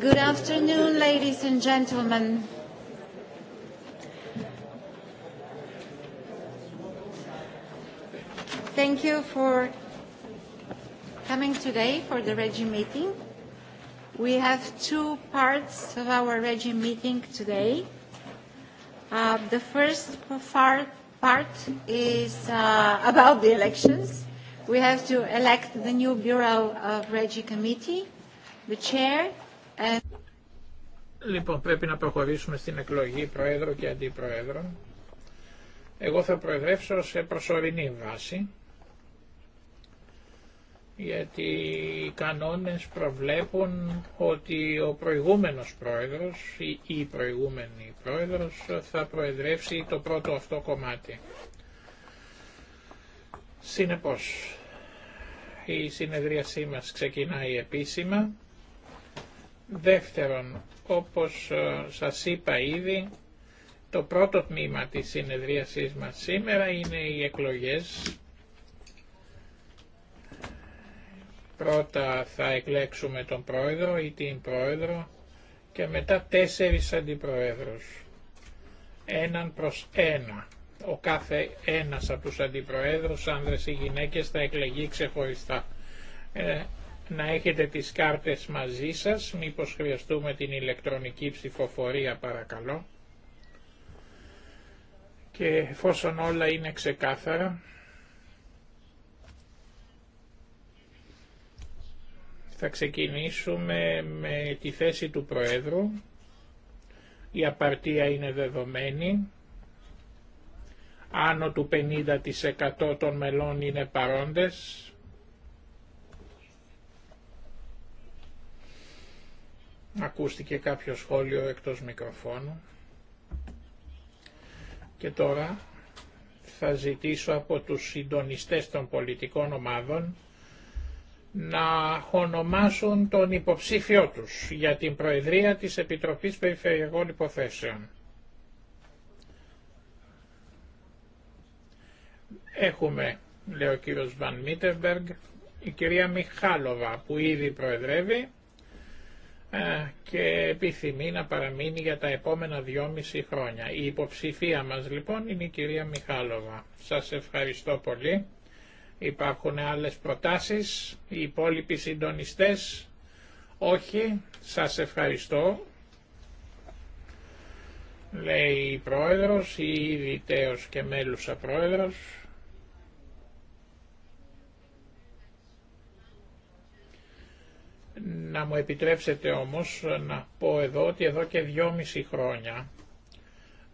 Good afternoon, ladies and gentlemen. Thank you for coming today for the REGI meeting. We have two parts of our REGI meeting today. The first part is about the elections We have to elect the new Bureau Λοιπόν, πρέπει να προχωρήσουμε στην εκλογή Προέδρου και Αντιπροέδρου. Εγώ θα προεδρεύσω σε προσωρινή βάση, γιατί οι κανόνες προβλέπουν ότι ο προηγούμενος πρόεδρος ή η προηγούμενη πρόεδρος θα προεδρεύσει το πρώτο αυτό κομμάτι. Συνεπώς, η συνεδρίασή μας ξεκινάει επίσημα. Δεύτερον, όπως ε, σας είπα ήδη, το πρώτο τμήμα της συνεδρίασής μας σήμερα είναι οι εκλογές. Πρώτα θα εκλέξουμε τον πρόεδρο ή την πρόεδρο και μετά τέσσερις αντιπροέδρους. Έναν προς ένα ο κάθε ένας από τους αντιπροέδρους, άνδρες ή γυναίκες, θα εκλεγεί ξεχωριστά. Ε, να έχετε τις κάρτες μαζί σας, μήπως χρειαστούμε την ηλεκτρονική ψηφοφορία παρακαλώ. Και εφόσον όλα είναι ξεκάθαρα, θα ξεκινήσουμε με τη θέση του Προέδρου. Η απαρτία είναι δεδομένη άνω του 50% των μελών είναι παρόντες. Ακούστηκε κάποιο σχόλιο εκτός μικροφώνου. Και τώρα θα ζητήσω από τους συντονιστές των πολιτικών ομάδων να ονομάσουν τον υποψήφιό τους για την Προεδρία της Επιτροπής Περιφερειακών Υποθέσεων. Έχουμε, λέει ο κύριος Βαν Μίτεμπεργκ, η κυρία Μιχάλοβα που ήδη προεδρεύει ε, και επιθυμεί να παραμείνει για τα επόμενα δυόμιση χρόνια. Η υποψηφία μας λοιπόν είναι η κυρία Μιχάλοβα. Σας ευχαριστώ πολύ. Υπάρχουν άλλες προτάσεις, οι υπόλοιποι συντονιστές, όχι, σας ευχαριστώ. Λέει η πρόεδρος, η ιδιταίος και μέλουσα πρόεδρος. Να μου επιτρέψετε όμως να πω εδώ ότι εδώ και δυόμιση χρόνια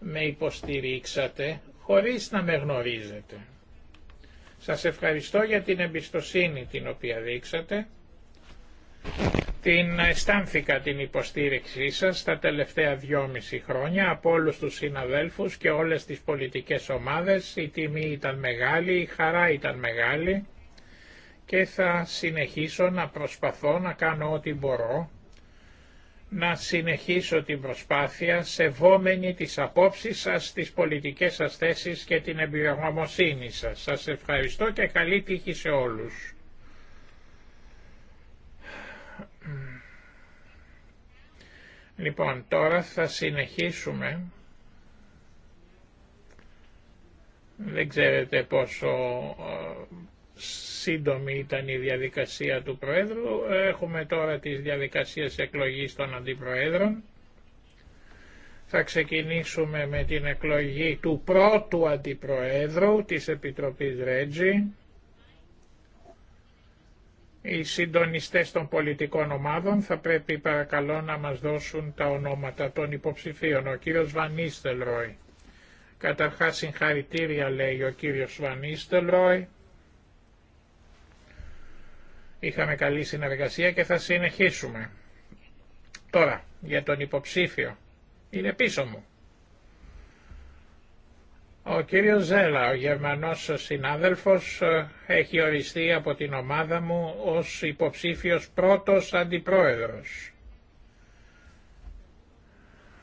με υποστηρίξατε χωρίς να με γνωρίζετε. Σας ευχαριστώ για την εμπιστοσύνη την οποία δείξατε. Την αισθάνθηκα την υποστήριξή σας τα τελευταία δυόμιση χρόνια από όλους τους συναδέλφους και όλες τις πολιτικές ομάδες. Η τιμή ήταν μεγάλη, η χαρά ήταν μεγάλη και θα συνεχίσω να προσπαθώ να κάνω ό,τι μπορώ, να συνεχίσω την προσπάθεια σεβόμενη τις απόψεις σας, τις πολιτικές σας θέσεις και την εμπειρογνωμοσύνη σας. Σας ευχαριστώ και καλή τύχη σε όλους. Λοιπόν, τώρα θα συνεχίσουμε. Δεν ξέρετε πόσο ε, σύντομη ήταν η διαδικασία του Προέδρου. Έχουμε τώρα τις διαδικασίες εκλογής των Αντιπροέδρων. Θα ξεκινήσουμε με την εκλογή του πρώτου Αντιπροέδρου της Επιτροπής Ρέτζη. Οι συντονιστές των πολιτικών ομάδων θα πρέπει παρακαλώ να μας δώσουν τα ονόματα των υποψηφίων. Ο κύριος Βανίστελ Ρόι. Καταρχάς συγχαρητήρια λέει ο κύριος Βανίστελ Είχαμε καλή συνεργασία και θα συνεχίσουμε. Τώρα, για τον υποψήφιο. Είναι πίσω μου. Ο κύριος Ζέλα, ο Γερμανός συνάδελφος, ε, έχει οριστεί από την ομάδα μου ως υποψήφιος πρώτος αντιπρόεδρος.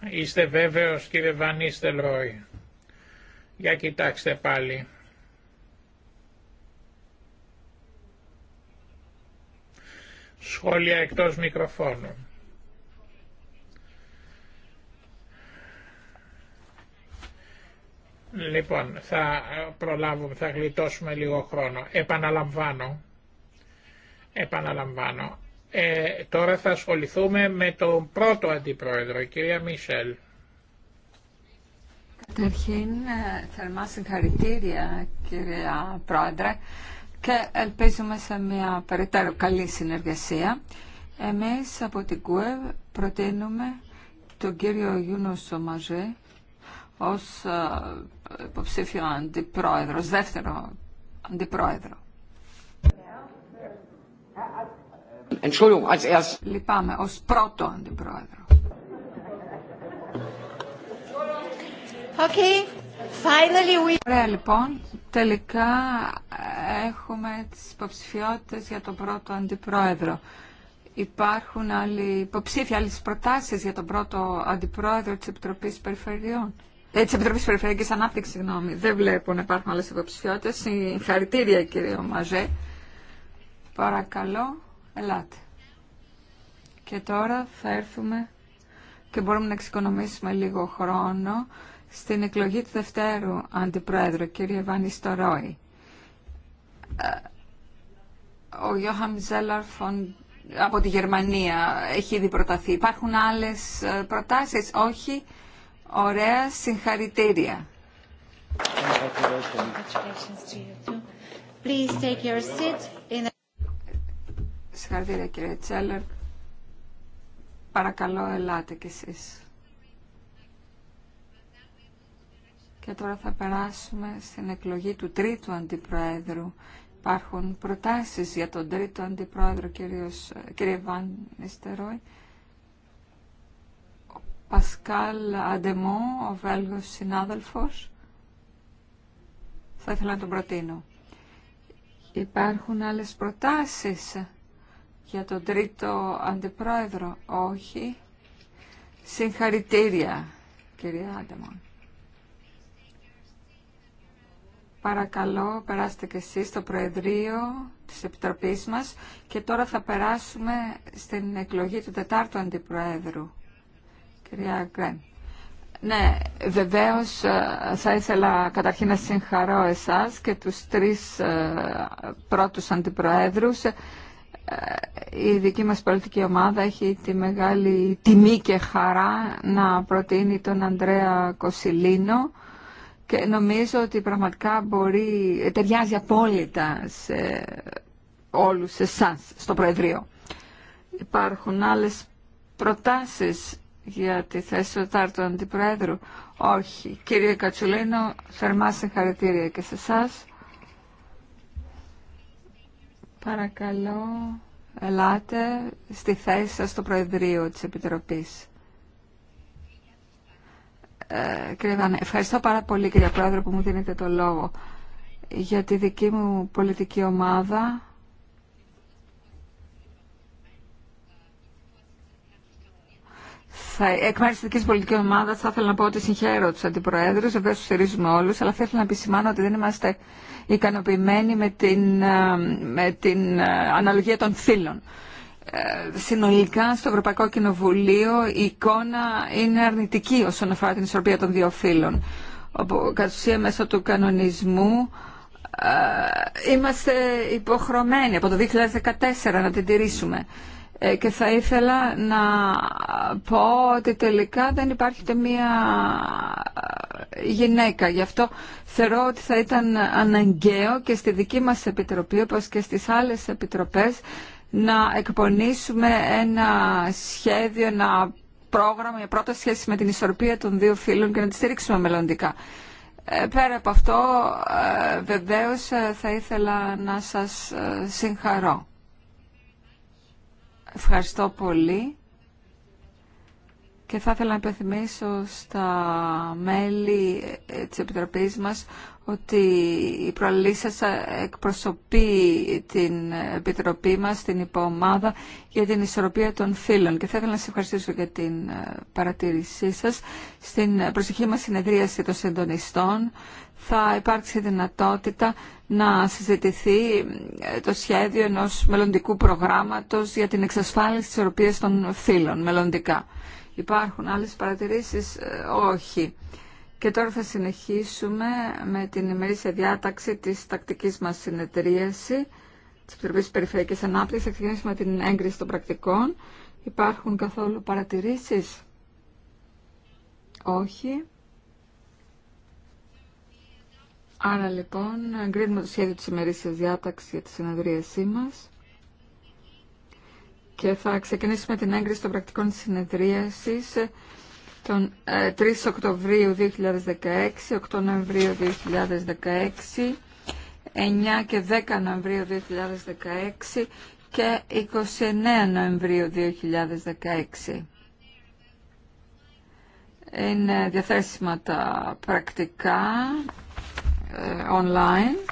Είστε βέβαιος κύριε Βανίστελ Ρόι. Για κοιτάξτε πάλι. Σχόλια εκτός μικροφώνου. Λοιπόν, θα προλάβουμε, θα γλιτώσουμε λίγο χρόνο. Επαναλαμβάνω, επαναλαμβάνω. Ε, τώρα θα ασχοληθούμε με τον πρώτο αντιπρόεδρο, κυρία Μίσελ. Καταρχήν, ε, θερμά συγχαρητήρια, κυρία Πρόεδρε και ελπίζουμε σε μια περαιτέρω καλή συνεργασία. Εμείς από την ΚΟΕΒ προτείνουμε τον κύριο Γιούνο Σομαζή ως ε, υποψήφιο αντιπρόεδρο, δεύτερο αντιπρόεδρο. Λυπάμαι, ως πρώτο αντιπρόεδρο. Okay. Finally we... Ωραία λοιπόν, τελικά έχουμε τις υποψηφιότητες για τον πρώτο αντιπρόεδρο. Υπάρχουν άλλοι υποψήφοι, άλλες προτάσεις για τον πρώτο αντιπρόεδρο της Επιτροπής Περιφερειών. Ε, της Επιτροπής Περιφερειακής Ανάπτυξης, συγγνώμη. Δεν βλέπω να υπάρχουν άλλες υποψηφιότητες. Συγχαρητήρια, κύριε Μαζέ. Παρακαλώ, ελάτε. Και τώρα θα έρθουμε και μπορούμε να εξοικονομήσουμε λίγο χρόνο στην εκλογή του Δευτέρου Αντιπρόεδρου, κύριε Βανίστο ο Γιώχαμ Ζέλαρ από τη Γερμανία έχει ήδη προταθεί. Υπάρχουν άλλες ε, προτάσεις, όχι. Ωραία, συγχαρητήρια. Συγχαρητήρια κύριε Τσέλερ. Παρακαλώ ελάτε κι εσείς. Και τώρα θα περάσουμε στην εκλογή του τρίτου αντιπρόεδρου. Υπάρχουν προτάσεις για τον τρίτο αντιπρόεδρο, κύριε Βαν Νιστερόι. Ο Πασκάλ Αντεμό, ο Βέλγος συνάδελφος. Θα ήθελα να τον προτείνω. Υπάρχουν άλλες προτάσεις για τον τρίτο αντιπρόεδρο. Όχι. Συγχαρητήρια, κυρία Αντεμό. Παρακαλώ, περάστε και εσείς στο Προεδρείο της Επιτροπής μας και τώρα θα περάσουμε στην εκλογή του τετάρτου Αντιπροέδρου. Κυρία Γκρέν. Ναι, βεβαίως ε, θα ήθελα καταρχήν να συγχαρώ εσάς και τους τρεις ε, πρώτους Αντιπροέδρους. Ε, η δική μας πολιτική ομάδα έχει τη μεγάλη τιμή και χαρά να προτείνει τον Ανδρέα Κοσιλίνο και νομίζω ότι πραγματικά μπορεί, ταιριάζει απόλυτα σε όλους εσάς στο Προεδρείο. Υπάρχουν άλλες προτάσεις για τη θέση του τάρτου αντιπρόεδρου. Όχι. Κύριε Κατσουλίνο, θερμά συγχαρητήρια και σε εσά. Παρακαλώ, ελάτε στη θέση σας στο Προεδρείο της Επιτροπής κρύβανε. Ευχαριστώ πάρα πολύ κύριε Πρόεδρε που μου δίνετε το λόγο. Για τη δική μου πολιτική ομάδα εκ μέρου τη δική πολιτική ομάδα θα ήθελα να πω ότι συγχαίρω του αντιπροέδρου, βεβαίω του στηρίζουμε όλου, αλλά θα ήθελα να επισημάνω ότι δεν είμαστε ικανοποιημένοι με την, ε, με την ε, αναλογία των φίλων. Ε, συνολικά στο Ευρωπαϊκό Κοινοβουλίο η εικόνα είναι αρνητική όσον αφορά την ισορροπία των δύο φύλων. Κατ' ουσία μέσω του κανονισμού ε, είμαστε υποχρεωμένοι από το 2014 να την τηρήσουμε. Ε, και θα ήθελα να πω ότι τελικά δεν υπάρχει ούτε μία γυναίκα. Γι' αυτό θεωρώ ότι θα ήταν αναγκαίο και στη δική μας επιτροπή, όπως και στις άλλες επιτροπές, να εκπονήσουμε ένα σχέδιο, ένα πρόγραμμα, μια πρώτα σχέση με την ισορροπία των δύο φίλων και να τη στηρίξουμε μελλοντικά. Ε, πέρα από αυτό, ε, βεβαίως ε, θα ήθελα να σας συγχαρώ. Ευχαριστώ πολύ και θα ήθελα να υπενθυμίσω στα μέλη της Επιτροπής μας ότι η προαλή σας εκπροσωπεί την Επιτροπή μας, την υποομάδα για την ισορροπία των φύλων και θα ήθελα να σας ευχαριστήσω για την ε, παρατήρησή σας. Στην προσεχή μας συνεδρίαση των συντονιστών θα υπάρξει δυνατότητα να συζητηθεί ε, το σχέδιο ενός μελλοντικού προγράμματος για την εξασφάλιση της ισορροπίας των φύλων μελλοντικά. Υπάρχουν άλλες παρατηρήσεις, ε, όχι. Και τώρα θα συνεχίσουμε με την ημερήσια διάταξη της τακτικής μας συνεδρίαση της Επιτροπής Περιφερειακής Ανάπτυξης. Θα ξεκινήσουμε με την έγκριση των πρακτικών. Υπάρχουν καθόλου παρατηρήσεις? Όχι. Άρα λοιπόν εγκρίνουμε το σχέδιο της ημερήσιας διάταξης για τη συνεδρίασή μας και θα ξεκινήσουμε την έγκριση των πρακτικών συνεδρίασης τον 3 ε, Οκτωβρίου 2016, 8 Νοεμβρίου 2016, 9 και 10 Νοεμβρίου 2016 και 29 Νοεμβρίου 2016. Είναι διαθέσιμα τα πρακτικά ε, online.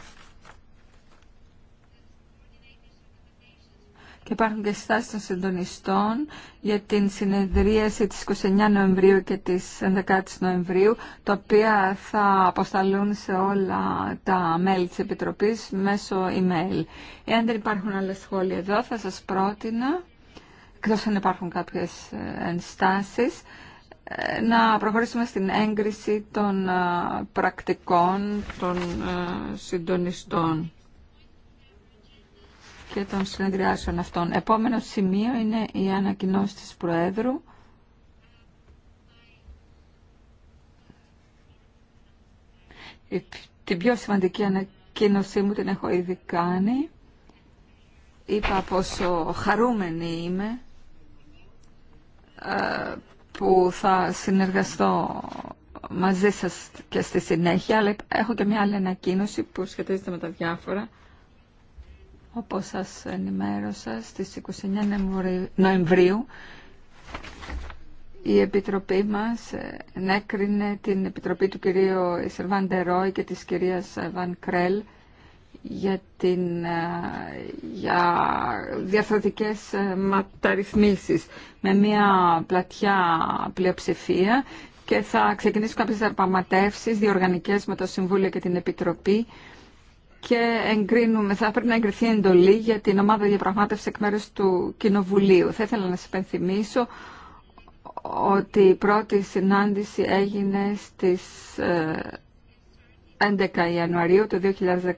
υπάρχουν και στάσει των συντονιστών για την συνεδρίαση της 29 Νοεμβρίου και της 11 Νοεμβρίου, τα οποία θα αποσταλούν σε όλα τα μέλη της Επιτροπής μέσω email. Εάν δεν υπάρχουν άλλα σχόλια εδώ, θα σας πρότεινα, εκτό αν υπάρχουν κάποιες ε, ενστάσεις, ε, να προχωρήσουμε στην έγκριση των ε, πρακτικών των συντονιστών και των συνεδριάσεων αυτών. Επόμενο σημείο είναι η ανακοινώση της Προέδρου. Την πιο σημαντική ανακοίνωσή μου την έχω ήδη κάνει. Είπα πόσο χαρούμενη είμαι ε, που θα συνεργαστώ μαζί σας και στη συνέχεια, αλλά έχω και μια άλλη ανακοίνωση που σχετίζεται με τα διάφορα. Όπως σας ενημέρωσα στις 29 Νοεμβρίου η Επιτροπή μας ε, ενέκρινε την Επιτροπή του κυρίου Ισερβάν Ντερόι και της κυρίας Βαν Κρέλ για, την, ε, για διαφορετικές ε, μεταρρυθμίσεις με μια πλατιά πλειοψηφία και θα ξεκινήσουν κάποιες διαπραγματεύσεις διοργανικές με το Συμβούλιο και την Επιτροπή και εγκρίνουμε, θα πρέπει να εγκριθεί εντολή για την ομάδα διαπραγμάτευση εκ μέρους του Κοινοβουλίου. Θα ήθελα να σας υπενθυμίσω ότι η πρώτη συνάντηση έγινε στις ε, 11 Ιανουαρίου του 2017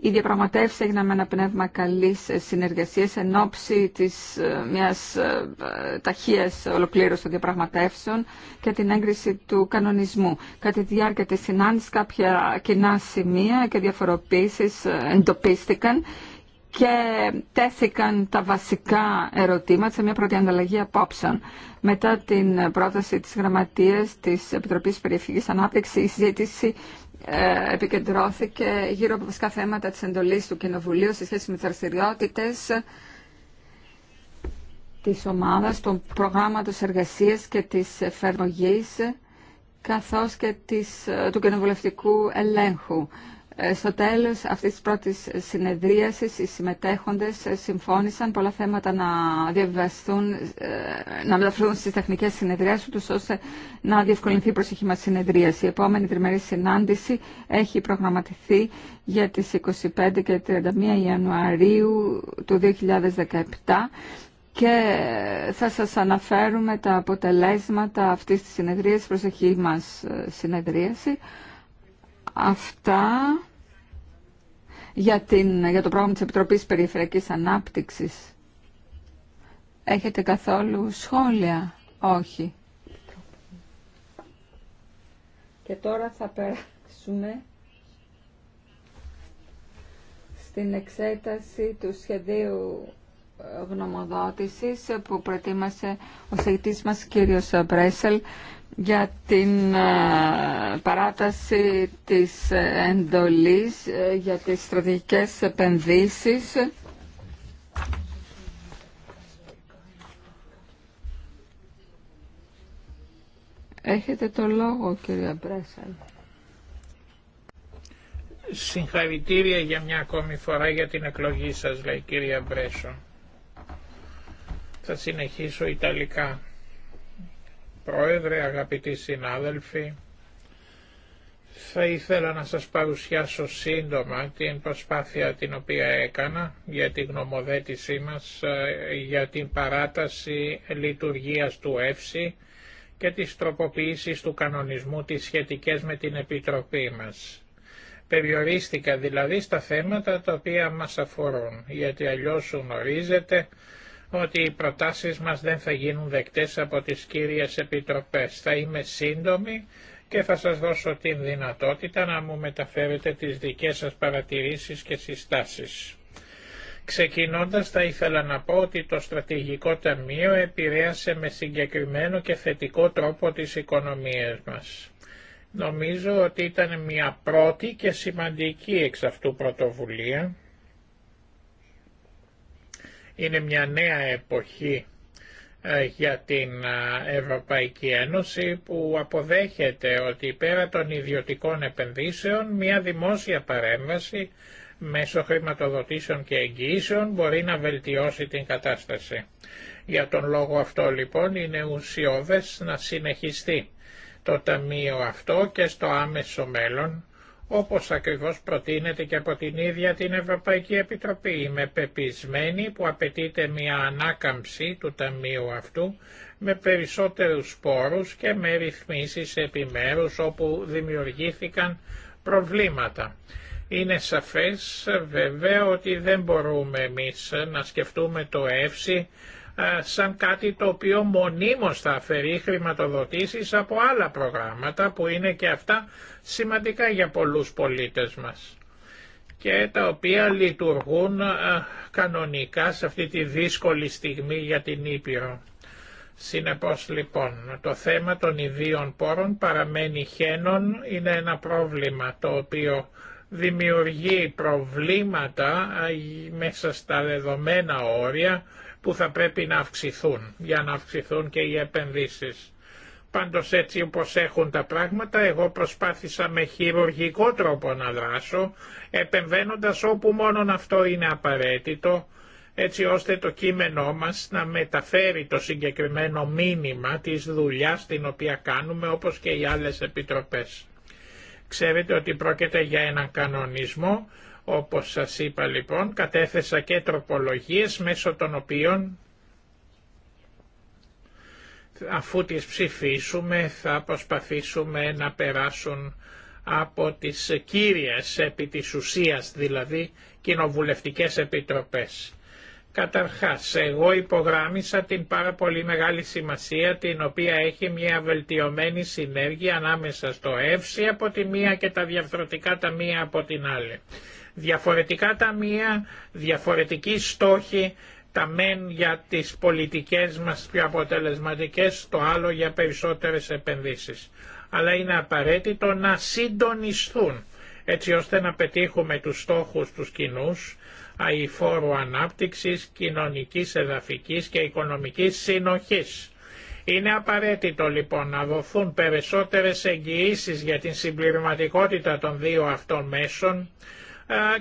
οι διαπραγματεύσει έγιναν με ένα πνεύμα καλή συνεργασία εν ώψη της ε, μιας ε, ε, ταχείας ολοκλήρωσης των διαπραγματεύσεων και την έγκριση του κανονισμού. Κατά τη διάρκεια τη συνάντησης κάποια κοινά σημεία και διαφοροποίησει εντοπίστηκαν και τέθηκαν τα βασικά ερωτήματα σε μια πρώτη ανταλλαγή απόψεων. Μετά την πρόταση της Γραμματείας της Επιτροπής Περιφυγής Ανάπτυξης, η συζήτηση ε, επικεντρώθηκε γύρω από βασικά θέματα της εντολής του Κοινοβουλίου σε σχέση με τις δραστηριότητε, της ομάδας, των προγράμματος εργασίας και της εφαρμογής καθώς και της, ε, του κοινοβουλευτικού ελέγχου. Ε, στο τέλος αυτής της πρώτης συνεδρίασης οι συμμετέχοντες ε, συμφώνησαν πολλά θέματα να διαβιβαστούν, ε, να μεταφερθούν στις τεχνικές συνεδριάσεις τους ώστε να διευκολυνθεί η προσοχή μας συνεδρίαση. Η επόμενη τριμερή συνάντηση έχει προγραμματιθεί για τις 25 και 31 Ιανουαρίου του 2017 και θα σας αναφέρουμε τα αποτελέσματα αυτής της συνεδρίας, προσοχή μας συνεδρίαση. Αυτά για, την, για το πρόγραμμα της Επιτροπής Περιφερειακής Ανάπτυξης. Έχετε καθόλου σχόλια. Όχι. Και τώρα θα περάσουμε στην εξέταση του σχεδίου γνωμοδότησης που προετοίμασε ο συγητής μας κύριος Μπρέσελ για την ε, παράταση της εντολής ε, για τις στρατηγικές επενδύσεις Έχετε το λόγο κυρία Μπρέσαλ. Συγχαρητήρια για μια ακόμη φορά για την εκλογή σας λέει κυρία Μπρέσο. Θα συνεχίσω Ιταλικά. Πρόεδρε, αγαπητοί συνάδελφοι, θα ήθελα να σας παρουσιάσω σύντομα την προσπάθεια την οποία έκανα για την γνωμοδέτησή μας ε, για την παράταση λειτουργίας του ΕΦΣΥ και τις τροποποίησης του κανονισμού της σχετικές με την Επιτροπή μας. Περιορίστηκα δηλαδή στα θέματα τα οποία μας αφορούν, γιατί αλλιώς γνωρίζετε ότι οι προτάσεις μας δεν θα γίνουν δεκτές από τις κύριες επιτροπές. Θα είμαι σύντομη και θα σας δώσω την δυνατότητα να μου μεταφέρετε τις δικές σας παρατηρήσεις και συστάσεις. Ξεκινώντας θα ήθελα να πω ότι το στρατηγικό ταμείο επηρέασε με συγκεκριμένο και θετικό τρόπο τις οικονομίες μας. Νομίζω ότι ήταν μια πρώτη και σημαντική εξ αυτού πρωτοβουλία είναι μια νέα εποχή ε, για την ε, Ευρωπαϊκή Ένωση που αποδέχεται ότι πέρα των ιδιωτικών επενδύσεων μια δημόσια παρέμβαση μέσω χρηματοδοτήσεων και εγγυήσεων μπορεί να βελτιώσει την κατάσταση. Για τον λόγο αυτό λοιπόν είναι ουσιώδες να συνεχιστεί το Ταμείο αυτό και στο άμεσο μέλλον όπως ακριβώς προτείνεται και από την ίδια την Ευρωπαϊκή Επιτροπή. Είμαι πεπισμένη που απαιτείται μια ανάκαμψη του Ταμείου αυτού με περισσότερους πόρους και με ρυθμίσεις επιμέρους όπου δημιουργήθηκαν προβλήματα. Είναι σαφές βέβαια ότι δεν μπορούμε εμείς να σκεφτούμε το εύση ε, σαν κάτι το οποίο μονίμως θα αφαιρεί χρηματοδοτήσεις από άλλα προγράμματα που είναι και αυτά σημαντικά για πολλούς πολίτες μας και τα οποία λειτουργούν ε, κανονικά σε αυτή τη δύσκολη στιγμή για την Ήπειρο. Συνεπώς λοιπόν το θέμα των ιδίων πόρων παραμένει χένον, είναι ένα πρόβλημα το οποίο δημιουργεί προβλήματα ε, μέσα στα δεδομένα όρια που θα πρέπει να αυξηθούν για να αυξηθούν και οι επενδύσεις. Πάντως έτσι όπως έχουν τα πράγματα εγώ προσπάθησα με χειρουργικό τρόπο να δράσω επεμβαίνοντας όπου μόνον αυτό είναι απαραίτητο έτσι ώστε το κείμενό μας να μεταφέρει το συγκεκριμένο μήνυμα της δουλειάς την οποία κάνουμε όπως και οι άλλες επιτροπές. Ξέρετε ότι πρόκειται για έναν κανονισμό όπως σας είπα λοιπόν, κατέθεσα και τροπολογίες μέσω των οποίων αφού τις ψηφίσουμε θα προσπαθήσουμε να περάσουν από τις κύριες επί της ουσίας δηλαδή κοινοβουλευτικές επιτροπές. Καταρχάς, εγώ υπογράμμισα την πάρα πολύ μεγάλη σημασία την οποία έχει μια βελτιωμένη συνέργεια ανάμεσα στο ΕΦΣΙ από τη μία και τα τα ταμεία από την άλλη. Διαφορετικά ταμεία, διαφορετικοί στόχοι, τα μεν για τις πολιτικές μας πιο αποτελεσματικές, το άλλο για περισσότερες επενδύσεις. Αλλά είναι απαραίτητο να συντονιστούν έτσι ώστε να πετύχουμε τους στόχους τους κοινού αηφόρου ανάπτυξης, κοινωνικής, εδαφικής και οικονομικής συνοχής. Είναι απαραίτητο λοιπόν να δοθούν περισσότερες εγγυήσεις για την συμπληρωματικότητα των δύο αυτών μέσων,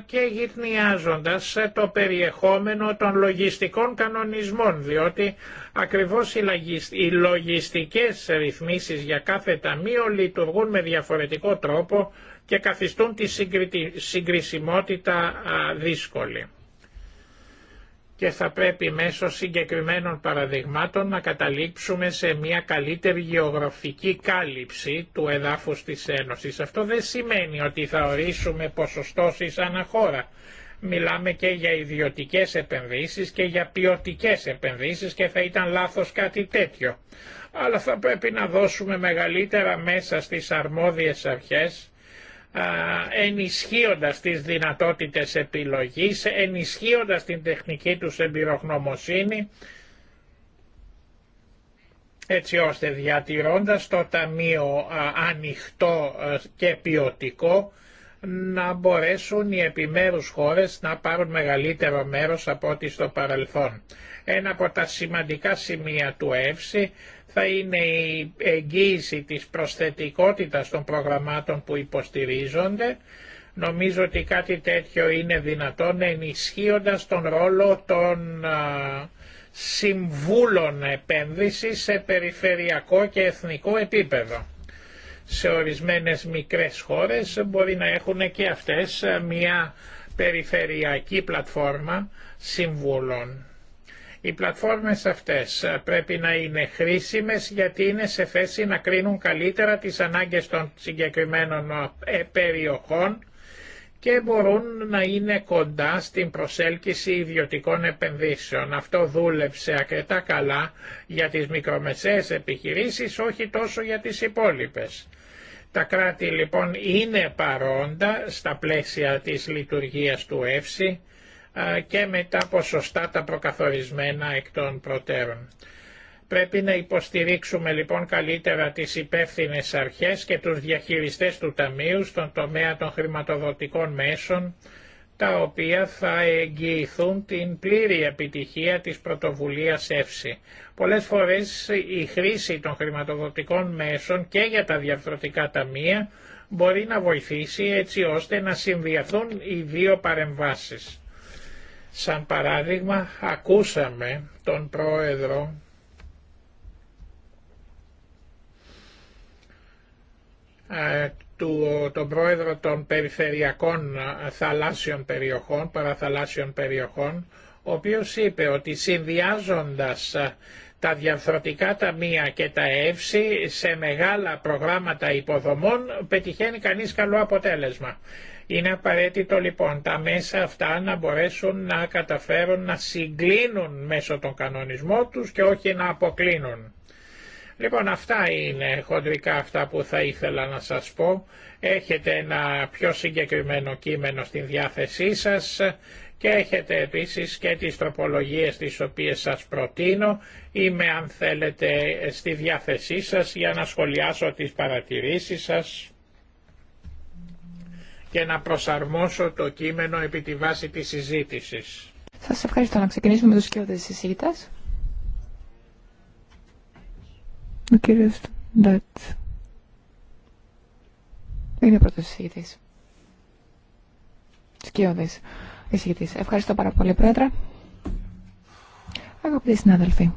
και γυρνιάζοντας το περιεχόμενο των λογιστικών κανονισμών, διότι ακριβώς οι λογιστικές ρυθμίσεις για κάθε ταμείο λειτουργούν με διαφορετικό τρόπο και καθιστούν τη συγκρισιμότητα δύσκολη και θα πρέπει μέσω συγκεκριμένων παραδειγμάτων να καταλήξουμε σε μια καλύτερη γεωγραφική κάλυψη του εδάφους της Ένωσης. Αυτό δεν σημαίνει ότι θα ορίσουμε ποσοστώσεις αναχώρα. Μιλάμε και για ιδιωτικές επενδύσεις και για ποιοτικέ επενδύσεις και θα ήταν λάθος κάτι τέτοιο. Αλλά θα πρέπει να δώσουμε μεγαλύτερα μέσα στις αρμόδιες αρχές ενισχύοντας τις δυνατότητες επιλογής, ενισχύοντας την τεχνική τους εμπειρογνωμοσύνη, έτσι ώστε διατηρώντας το Ταμείο ανοιχτό και ποιοτικό, να μπορέσουν οι επιμέρους χώρες να πάρουν μεγαλύτερο μέρος από ό,τι στο παρελθόν. Ένα από τα σημαντικά σημεία του ΕΦΣΙ θα είναι η εγγύηση της προσθετικότητας των προγραμμάτων που υποστηρίζονται. Νομίζω ότι κάτι τέτοιο είναι δυνατόν ενισχύοντας τον ρόλο των συμβούλων επένδυσης σε περιφερειακό και εθνικό επίπεδο. Σε ορισμένες μικρές χώρες μπορεί να έχουν και αυτές μια περιφερειακή πλατφόρμα συμβούλων. Οι πλατφόρμες αυτές ε, πρέπει να είναι χρήσιμες γιατί είναι σε θέση να κρίνουν καλύτερα τις ανάγκες των συγκεκριμένων ε, περιοχών και μπορούν να είναι κοντά στην προσέλκυση ιδιωτικών επενδύσεων. Αυτό δούλεψε ακριτά καλά για τις μικρομεσαίες επιχειρήσεις, όχι τόσο για τις υπόλοιπες. Τα κράτη λοιπόν είναι παρόντα στα πλαίσια της λειτουργίας του ΕΦΣΥ και με τα ποσοστά τα προκαθορισμένα εκ των προτέρων. Πρέπει να υποστηρίξουμε λοιπόν καλύτερα τις υπεύθυνε αρχές και τους διαχειριστές του Ταμείου στον τομέα των χρηματοδοτικών μέσων, τα οποία θα εγγυηθούν την πλήρη επιτυχία της πρωτοβουλίας ΕΦΣΗ. Πολλές φορές η χρήση των χρηματοδοτικών μέσων και για τα διαφορετικά ταμεία μπορεί να βοηθήσει έτσι ώστε να συνδυαθούν οι δύο παρεμβάσεις. Σαν παράδειγμα ακούσαμε τον πρόεδρο ε, του, τον πρόεδρο των περιφερειακών ε, θαλάσσιων περιοχών, παραθαλάσσιων περιοχών, ο οποίος είπε ότι συνδυάζοντας ε, τα διαφορετικά ταμεία και τα εύση σε μεγάλα προγράμματα υποδομών πετυχαίνει κανείς καλό αποτέλεσμα. Είναι απαραίτητο λοιπόν τα μέσα αυτά να μπορέσουν να καταφέρουν να συγκλίνουν μέσω των κανονισμών τους και όχι να αποκλίνουν. Λοιπόν αυτά είναι χοντρικά αυτά που θα ήθελα να σας πω. Έχετε ένα πιο συγκεκριμένο κείμενο στην διάθεσή σας και έχετε επίσης και τις τροπολογίες τις οποίες σας προτείνω. Είμαι αν θέλετε στη διάθεσή σας για να σχολιάσω τις παρατηρήσεις σας και να προσαρμόσω το κείμενο επί τη βάση της συζήτησης. Σας ευχαριστώ. Να ξεκινήσουμε με τους της συζήτητας. Ο κύριος Ντάτ. Είναι πρώτος συζήτης. Σκιώδης εισηγητής. Ευχαριστώ πάρα πολύ, Πρόεδρε. Αγαπητοί συνάδελφοι,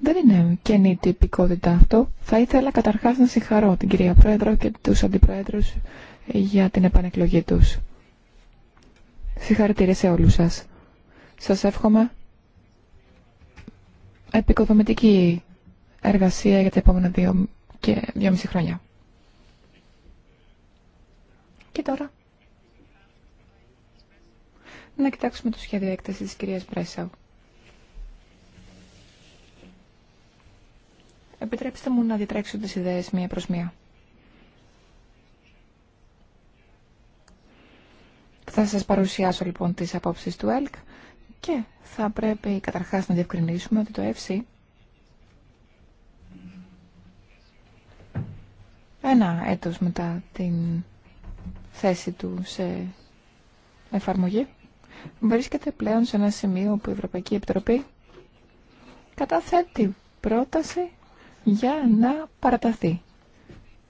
Δεν είναι καινή τυπικότητα αυτό. Θα ήθελα καταρχάς να συγχαρώ την κυρία Πρόεδρο και τους αντιπρόεδρους για την επανεκλογή τους. Συγχαρητήρια σε όλους σας. Σας εύχομαι επικοδομητική εργασία για τα επόμενα δύο και δυόμιση χρόνια. Και τώρα να κοιτάξουμε το σχέδιο έκτασης της κυρίας Μπρέσσαου. Επιτρέψτε μου να διατρέξω τις ιδέες μία προς μία. Θα σας παρουσιάσω λοιπόν τις απόψεις του ΕΛΚ και θα πρέπει καταρχάς να διευκρινίσουμε ότι το ΕΦΣΥ ένα έτος μετά την θέση του σε εφαρμογή βρίσκεται πλέον σε ένα σημείο που η Ευρωπαϊκή Επιτροπή καταθέτει πρόταση για να παραταθεί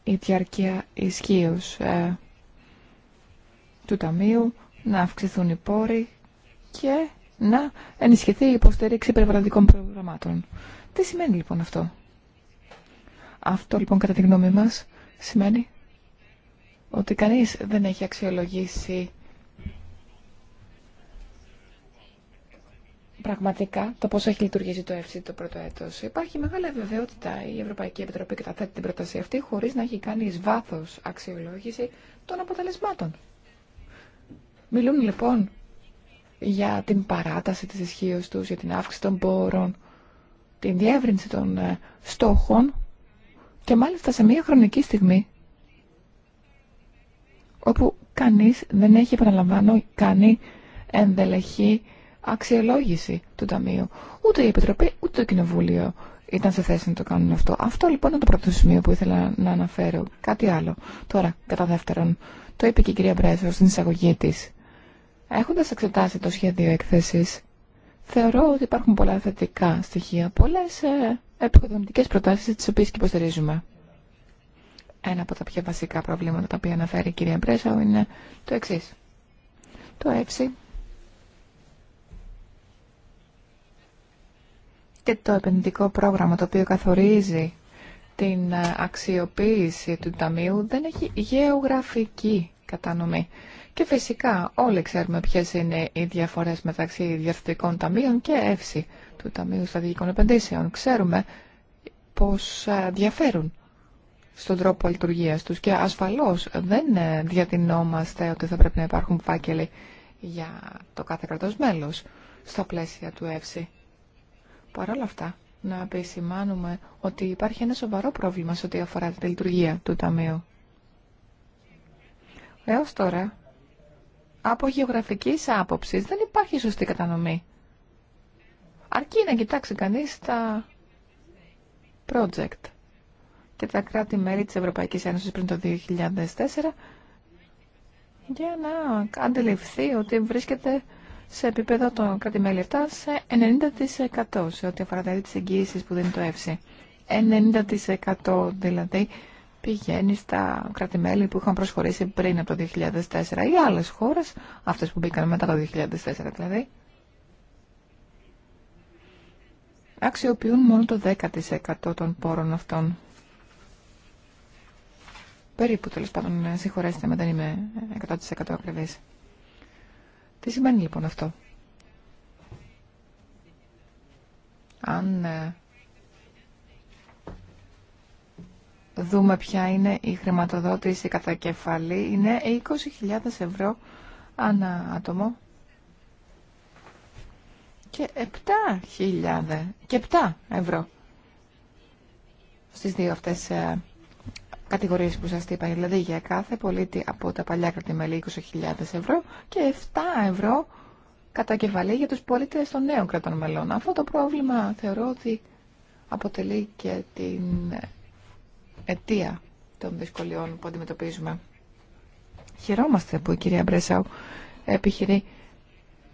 η διάρκεια ισχύω ε, του Ταμείου, να αυξηθούν οι πόροι και να ενισχυθεί η υποστήριξη περιβαλλοντικών προγραμμάτων. Τι σημαίνει λοιπόν αυτό. Αυτό λοιπόν κατά τη γνώμη μας σημαίνει ότι κανείς δεν έχει αξιολογήσει πραγματικά το πώ έχει λειτουργήσει το ΕΦΣΥ το πρώτο έτος. Υπάρχει μεγάλη βεβαιότητα η Ευρωπαϊκή Επιτροπή καταθέτει την πρόταση αυτή χωρί να έχει κάνει ει βάθο αξιολόγηση των αποτελεσμάτων. Μιλούν λοιπόν για την παράταση της ισχύω του, για την αύξηση των πόρων, την διεύρυνση των ε, στόχων και μάλιστα σε μια χρονική στιγμή όπου κανείς δεν έχει, επαναλαμβάνω, κάνει ενδελεχή αξιολόγηση του Ταμείου. Ούτε η Επιτροπή, ούτε το Κοινοβούλιο ήταν σε θέση να το κάνουν αυτό. Αυτό λοιπόν είναι το πρώτο σημείο που ήθελα να αναφέρω. Κάτι άλλο. Τώρα, κατά δεύτερον, το είπε και η κυρία Μπρέσο στην εισαγωγή τη. Έχοντα εξετάσει το σχέδιο έκθεση, θεωρώ ότι υπάρχουν πολλά θετικά στοιχεία, πολλέ ε, επικοδομητικέ προτάσει, τι οποίε και υποστηρίζουμε. Ένα από τα πιο βασικά προβλήματα τα οποία αναφέρει η κυρία Μπρέσο είναι το εξή. Το ΕΨΙ και το επενδυτικό πρόγραμμα το οποίο καθορίζει την ε, αξιοποίηση του Ταμείου δεν έχει γεωγραφική κατανομή. Και φυσικά όλοι ξέρουμε ποιες είναι οι διαφορές μεταξύ διευθυντικών ταμείων και εύση του Ταμείου Στρατηγικών Επενδύσεων. Ξέρουμε πως ε, διαφέρουν στον τρόπο λειτουργίας τους και ασφαλώς δεν ε, διατηνόμαστε ότι θα πρέπει να υπάρχουν φάκελοι για το κάθε κρατός μέλος στα πλαίσια του Εύση. Παρ' όλα αυτά, να επισημάνουμε ότι υπάρχει ένα σοβαρό πρόβλημα σε ό,τι αφορά τη λειτουργία του Ταμείου. Έως τώρα, από γεωγραφικής άποψης δεν υπάρχει σωστή κατανομή. Αρκεί να κοιτάξει κανείς τα project και τα κράτη-μέλη της Ευρωπαϊκής Ένωσης πριν το 2004 για να αντιληφθεί ότι βρίσκεται σε επίπεδο των κρατημέλη αυτά σε 90% σε ό,τι αφορά δηλαδή τις εγγύησεις που δίνει το ΕΦΣΥ. 90% δηλαδή πηγαίνει στα κρατημέλη που είχαν προσχωρήσει πριν από το 2004 ή άλλες χώρες, αυτές που μπήκαν μετά το 2004 δηλαδή, αξιοποιούν μόνο το 10% των πόρων αυτών. Περίπου τέλο πάντων, συγχωρέστε με, δεν είμαι 100% ακριβής. Τι σημαίνει λοιπόν αυτό. Αν ε, δούμε ποια είναι η χρηματοδότηση κατά κεφαλή, είναι 20.000 ευρώ ανά άτομο και 7.000 και 7 ευρώ στις δύο αυτές ε, κατηγορίες που σας είπα, δηλαδή για κάθε πολίτη από τα παλιά κρατημέλη 20.000 ευρώ και 7 ευρώ κατά κεφαλή για τους πολίτες των νέων κρατών μελών. Αυτό το πρόβλημα θεωρώ ότι αποτελεί και την αιτία των δυσκολιών που αντιμετωπίζουμε. Χαιρόμαστε που η κυρία Μπρέσαου επιχειρεί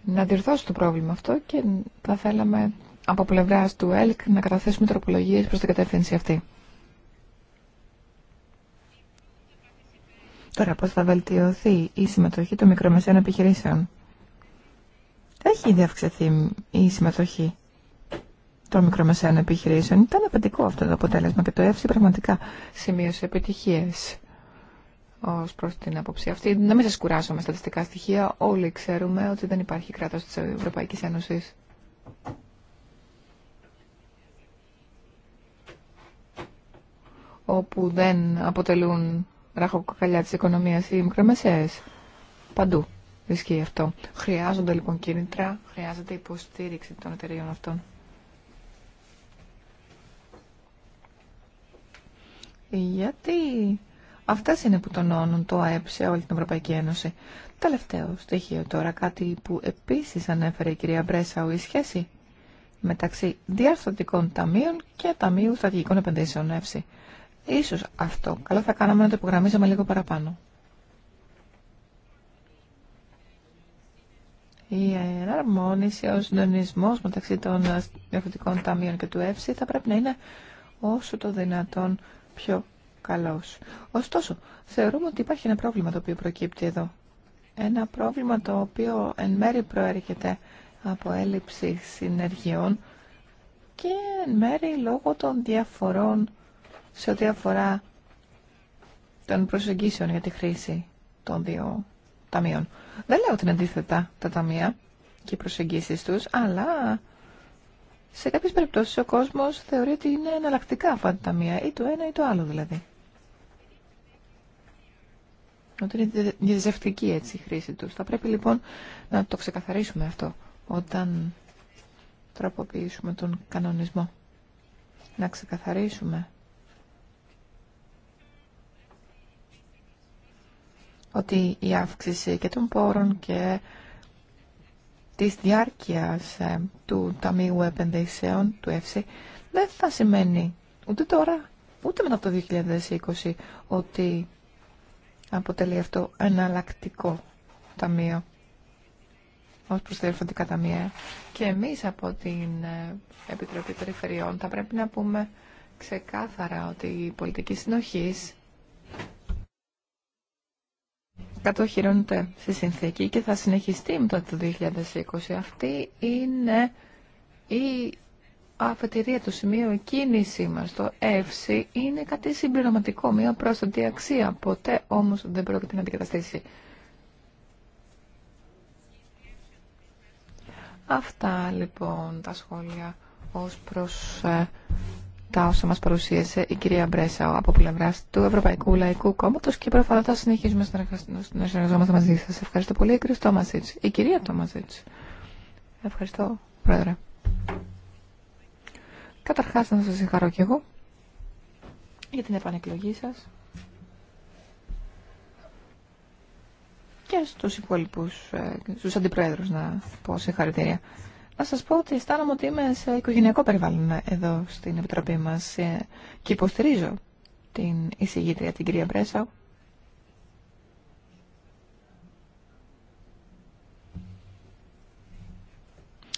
να διορθώσει το πρόβλημα αυτό και θα θέλαμε από πλευρά του ΕΛΚ να καταθέσουμε τροπολογίες προς την κατεύθυνση αυτή. ανέφερα πώς θα βελτιωθεί η συμμετοχή των μικρομεσαίων επιχειρήσεων. Έχει ήδη αυξηθεί η συμμετοχή των μικρομεσαίων επιχειρήσεων. Ήταν απαιτικό αυτό το αποτέλεσμα και το ΕΦΣΙ πραγματικά σημείωσε επιτυχίες ω προ την άποψη αυτή. Να μην σα κουράσω με στατιστικά στοιχεία. Όλοι ξέρουμε ότι δεν υπάρχει κράτο τη Ευρωπαϊκή Ένωση. όπου δεν αποτελούν ραχοκοκαλιά της οικονομίας ή μικρομεσαίες. Παντού ισχύει αυτό. Χρειάζονται λοιπόν κίνητρα, χρειάζεται υποστήριξη των εταιρείων αυτών. Γιατί αυτές είναι που τονώνουν το ΑΕΠ σε όλη την Ευρωπαϊκή Ένωση. Τελευταίο στοιχείο τώρα, κάτι που επίσης ανέφερε η κυρία Μπρέσαου, η σχέση μεταξύ διαρθρωτικών ταμείων και ταμείου στρατηγικών επενδύσεων εύση. Ίσως αυτό. Καλό θα κάναμε να το υπογραμμίζαμε λίγο παραπάνω. Η εναρμόνιση, ο συντονισμό μεταξύ των διαφορετικών ταμείων και του ΕΦΣΥ θα πρέπει να είναι όσο το δυνατόν πιο καλός. Ωστόσο, θεωρούμε ότι υπάρχει ένα πρόβλημα το οποίο προκύπτει εδώ. Ένα πρόβλημα το οποίο εν μέρη προέρχεται από έλλειψη συνεργειών και εν μέρη λόγω των διαφορών σε ό,τι αφορά των προσεγγίσεων για τη χρήση των δύο ταμείων. Δεν λέω είναι αντίθετα τα ταμεία και οι προσεγγίσει τους, αλλά σε κάποιε περιπτώσει ο κόσμο θεωρεί ότι είναι εναλλακτικά αυτά τα ταμεία, ή το ένα ή το άλλο δηλαδή. Ότι είναι διαζευτική έτσι η χρήση τους. Θα πρέπει λοιπόν να το ξεκαθαρίσουμε αυτό όταν τροποποιήσουμε τον κανονισμό. Να ξεκαθαρίσουμε ότι η αύξηση και των πόρων και της διάρκειας ε, του Ταμείου Επενδύσεων, του ΕΦΣΥ, δεν θα σημαίνει ούτε τώρα, ούτε μετά το 2020, ότι αποτελεί αυτό εναλλακτικό ταμείο ω προς τα ταμεία. Και εμείς από την ε, Επιτροπή Περιφερειών θα πρέπει να πούμε ξεκάθαρα ότι η πολιτική συνοχής κατοχυρώνεται στη συνθήκη και θα συνεχιστεί μετά το 2020. Αυτή είναι η αφετηρία, του σημείου κίνησή μας, το εύση, είναι κάτι συμπληρωματικό, μια πρόσθετη αξία. Ποτέ όμως δεν πρόκειται να αντικαταστήσει. Αυτά λοιπόν τα σχόλια ως προς ε, τα όσα μας παρουσίασε η κυρία Μπρέσα από πλευρά του Ευρωπαϊκού Λαϊκού Κόμματος και προφανώς θα συνεχίσουμε να συνεργαζόμαστε μαζί σα. Ευχαριστώ πολύ, κύριε Η κυρία Τόμασιτ. Ευχαριστώ, Πρόεδρε. Καταρχάς, να σα συγχαρώ και εγώ για την επανεκλογή σα. και στους υπόλοιπους, ε, στους αντιπρόεδρους να πω συγχαρητήρια. Να σας πω ότι αισθάνομαι ότι είμαι σε οικογενειακό περιβάλλον εδώ στην Επιτροπή μας ε, και υποστηρίζω την εισηγήτρια, την κυρία Μπρέσα.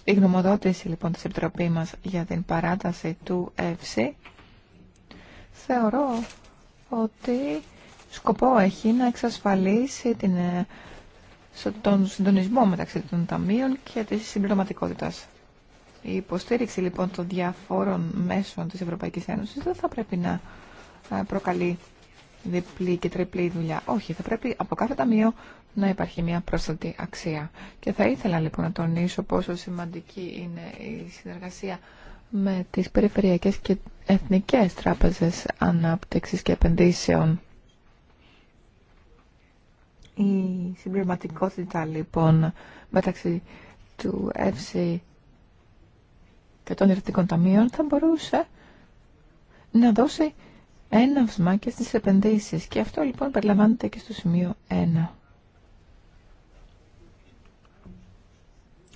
Η γνωμοδότηση λοιπόν της Επιτροπή μας για την παράταση του ΕΦΣΥ θεωρώ ότι σκοπό έχει να εξασφαλίσει την ε, στον συντονισμό μεταξύ των ταμείων και της συμπληρωματικότητα. Η υποστήριξη λοιπόν των διαφόρων μέσων της Ευρωπαϊκής Ένωσης δεν θα πρέπει να ε, προκαλεί διπλή και τριπλή δουλειά. Όχι, θα πρέπει από κάθε ταμείο να υπάρχει μια πρόσθετη αξία. Και θα ήθελα λοιπόν να τονίσω πόσο σημαντική είναι η συνεργασία με τις περιφερειακές και εθνικές τράπεζες ανάπτυξης και επενδύσεων η συμπληρωματικότητα λοιπόν μεταξύ του ΕΦΣΙ και των ιερωτικών ταμείων θα μπορούσε να δώσει έναυσμα και στις επενδύσεις. Και αυτό λοιπόν περιλαμβάνεται και στο σημείο 1.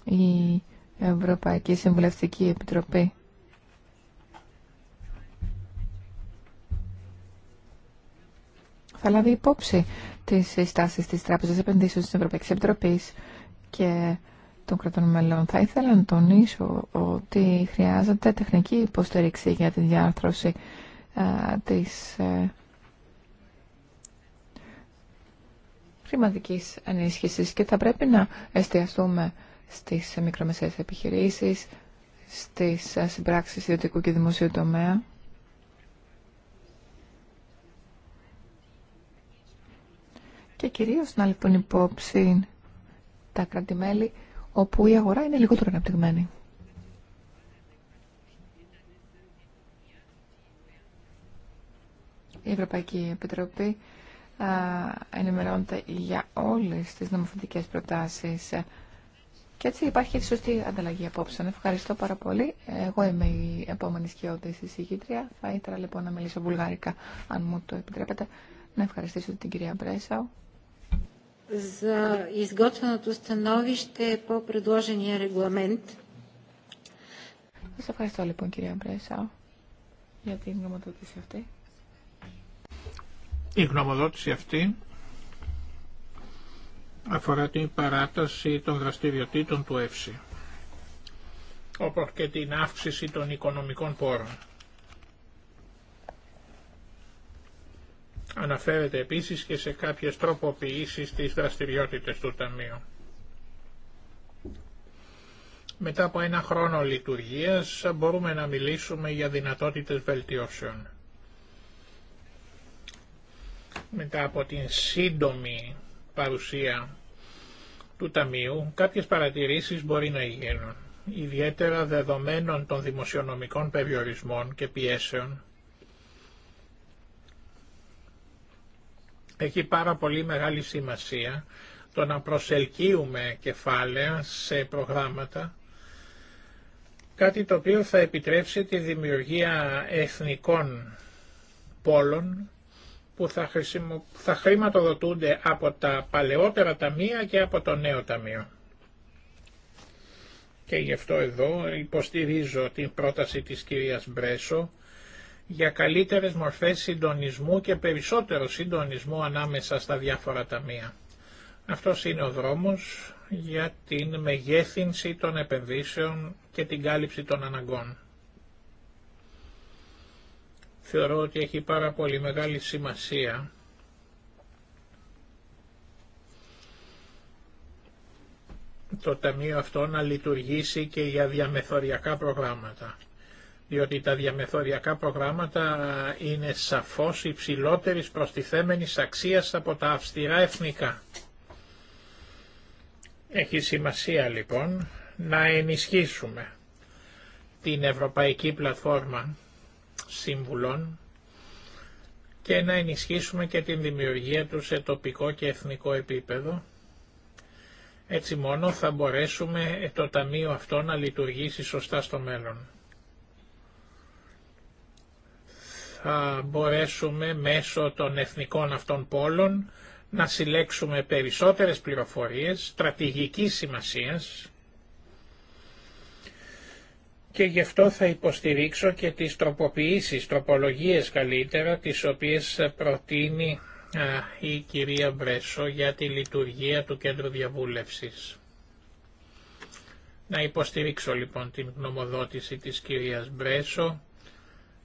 Η Ευρωπαϊκή Συμβουλευτική Επιτροπή θα λάβει υπόψη τις συστάσει τη Τράπεζα Επενδύσεων τη Ευρωπαϊκή Επιτροπή και των κρατών μελών. Θα ήθελα να τονίσω ότι χρειάζεται τεχνική υποστήριξη για τη διάρθρωση α, της α, ε, χρηματικής και θα πρέπει να εστιαστούμε στις μικρομεσαίες επιχειρήσεις, στις ε, συμπράξεις ιδιωτικού και δημοσίου τομέα και κυρίως να λοιπόν υπόψη τα κρατημέλη όπου η αγορά είναι λιγότερο αναπτυγμένη. Η Ευρωπαϊκή Επιτροπή α, ενημερώνεται για όλες τις νομοθετικές προτάσεις και έτσι υπάρχει σωστή ανταλλαγή απόψεων. Ευχαριστώ πάρα πολύ. Εγώ είμαι η επόμενη σκιώδη εισηγήτρια. Θα ήθελα λοιπόν να μιλήσω βουλγάρικα, αν μου το επιτρέπετε. Να ευχαριστήσω την κυρία Μπρέσαου за изготвеното становище по предложения регламент. ευχαριστώ λοιπόν κυρία Μπρέσα για την γνωμοδότηση αυτή. Η γνωμοδότηση αυτή αφορά την παράταση των δραστηριοτήτων του ΕΦΣΥ όπως και την αύξηση των οικονομικών πόρων. Αναφέρεται επίσης και σε κάποιες τροποποιήσεις της δραστηριότητας του Ταμείου. Μετά από ένα χρόνο λειτουργίας μπορούμε να μιλήσουμε για δυνατότητες βελτιώσεων. Μετά από την σύντομη παρουσία του Ταμείου, κάποιες παρατηρήσεις μπορεί να γίνουν, ιδιαίτερα δεδομένων των δημοσιονομικών περιορισμών και πιέσεων Έχει πάρα πολύ μεγάλη σημασία το να προσελκύουμε κεφάλαια σε προγράμματα, κάτι το οποίο θα επιτρέψει τη δημιουργία εθνικών πόλων που θα, χρηματοδοτούνται από τα παλαιότερα ταμεία και από το νέο ταμείο. Και γι' αυτό εδώ υποστηρίζω την πρόταση της κυρίας Μπρέσο για καλύτερες μορφές συντονισμού και περισσότερο συντονισμό ανάμεσα στα διάφορα ταμεία. Αυτός είναι ο δρόμος για την μεγέθυνση των επενδύσεων και την κάλυψη των αναγκών. Θεωρώ ότι έχει πάρα πολύ μεγάλη σημασία το Ταμείο αυτό να λειτουργήσει και για διαμεθοριακά προγράμματα διότι τα διαμεθοριακά προγράμματα είναι σαφώς υψηλότερης προστιθέμενης αξίας από τα αυστηρά εθνικά. Έχει σημασία λοιπόν να ενισχύσουμε την Ευρωπαϊκή Πλατφόρμα Σύμβουλων και να ενισχύσουμε και την δημιουργία του σε τοπικό και εθνικό επίπεδο. Έτσι μόνο θα μπορέσουμε το Ταμείο αυτό να λειτουργήσει σωστά στο μέλλον. θα μπορέσουμε μέσω των εθνικών αυτών πόλων να συλλέξουμε περισσότερες πληροφορίες στρατηγικής σημασίας και γι' αυτό θα υποστηρίξω και τις τροποποιήσεις, τροπολογίες καλύτερα, τις οποίες προτείνει η κυρία Μπρέσο για τη λειτουργία του Κέντρου Διαβούλευσης. Να υποστηρίξω λοιπόν την γνωμοδότηση της κυρίας Μπρέσο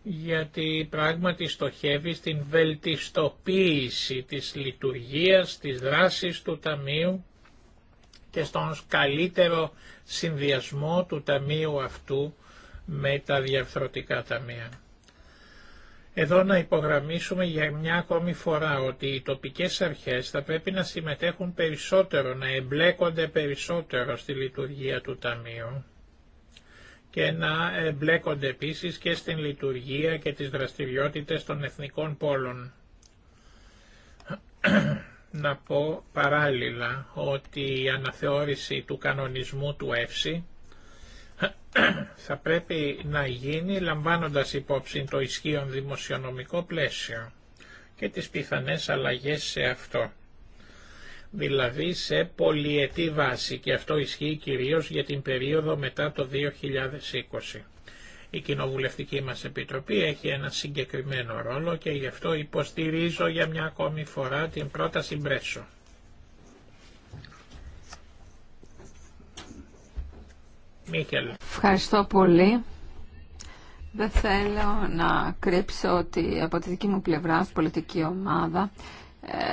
γιατί πράγματι στοχεύει στην βελτιστοποίηση της λειτουργίας, της δράσης του Ταμείου και στον καλύτερο συνδυασμό του Ταμείου αυτού με τα διαφθρωτικά ταμεία. Εδώ να υπογραμμίσουμε για μια ακόμη φορά ότι οι τοπικές αρχές θα πρέπει να συμμετέχουν περισσότερο, να εμπλέκονται περισσότερο στη λειτουργία του Ταμείου και να εμπλέκονται επίσης και στην λειτουργία και τις δραστηριότητες των εθνικών πόλων. να πω παράλληλα ότι η αναθεώρηση του κανονισμού του ΕΦΣΥ θα πρέπει να γίνει λαμβάνοντας υπόψη το ισχύον δημοσιονομικό πλαίσιο και τις πιθανές αλλαγές σε αυτό δηλαδή σε πολιετή βάση και αυτό ισχύει κυρίως για την περίοδο μετά το 2020. Η Κοινοβουλευτική μας Επιτροπή έχει ένα συγκεκριμένο ρόλο και γι' αυτό υποστηρίζω για μια ακόμη φορά την πρόταση Μπρέσο. Μίχελ. Ευχαριστώ πολύ. Δεν θέλω να κρύψω ότι από τη δική μου πλευρά, πολιτική ομάδα,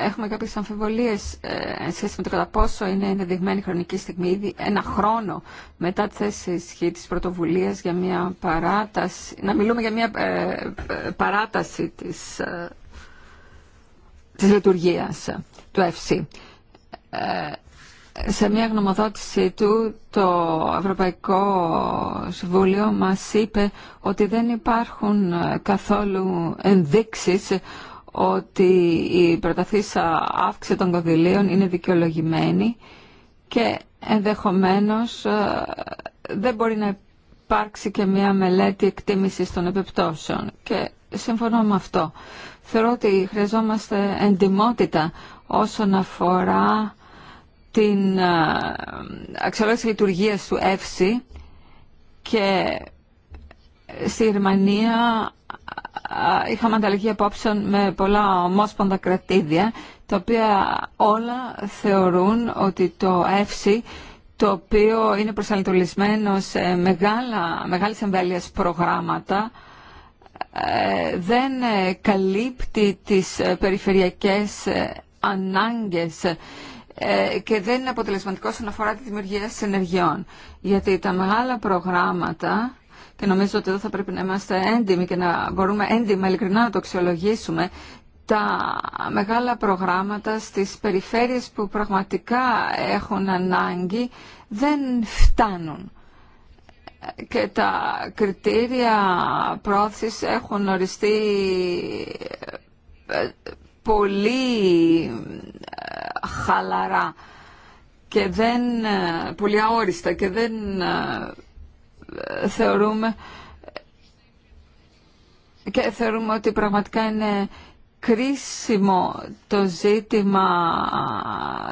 έχουμε κάποιες αμφιβολίες ε, σχέση με το κατά πόσο είναι ενδεδειγμένη χρονική στιγμή ήδη ένα χρόνο μετά τη θέση ισχύ της πρωτοβουλίας για μια παράταση, να μιλούμε για μια ε, ε, παράταση της, ε, της λειτουργίας του ΕΦΣΥ. σε μια γνωμοδότησή του το Ευρωπαϊκό Συμβούλιο μας είπε ότι δεν υπάρχουν καθόλου ενδείξεις ότι η προταθήσα αύξηση των κονδυλίων είναι δικαιολογημένη και ενδεχομένως ε, δεν μπορεί να υπάρξει και μια μελέτη εκτίμησης των επιπτώσεων και συμφωνώ με αυτό. Θεωρώ ότι χρειαζόμαστε εντιμότητα όσον αφορά την ε, αξιολόγηση λειτουργίας του ΕΦΣΥ και στη Γερμανία είχαμε ανταλλαγή απόψεων με πολλά ομόσπονδα κρατήδια, τα οποία όλα θεωρούν ότι το ΕΦΣΥ το οποίο είναι προσανατολισμένο σε μεγάλα, μεγάλες εμβέλειες προγράμματα, ε, δεν ε, καλύπτει τις ε, περιφερειακές ανάγκες και δεν είναι αποτελεσματικό όσον αφορά τη δημιουργία συνεργειών. Γιατί τα μεγάλα προγράμματα και νομίζω ότι εδώ θα πρέπει να είμαστε έντιμοι και να μπορούμε έντιμα ειλικρινά να το αξιολογήσουμε τα μεγάλα προγράμματα στις περιφέρειες που πραγματικά έχουν ανάγκη δεν φτάνουν και τα κριτήρια πρόθεσης έχουν οριστεί ε, πολύ ε, χαλαρά και δεν, ε, πολύ αόριστα και δεν θεωρούμε και θεωρούμε ότι πραγματικά είναι κρίσιμο το ζήτημα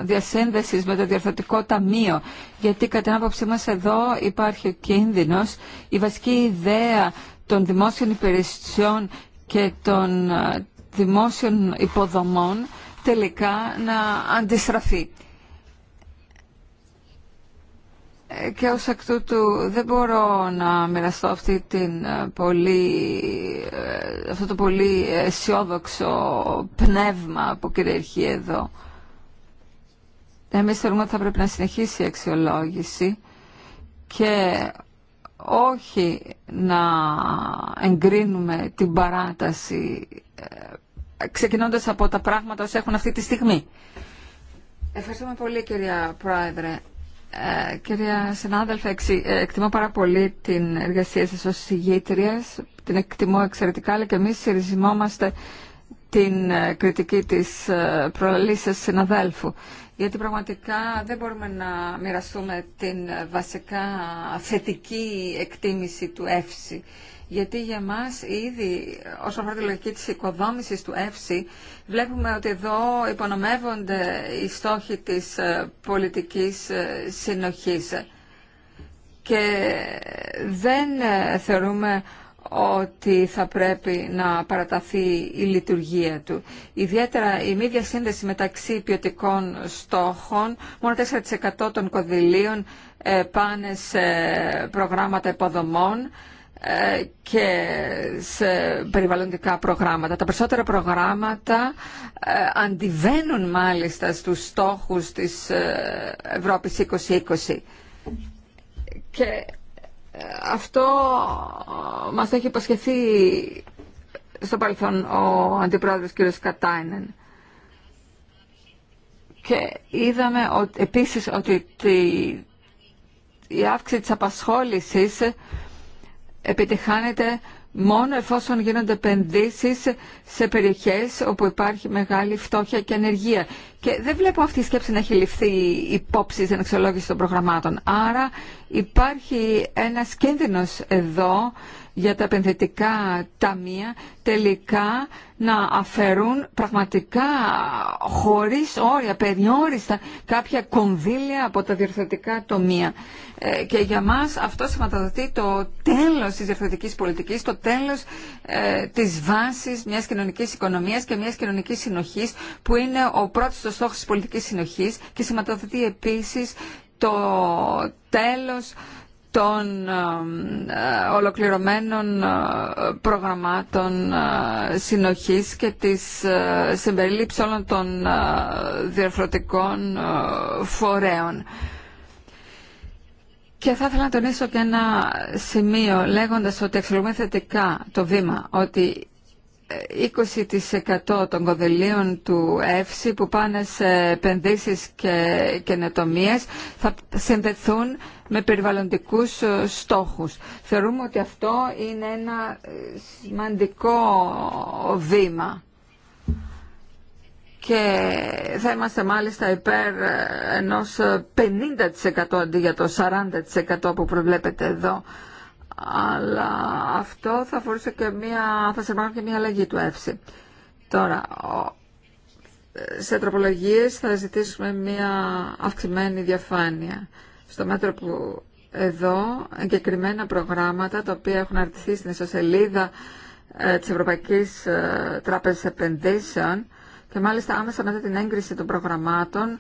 διασύνδεσης με το Διορθωτικό Ταμείο, γιατί κατά την άποψή μας εδώ υπάρχει ο κίνδυνος, η βασική ιδέα των δημόσιων υπηρεσιών και των ε, δημόσιων υποδομών τελικά να αντιστραφεί και ως εκ τούτου δεν μπορώ να μοιραστώ αυτή την ε, πολύ, ε, αυτό το πολύ αισιόδοξο πνεύμα που κυριαρχεί εδώ. Εμείς θεωρούμε ότι θα πρέπει να συνεχίσει η αξιολόγηση και όχι να εγκρίνουμε την παράταση ε, ξεκινώντας από τα πράγματα όσα έχουν αυτή τη στιγμή. Ευχαριστούμε πολύ κυρία Πρόεδρε. Ε, κυρία συνάδελφε, ε, εκτιμώ πάρα πολύ την εργασία σας ως συγγήτριας, την εκτιμώ εξαιρετικά, αλλά και εμείς συριζόμαστε την ε, κριτική της ε, σε συναδέλφου. Γιατί πραγματικά δεν μπορούμε να μοιραστούμε την ε, βασικά θετική εκτίμηση του ΕΦΣΙ. Γιατί για μας ήδη όσον αφορά τη λογική της οικοδόμησης του ΕΦΣΙ βλέπουμε ότι εδώ υπονομεύονται οι στόχοι της πολιτικής συνοχής. Και δεν θεωρούμε ότι θα πρέπει να παραταθεί η λειτουργία του. Ιδιαίτερα η μη διασύνδεση μεταξύ ποιοτικών στόχων, μόνο 4% των κονδυλίων ε, πάνε σε προγράμματα υποδομών ε, και σε περιβαλλοντικά προγράμματα. Τα περισσότερα προγράμματα ε, αντιβαίνουν μάλιστα στους στόχους της Ευρώπης 2020. Και αυτό μας έχει υποσχεθεί στο παρελθόν ο αντιπρόεδρος κ. Κατάινεν. Και είδαμε ότι, επίσης ότι η αύξηση της απασχόλησης επιτυχάνεται μόνο εφόσον γίνονται επενδύσει σε περιοχέ όπου υπάρχει μεγάλη φτώχεια και ανεργία. Και δεν βλέπω αυτή η σκέψη να έχει ληφθεί υπόψη στην αξιολόγηση των προγραμμάτων. Άρα υπάρχει ένας κίνδυνος εδώ για τα επενδυτικά ταμεία τελικά να αφαιρούν πραγματικά χωρίς όρια, περιόριστα κάποια κονδύλια από τα διευθυντικά τομεία. Ε, και για μας αυτό σηματοδοτεί το τέλος της διευθυντικής πολιτικής, το τέλος ε, της βάσης μιας κοινωνικής οικονομίας και μιας κοινωνικής συνοχής που είναι ο πρώτος το στόχος της πολιτικής συνοχής και σηματοδοτεί επίσης το τέλος των ε, ολοκληρωμένων ε, προγραμμάτων ε, συνοχής και της συμπεριλήψης όλων των διαφορετικών φορέων. Και θα ήθελα να τονίσω και ένα σημείο λέγοντας ότι αξιολογούμε θετικά το βήμα ότι 20% των κονδυλίων του ΕΦΣΥ που πάνε σε επενδύσει και καινοτομίε θα συνδεθούν με περιβαλλοντικούς στόχους. Θεωρούμε ότι αυτό είναι ένα σημαντικό βήμα και θα είμαστε μάλιστα υπέρ ενός 50% αντί για το 40% που προβλέπετε εδώ αλλά αυτό θα αφορούσε και μία, θα σε και μία αλλαγή του ΕΦΣΗ. Τώρα, σε τροπολογίες θα ζητήσουμε μία αυξημένη διαφάνεια. Στο μέτρο που εδώ εγκεκριμένα προγράμματα τα οποία έχουν αρτηθεί στην ισοσελίδα ε, της Ευρωπαϊκής ε, Τράπεζας Επενδύσεων και μάλιστα άμεσα μετά την έγκριση των προγραμμάτων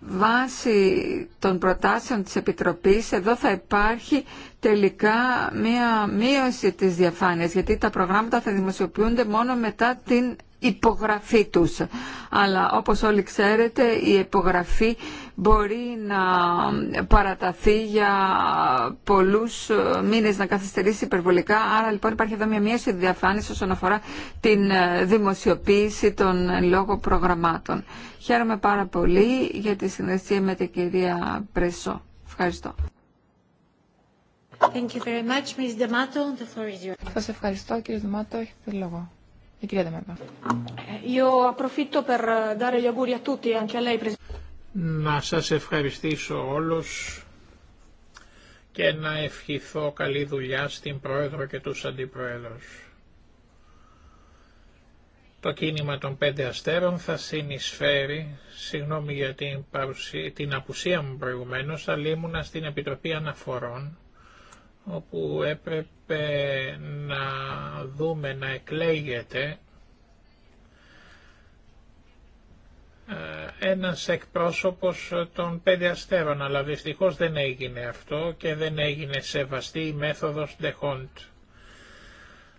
βάσει των προτάσεων της Επιτροπής εδώ θα υπάρχει τελικά μία μείωση της διαφάνειας γιατί τα προγράμματα θα δημοσιοποιούνται μόνο μετά την υπογραφή τους. Αλλά όπως όλοι ξέρετε η υπογραφή μπορεί να παραταθεί για πολλούς μήνες, να καθυστερήσει υπερβολικά. Άρα λοιπόν υπάρχει εδώ μια μείωση διαφάνεια όσον αφορά την δημοσιοποίηση των λόγω προγραμμάτων. Χαίρομαι πάρα πολύ για τη συνεργασία με την κυρία Πρεσό. Ευχαριστώ. Thank you very much, Ms. Demato. The floor is yours. Σας ευχαριστώ, κύριε Δεμάτο. Έχετε λόγο. Η κυρία Δεμάτο. Να σας ευχαριστήσω όλους και να ευχηθώ καλή δουλειά στην Πρόεδρο και τους Αντιπρόεδρους. Το κίνημα των πέντε αστέρων θα συνεισφέρει, συγγνώμη για την, παρουσία, την απουσία μου προηγουμένως, αλλά ήμουνα στην Επιτροπή Αναφορών, όπου έπρεπε να δούμε να εκλέγεται Ε, ένας εκπρόσωπος των πέντε αστέρων, αλλά δυστυχώς δεν έγινε αυτό και δεν έγινε σεβαστή η μέθοδος Hont.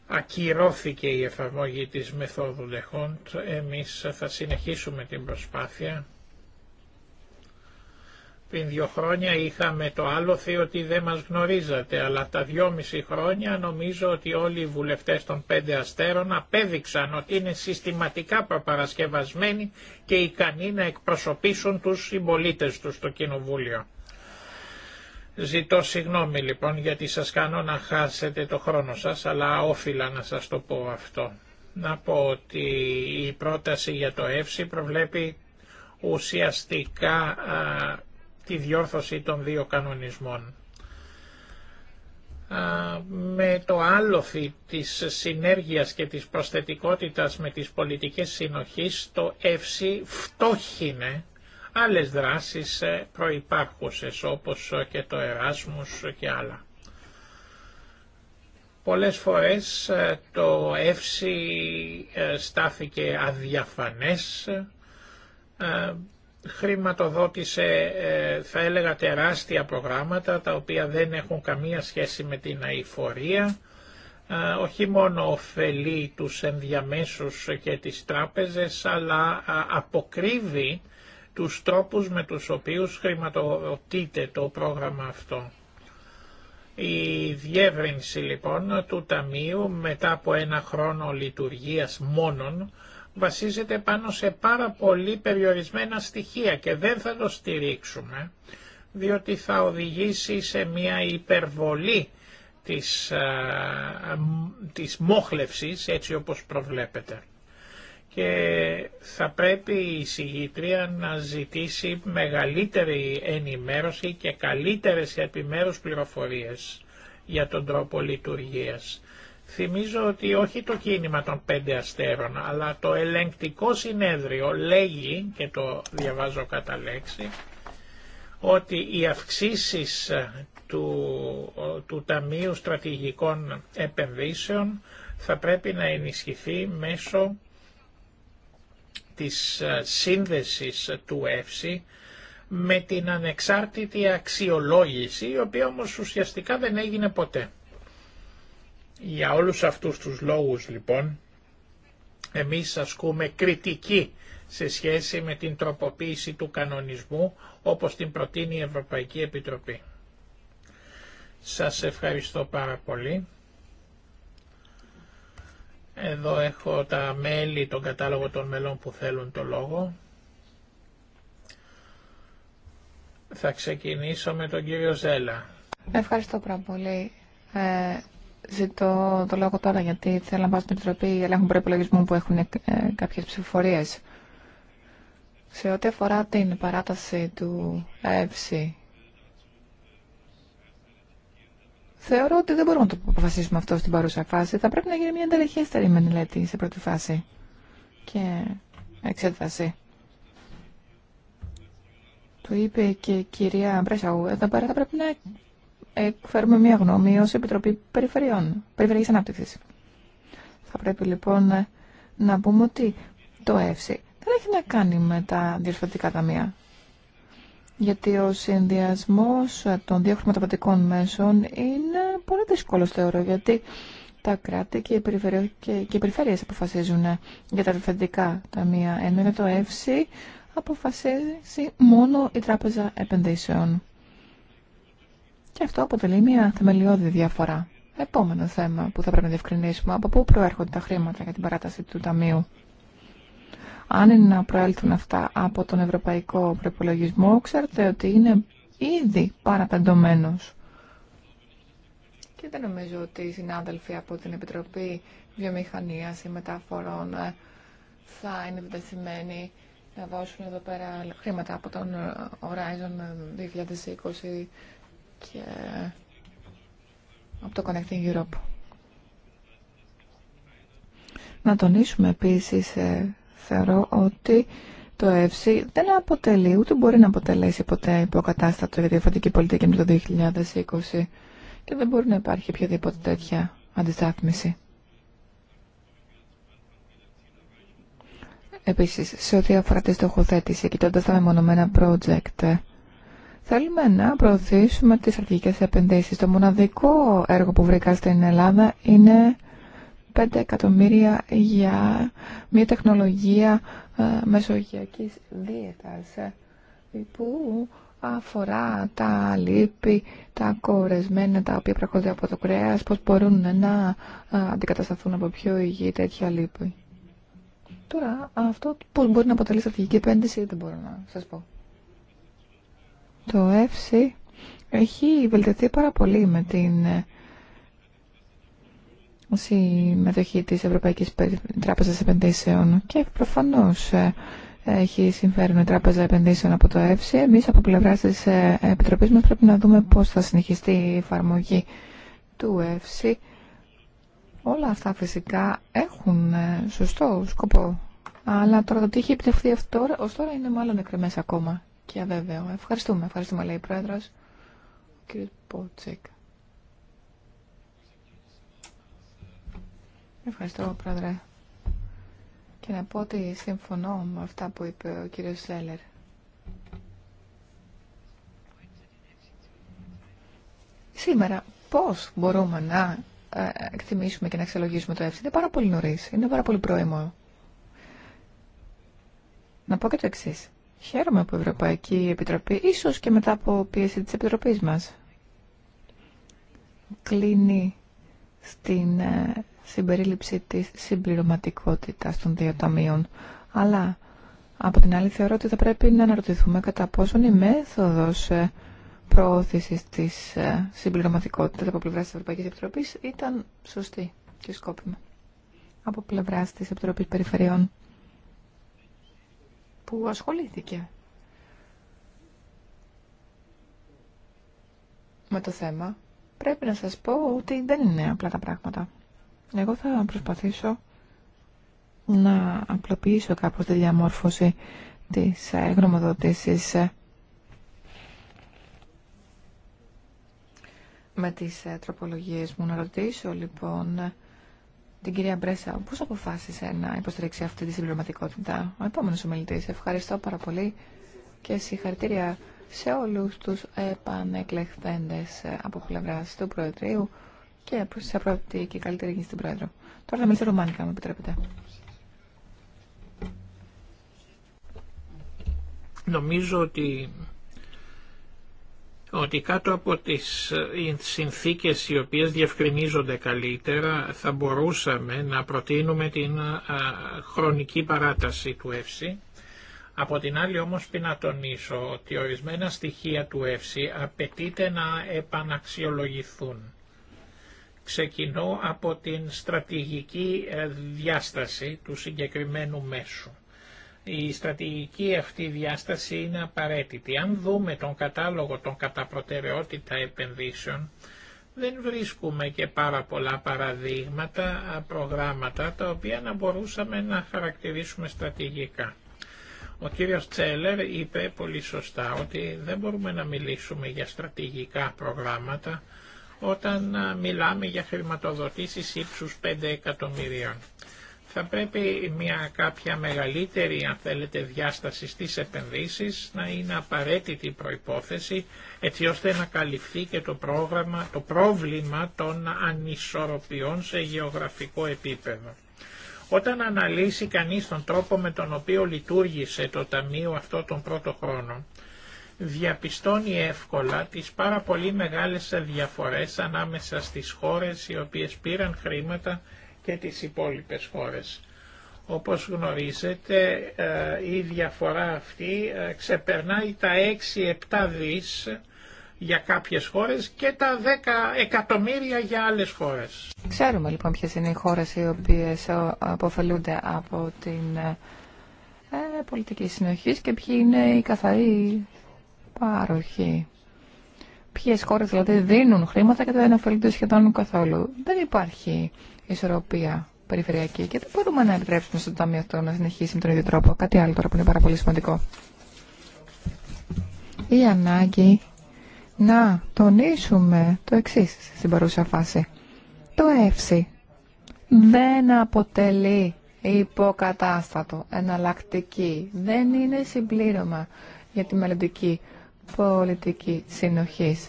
Ακυρώθηκε η εφαρμογή της μεθόδου Hont. εμείς θα συνεχίσουμε την προσπάθεια πριν δύο χρόνια είχαμε το άλλο άλοθη ότι δεν μας γνωρίζατε, αλλά τα δυόμιση χρόνια νομίζω ότι όλοι οι βουλευτές των πέντε αστέρων απέδειξαν ότι είναι συστηματικά προπαρασκευασμένοι και ικανοί να εκπροσωπήσουν τους συμπολίτε τους στο Κοινοβούλιο. Ζητώ συγγνώμη λοιπόν γιατί σας κάνω να χάσετε το χρόνο σας, αλλά όφιλα να σας το πω αυτό. Να πω ότι η πρόταση για το ΕΦΣΥ προβλέπει ουσιαστικά τη διόρθωση των δύο κανονισμών. Με το άλοφι της συνέργειας και της προσθετικότητας με τις πολιτικές συνοχής το ΕΦΣΥ φτώχινε άλλες δράσεις ε, προϋπάρχουσες όπως ε, και το Εράσμους και άλλα. Πολλές φορές ε, το ΕΦΣΥ στάθηκε αδιαφανές χρηματοδότησε ε, θα έλεγα τεράστια προγράμματα τα οποία δεν έχουν καμία σχέση με την αηφορία ε, όχι μόνο ωφελεί τους ενδιαμέσους και τις τράπεζες αλλά ε, αποκρύβει τους τρόπους με τους οποίους χρηματοδοτείται το πρόγραμμα αυτό. Η διεύρυνση λοιπόν του Ταμείου μετά από ένα χρόνο λειτουργίας μόνον βασίζεται πάνω σε πάρα πολύ περιορισμένα στοιχεία και δεν θα το στηρίξουμε διότι θα οδηγήσει σε μια υπερβολή της, α, της μόχλευσης έτσι όπως προβλέπεται. Και θα πρέπει η συγγήτρια να ζητήσει μεγαλύτερη ενημέρωση και καλύτερες επιμέρους πληροφορίες για τον τρόπο λειτουργίας. Θυμίζω ότι όχι το κίνημα των πέντε αστέρων, αλλά το ελεγκτικό συνέδριο λέγει, και το διαβάζω κατά λέξη, ότι οι αυξήσει ε, του, του Ταμείου Στρατηγικών Επενδύσεων θα πρέπει να ενισχυθεί μέσω της ε, σύνδεσης του ΕΦΣΥ με την ανεξάρτητη αξιολόγηση, η οποία όμως ουσιαστικά δεν έγινε ποτέ. Για όλους αυτούς τους λόγους λοιπόν εμείς ασκούμε κριτική σε σχέση με την τροποποίηση του κανονισμού όπως την προτείνει η Ευρωπαϊκή Επιτροπή. Σας ευχαριστώ πάρα πολύ. Εδώ έχω τα μέλη, τον κατάλογο των μελών που θέλουν το λόγο. Θα ξεκινήσω με τον κύριο Ζέλα. Ευχαριστώ πάρα πολύ. Ε, Ζητώ το λόγο τώρα γιατί θέλω να πάω στην Επιτροπή Ελέγχου Προπολογισμού που έχουν ε, κάποιες ψηφοφορίες. Σε ό,τι αφορά την παράταση του ΕΕ, θεωρώ ότι δεν μπορούμε να το αποφασίσουμε αυτό στην παρούσα φάση. Θα πρέπει να γίνει μια εντελεχέστερη μελέτη σε πρώτη φάση και εξέταση. Το είπε και η κυρία Μπρέσαου. θα πρέπει να εκφέρουμε μια γνώμη ως Επιτροπή Περιφερειών, Περιφερειακής Ανάπτυξης. Θα πρέπει λοιπόν να πούμε ότι το ΕΦΣΥ δεν έχει να κάνει με τα διορθωτικά ταμεία. Γιατί ο συνδυασμός των δύο χρηματοδοτικών μέσων είναι πολύ δύσκολο θεωρώ, γιατί τα κράτη και οι, περιφερει... και... οι αποφασίζουν για τα διορθωτικά ταμεία, ενώ το ΕΦΣΥ αποφασίζει μόνο η Τράπεζα Επενδύσεων. Και αυτό αποτελεί μια θεμελιώδη διαφορά. Επόμενο θέμα που θα πρέπει να διευκρινίσουμε. Από πού προέρχονται τα χρήματα για την παράταση του Ταμείου. Αν είναι να προέλθουν αυτά από τον Ευρωπαϊκό Προπολογισμό, ξέρετε ότι είναι ήδη παραπεντωμένος. Και δεν νομίζω ότι οι συνάδελφοι από την Επιτροπή Βιομηχανίας ή Μεταφορών ε, θα είναι επιτεθειμένοι να δώσουν εδώ πέρα χρήματα από τον ε, Horizon 2020 ε, και από το Connecting Europe. Να τονίσουμε επίσης, ε, θεωρώ ότι το ΕΦΣΥ δεν αποτελεί, ούτε μπορεί να αποτελέσει ποτέ υποκατάστατο για διαφορετική πολιτική με το 2020 και δεν μπορεί να υπάρχει οποιαδήποτε τέτοια αντιστάθμιση. Επίσης, σε ό,τι αφορά τη στοχοθέτηση, κοιτώντας τα μεμονωμένα project, ε, Θέλουμε να προωθήσουμε τις αρχικές επενδύσεις. Το μοναδικό έργο που βρήκα στην Ελλάδα είναι 5 εκατομμύρια για μια τεχνολογία ε, μεσογειακής δίαιτας ε, που αφορά τα λίπη, τα κορεσμένα τα οποία προχωρούνται από το κρέας, πώς μπορούν να ε, αντικατασταθούν από πιο υγιή τέτοια λίπη. Τώρα αυτό πώς μπορεί να αποτελεί στρατηγική επένδυση δεν μπορώ να σας πω. Το ΕΦΣΙ έχει βελτιωθεί πάρα πολύ με την ε, συμμετοχή της Ευρωπαϊκής Τράπεζας Επενδύσεων και προφανώς ε, έχει συμφέρει με Τράπεζα Επενδύσεων από το ΕΦΣΙ. Εμείς από πλευρά της ε, Επιτροπής μας πρέπει να δούμε πώς θα συνεχιστεί η εφαρμογή του ΕΦΣΙ. Όλα αυτά φυσικά έχουν σωστό σκοπό, αλλά τώρα το τι έχει επιτευχθεί αυτό ως τώρα είναι μάλλον εκκρεμές ακόμα και αβέβαιο. Ευχαριστούμε, ευχαριστούμε, λέει η Πρόεδρος, ο κ. Πότσεκ. Ευχαριστώ, Πρόεδρε. Και να πω ότι συμφωνώ με αυτά που είπε ο κύριος Σέλερ. Σήμερα πώς μπορούμε να ε, εκτιμήσουμε και να εξελογήσουμε το ΕΦΣΙ. Είναι πάρα πολύ νωρίς. είναι πάρα πολύ πρόημο. Να πω και το εξή. Χαίρομαι που η Ευρωπαϊκή Επιτροπή, ίσως και μετά από πίεση της Επιτροπής μας, κλείνει στην ε, συμπερίληψη της συμπληρωματικότητας των δύο ταμείων. Αλλά, από την άλλη, θεωρώ ότι θα πρέπει να αναρωτηθούμε κατά πόσον η μέθοδος ε, προώθησης της ε, συμπληρωματικότητας από πλευράς της Ευρωπαϊκής Επιτροπής ήταν σωστή και σκόπιμη. Από πλευράς της Επιτροπής Περιφερειών που ασχολήθηκε με το θέμα. Πρέπει να σας πω ότι δεν είναι απλά τα πράγματα. Εγώ θα προσπαθήσω να απλοποιήσω κάπως τη διαμόρφωση της ε, γνωμοδοτήσης ε, με τις ε, τροπολογίες μου. Να ρωτήσω λοιπόν την κυρία Μπρέσα, πώς αποφάσισε να υποστηρίξει αυτή τη συμπληρωματικότητα. Ο επόμενο ομιλητή. ευχαριστώ πάρα πολύ και συγχαρητήρια σε όλου του επανεκλεχθέντες από πλευρά του Προεδρείου και σε πρώτη και καλύτερη γίνηση στην Πρόεδρου. Τώρα θα μιλήσω ρουμάνικα, μου επιτρέπετε. Νομίζω ότι ότι κάτω από τις ε, συνθήκες οι οποίες διευκρινίζονται καλύτερα θα μπορούσαμε να προτείνουμε την ε, ε, χρονική παράταση του ΕΦΣΥ. Από την άλλη όμως πει να τονίσω ότι ορισμένα στοιχεία του ΕΦΣΥ απαιτείται να επαναξιολογηθούν. Ξεκινώ από την στρατηγική διάσταση του συγκεκριμένου μέσου. Η στρατηγική αυτή διάσταση είναι απαραίτητη. Αν δούμε τον κατάλογο των κατά προτεραιότητα επενδύσεων, δεν βρίσκουμε και πάρα πολλά παραδείγματα, προγράμματα, τα οποία να μπορούσαμε να χαρακτηρίσουμε στρατηγικά. Ο κύριος Τσέλερ είπε πολύ σωστά ότι δεν μπορούμε να μιλήσουμε για στρατηγικά προγράμματα όταν μιλάμε για χρηματοδοτήσεις ύψους 5 εκατομμυρίων θα πρέπει μια κάποια μεγαλύτερη αν θέλετε διάσταση στις επενδύσεις να είναι απαραίτητη προϋπόθεση έτσι ώστε να καλυφθεί και το, πρόγραμμα, το πρόβλημα των ανισορροπιών σε γεωγραφικό επίπεδο. Όταν αναλύσει κανείς τον τρόπο με τον οποίο λειτουργήσε το Ταμείο αυτό τον πρώτο χρόνο, διαπιστώνει εύκολα τις πάρα πολύ μεγάλες διαφορές ανάμεσα στις χώρες οι οποίες πήραν χρήματα και τις υπόλοιπες χώρες. Όπως γνωρίζετε ε, η διαφορά αυτή ε, ξεπερνάει τα 6-7 δις για κάποιες χώρες και τα 10 εκατομμύρια για άλλες χώρες. Ξέρουμε λοιπόν ποιες είναι οι χώρες οι οποίες ε, αποφελούνται από την πολιτική συνοχή και ποιοι είναι οι καθαροί πάροχοι. Ποιες χώρες δηλαδή δίνουν χρήματα και δεν αφαιρούνται σχεδόν καθόλου. Δεν υπάρχει ισορροπία περιφερειακή και δεν μπορούμε να επιτρέψουμε στον ταμείο αυτό να συνεχίσει με τον ίδιο τρόπο. Κάτι άλλο τώρα που είναι πάρα πολύ σημαντικό. Η ανάγκη να τονίσουμε το εξή στην παρούσα φάση. Το εύση δεν αποτελεί υποκατάστατο, εναλλακτική, δεν είναι συμπλήρωμα για τη μελλοντική πολιτική συνοχής.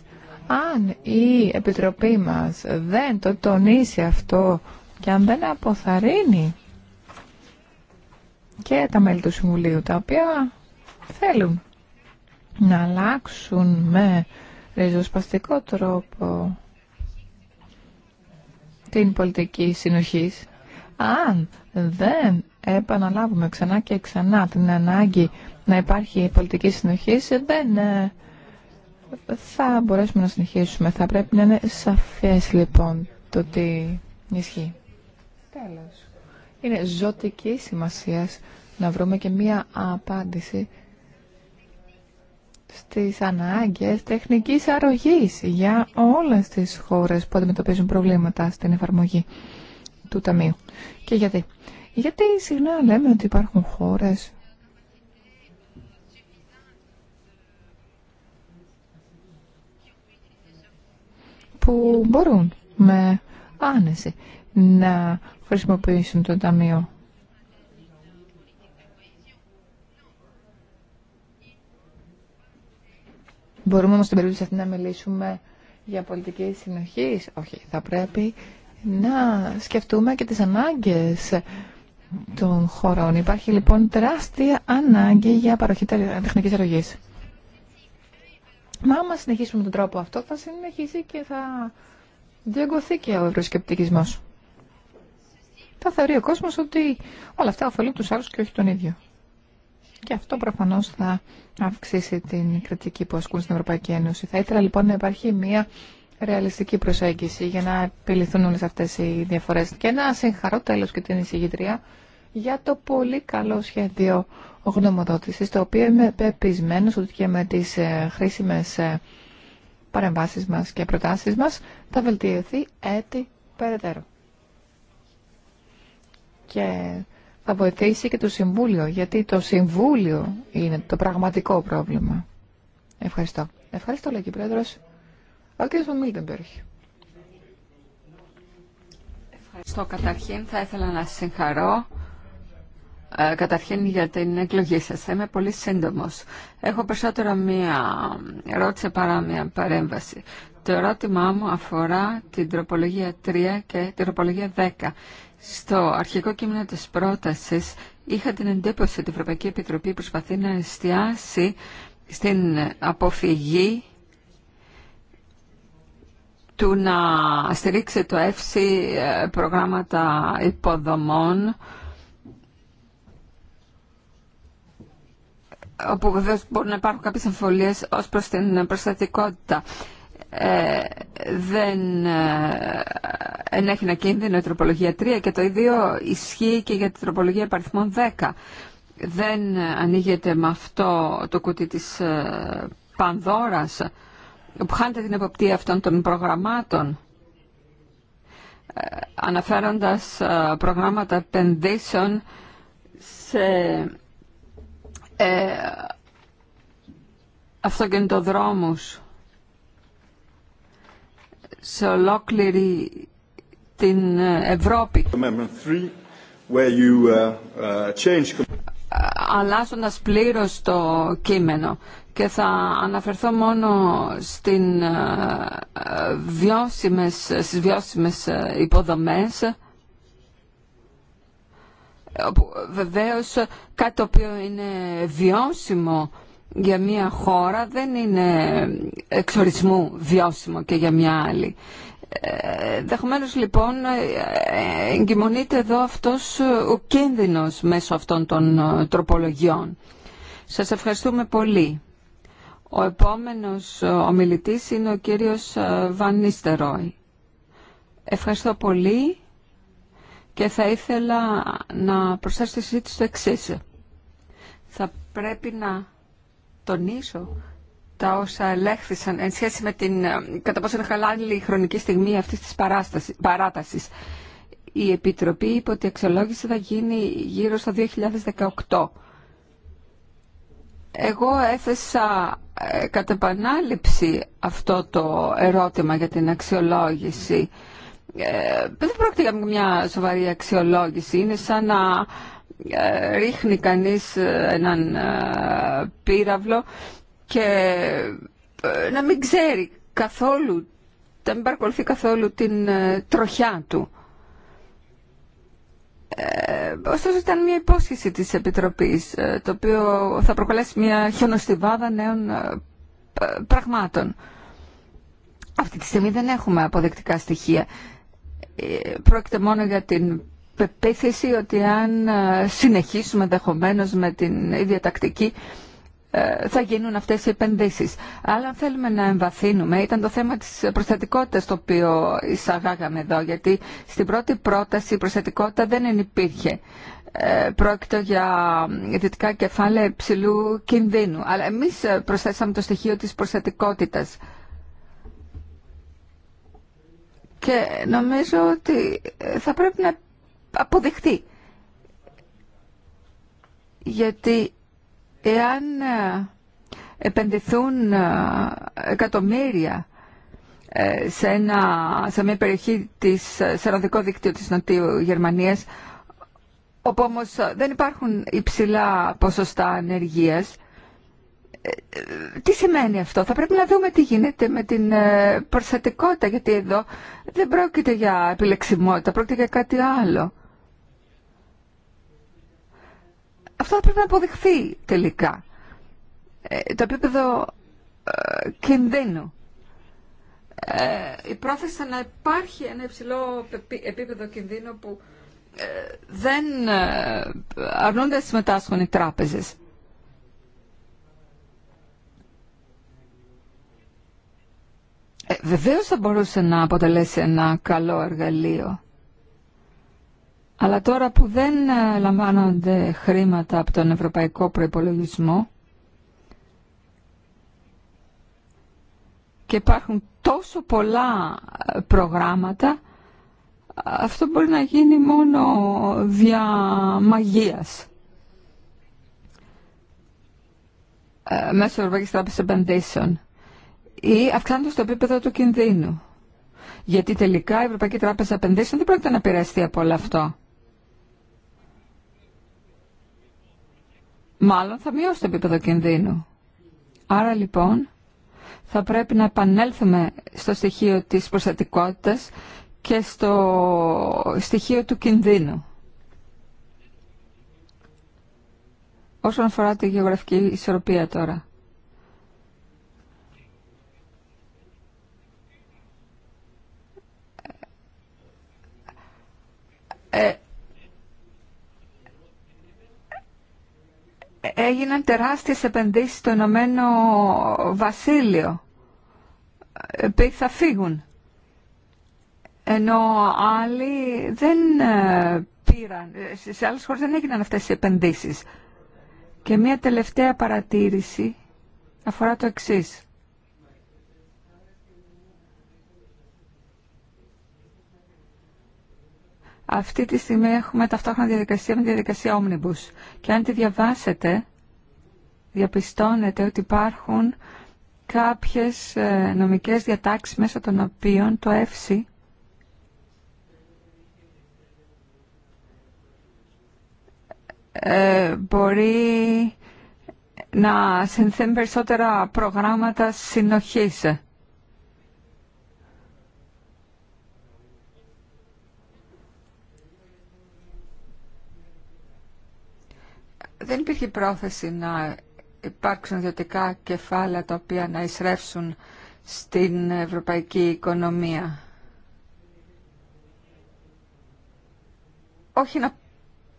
Αν η Επιτροπή μας δεν το τονίσει αυτό και αν δεν αποθαρρύνει και τα μέλη του Συμβουλίου, τα οποία θέλουν να αλλάξουν με ριζοσπαστικό τρόπο την πολιτική συνοχής, αν δεν επαναλάβουμε ξανά και ξανά την ανάγκη να υπάρχει πολιτική συνοχή, δεν ε, θα μπορέσουμε να συνεχίσουμε. Θα πρέπει να είναι σαφές λοιπόν το τι ισχύει. Τέλος. Είναι ζωτική σημασία να βρούμε και μία απάντηση στις ανάγκες τεχνικής αρρωγής για όλες τις χώρες που αντιμετωπίζουν προβλήματα στην εφαρμογή του Ταμείου. Και γιατί. Γιατί συχνά λέμε ότι υπάρχουν χώρες που μπορούν με άνεση να χρησιμοποιήσουν το Ταμείο. Μπορούμε όμως στην περίπτωση αυτή να μιλήσουμε για πολιτική συνοχή. Όχι, θα πρέπει να σκεφτούμε και τις ανάγκες των χωρών. Υπάρχει λοιπόν τεράστια ανάγκη για παροχή τεχνικής αρρωγής. Μα άμα συνεχίσουμε τον τρόπο αυτό θα συνεχίσει και θα διαγκωθεί και ο ευρωσκεπτικισμός. Θα θεωρεί ο κόσμος ότι όλα αυτά ωφελούν τους άλλους και όχι τον ίδιο. Και αυτό προφανώς θα αυξήσει την κριτική που ασκούν στην Ευρωπαϊκή Ένωση. Θα ήθελα λοιπόν να υπάρχει μια ρεαλιστική προσέγγιση για να επιληθούν όλες αυτές οι διαφορές. Και να συγχαρώ τέλος και την εισηγητρία για το πολύ καλό σχέδιο γνωμοδότησης, το οποίο είμαι πεπισμένος ότι και με τις ε, χρήσιμες ε, παρεμβάσεις μας και προτάσεις μας θα βελτιωθεί έτη περαιτέρω. Και θα βοηθήσει και το Συμβούλιο, γιατί το Συμβούλιο είναι το πραγματικό πρόβλημα. Ευχαριστώ. Ευχαριστώ, λέει και πρόεδρος. Ο κ. Μίλτεμπεργκ. Ευχαριστώ καταρχήν. Θα ήθελα να συγχαρώ ε, καταρχήν για την εκλογή σας. Θα είμαι πολύ σύντομος. Έχω περισσότερο μία ερώτηση παρά μία παρέμβαση. Το ερώτημά μου αφορά την τροπολογία 3 και την τροπολογία 10. Στο αρχικό κείμενο της πρότασης είχα την εντύπωση ότι η Ευρωπαϊκή Επιτροπή προσπαθεί να εστιάσει στην αποφυγή του να στηρίξει το εύση ε, προγράμματα υποδομών όπου βεβαίω μπορούν να υπάρχουν κάποιες αμφιβολίες ως προς την προστατικότητα. Ε, δεν ε, ενέχει να κίνδυνο η τροπολογία 3 και το ίδιο ισχύει και για την τροπολογία παριθμών 10. Δεν ανοίγεται με αυτό το κουτί της ε, Πανδώρας που χάνεται την εποπτεία αυτών των προγραμμάτων ε, αναφέροντας ε, προγράμματα επενδύσεων σε ε, αυτοκινητοδρόμους σε ολόκληρη την ε, Ευρώπη. Uh, uh, Αλλάζοντα πλήρω το κείμενο και θα αναφερθώ μόνο στην, ε, ε, βιώσιμες, στις βιώσιμες υποδομές βεβαίως κάτι το οποίο είναι βιώσιμο για μια χώρα δεν είναι εξορισμού βιώσιμο και για μια άλλη. Ε, Δεχομένω λοιπόν εγκυμονείται εδώ αυτός ο κίνδυνος μέσω αυτών των ε, τροπολογιών. Σας ευχαριστούμε πολύ. Ο επόμενος ομιλητής είναι ο κύριος ε, Βαν Ευχαριστώ πολύ. Και θα ήθελα να προσθέσω στη συζήτηση το εξή. Θα πρέπει να τονίσω τα όσα ελέγχθησαν εν σχέση με την ε, κατά πόσο χαλάλη η χρονική στιγμή αυτής της παράτασης. Η Επιτροπή είπε ότι η αξιολόγηση θα γίνει γύρω στο 2018. Εγώ έθεσα ε, κατά επανάληψη αυτό το ερώτημα για την αξιολόγηση ε, δεν πρόκειται για μια σοβαρή αξιολόγηση. Είναι σαν να ε, ρίχνει κανείς ε, έναν ε, πύραυλο και ε, να μην ξέρει καθόλου, να μην παρακολουθεί καθόλου την τροχιά του. Ε, ωστόσο ήταν μια υπόσχεση της Επιτροπής, το οποίο θα προκαλέσει μια χιονοστιβάδα νέων πραγμάτων. Αυτή τη στιγμή δεν έχουμε αποδεκτικά στοιχεία πρόκειται μόνο για την πεποίθηση ότι αν ε, συνεχίσουμε ενδεχομένω με την ίδια τακτική ε, θα γίνουν αυτές οι επενδύσεις. Αλλά αν θέλουμε να εμβαθύνουμε, ήταν το θέμα της προστατικότητας το οποίο εισαγάγαμε εδώ, γιατί στην πρώτη πρόταση η προστατικότητα δεν υπήρχε. Ε, πρόκειται για δυτικά κεφάλαια υψηλού κινδύνου. Αλλά εμείς προσθέσαμε το στοιχείο της προστατικότητας και νομίζω ότι θα πρέπει να αποδειχθεί. Γιατί εάν ε, επενδυθούν ε, εκατομμύρια ε, σε, ένα, σε μια περιοχή της, σε δίκτυο της Νοτιού Γερμανίας, όπου όμως δεν υπάρχουν υψηλά ποσοστά ανεργίας, τι σημαίνει αυτό. Θα πρέπει να δούμε τι γίνεται με την ε, προστατικότητα γιατί εδώ δεν πρόκειται για επιλεξιμότητα, πρόκειται για κάτι άλλο. Αυτό θα πρέπει να αποδειχθεί τελικά. Ε, το επίπεδο ε, κινδύνου. Η πρόθεση να υπάρχει ένα υψηλό επίπεδο κινδύνου που δεν αρνούνται να συμμετάσχουν οι τράπεζες. ε, βεβαίως θα μπορούσε να αποτελέσει ένα καλό εργαλείο. Αλλά τώρα που δεν ε, λαμβάνονται χρήματα από τον ευρωπαϊκό προϋπολογισμό και υπάρχουν τόσο πολλά ε, προγράμματα, αυτό μπορεί να γίνει μόνο δια μαγείας. Ε, μέσω Ευρωπαϊκής Τράπεζας Επενδύσεων ή αυξάνονται στο επίπεδο του κινδύνου. Γιατί τελικά η Ευρωπαϊκή Τράπεζα Απενδύσεων δεν πρόκειται να πειραστεί από όλο αυτό. Μάλλον θα μειώσει το λοιπόν, στοιχείο της προστατικότητας και στο στοιχείο του κινδύνου. Όσον αφορά τη γεωγραφική ισορροπία τώρα. Ε, έγιναν τεράστιες επενδύσεις στο Ηνωμένο Βασίλειο που θα φύγουν ενώ άλλοι δεν ε, πήραν σε άλλες χώρες δεν έγιναν αυτές οι επενδύσεις και μια τελευταία παρατήρηση αφορά το εξής Αυτή τη στιγμή έχουμε ταυτόχρονα διαδικασία με διαδικασία Omnibus. Και αν τη διαβάσετε, διαπιστώνετε ότι υπάρχουν κάποιες ε, νομικές διατάξεις μέσα των οποίων το ΕΦΣΥ μπορεί να συνθέμει περισσότερα προγράμματα συνοχής. δεν υπήρχε πρόθεση να υπάρξουν ιδιωτικά κεφάλαια τα οποία να εισρεύσουν στην ευρωπαϊκή οικονομία. Όχι να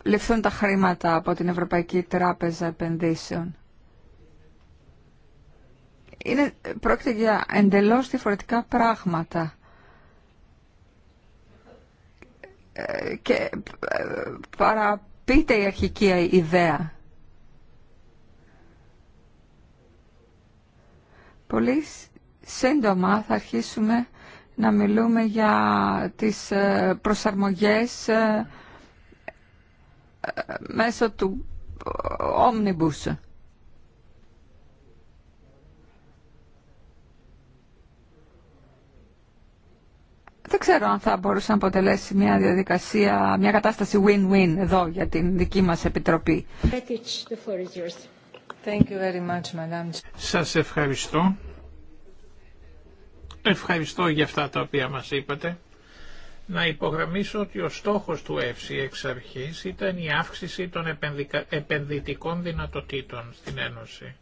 ληφθούν τα χρήματα από την Ευρωπαϊκή Τράπεζα Επενδύσεων. Είναι, πρόκειται για εντελώς διαφορετικά πράγματα. Ε, και ε, παραπείται η αρχική ιδέα. Πολύ σύντομα θα αρχίσουμε να μιλούμε για τις ε, προσαρμογές ε, ε, μέσω του Omnibus. Δεν ξέρω αν θα μπορούσε να αποτελέσει μια διαδικασία, μια κατάσταση win-win εδώ για την δική μας Επιτροπή. Thank Σας ευχαριστώ. Ευχαριστώ για αυτά τα οποία μας είπατε. Να υπογραμμίσω ότι ο στόχος του ΕΦΣΙ εξ αρχής ήταν η αύξηση των επενδυτικών δυνατοτήτων στην Ένωση.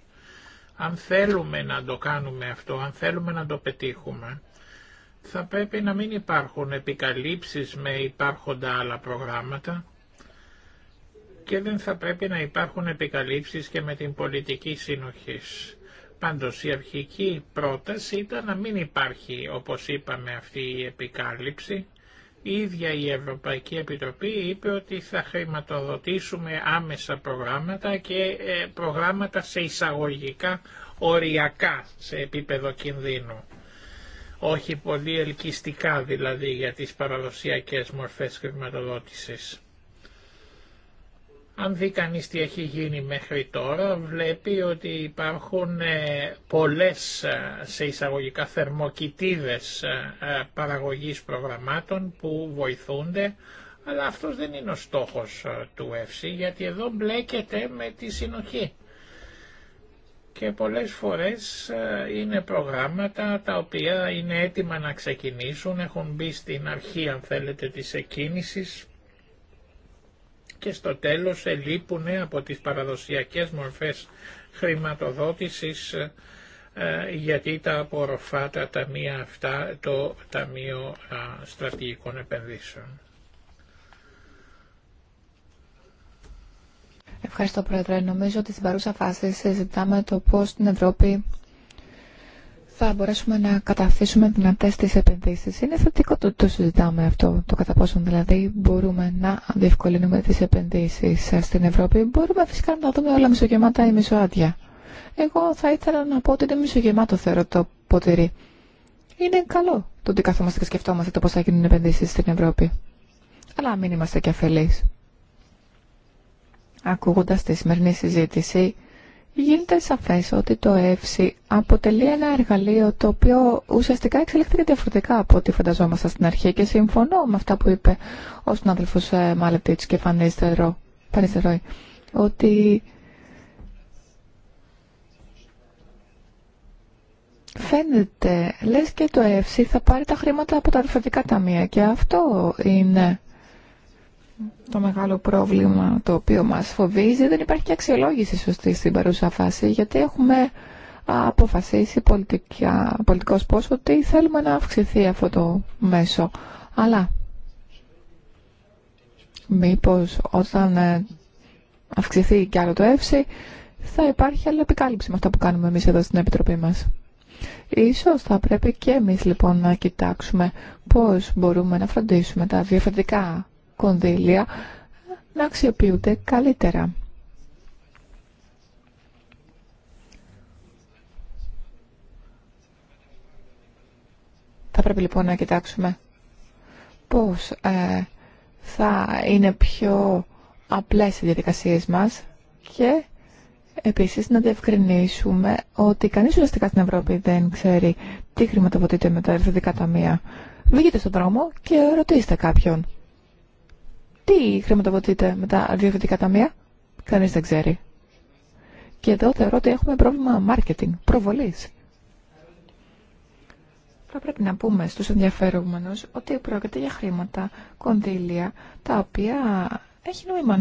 Αν θέλουμε να το κάνουμε αυτό, αν θέλουμε να το πετύχουμε, θα πρέπει να μην υπάρχουν επικαλύψεις με υπάρχοντα άλλα προγράμματα, και δεν θα πρέπει να υπάρχουν επικαλύψεις και με την πολιτική συνοχής. Πάντως η αρχική πρόταση ήταν να μην υπάρχει, όπως είπαμε, αυτή η επικάλυψη. Η ίδια η Ευρωπαϊκή Επιτροπή είπε ότι θα χρηματοδοτήσουμε άμεσα προγράμματα και ε, προγράμματα σε εισαγωγικά οριακά σε επίπεδο κινδύνου. Όχι πολύ ελκυστικά δηλαδή για τις παραδοσιακές μορφές χρηματοδότησης. Αν δει κανείς τι έχει γίνει μέχρι τώρα, βλέπει ότι υπάρχουν ε, πολλές ε, σε εισαγωγικά θερμοκοιτίδες ε, παραγωγής προγραμμάτων που βοηθούνται, αλλά αυτός δεν είναι ο στόχος του ΕΦΣΥ, γιατί εδώ μπλέκεται με τη συνοχή. Και πολλές φορές είναι προγράμματα τα οποία είναι έτοιμα να ξεκινήσουν, έχουν μπει στην αρχή αν θέλετε της εκκίνησης, και στο τέλος ελείπουν από τις παραδοσιακές μορφές χρηματοδότησης ε, ε, γιατί τα απορροφά τα ταμεία αυτά το Ταμείο Στρατηγικών Επενδύσεων. Ευχαριστώ Πρόεδρε. Νομίζω ότι στην παρούσα φάση συζητάμε το πώς στην Ευρώπη θα μπορέσουμε να καταθέσουμε δυνατέ τι επενδύσει. Είναι θετικό το, το συζητάμε αυτό, το κατά πόσο δηλαδή μπορούμε να διευκολύνουμε τι επενδύσει στην Ευρώπη. Μπορούμε φυσικά να τα δούμε όλα μισογεμάτα ή μισοάδια. Εγώ θα ήθελα να πω ότι είναι μισογεμάτο θεωρώ το ποτηρί. Είναι καλό το ότι καθόμαστε και σκεφτόμαστε το πώ θα γίνουν επενδύσει στην Ευρώπη. Αλλά μην είμαστε και αφελεί. ακούγοντα τη σημερινή συζήτηση, Γίνεται σαφές ότι το ΕΦΣΙ αποτελεί ένα εργαλείο το οποίο ουσιαστικά εξελίχθηκε διαφορετικά από ό,τι φανταζόμαστε στην αρχή και συμφωνώ με αυτά που είπε ο συνάδελφος ε, Μάλεπτιτς και Φανίστερο ότι φαίνεται λες και το ΕΦΣΙ θα πάρει τα χρήματα από τα αρφαντικά ταμεία και αυτό είναι το μεγάλο πρόβλημα το οποίο μας φοβίζει. Δεν υπάρχει και αξιολόγηση σωστή στην παρούσα φάση, γιατί έχουμε αποφασίσει πολιτικά, πολιτικός πώς ότι θέλουμε να αυξηθεί αυτό το μέσο. Αλλά μήπως όταν ε, αυξηθεί και άλλο το εύση θα υπάρχει άλλη επικάλυψη με αυτά που κάνουμε εμείς εδώ στην Επιτροπή μας. Ίσως θα πρέπει και εμείς λοιπόν να κοιτάξουμε πώς μπορούμε να φροντίσουμε τα διαφορετικά κονδύλια να αξιοποιούνται καλύτερα. Θα πρέπει λοιπόν να κοιτάξουμε πώς ε, θα είναι πιο απλές οι διαδικασίες μας και επίσης να διευκρινίσουμε ότι κανείς ουσιαστικά στην Ευρώπη δεν ξέρει τι χρηματοδοτείται με τα ευρωδικά ταμεία. Βγείτε στον δρόμο και ρωτήστε κάποιον. Τι χρηματοδοτείται με τα διευθυντικά ταμεία, κανείς δεν ξέρει. Και εδώ θεωρώ ότι έχουμε πρόβλημα marketing, προβολής. Θα πρέπει να πούμε στους ενδιαφερόμενους ότι πρόκειται για χρήματα, κονδύλια, τα οποία έχει νόημα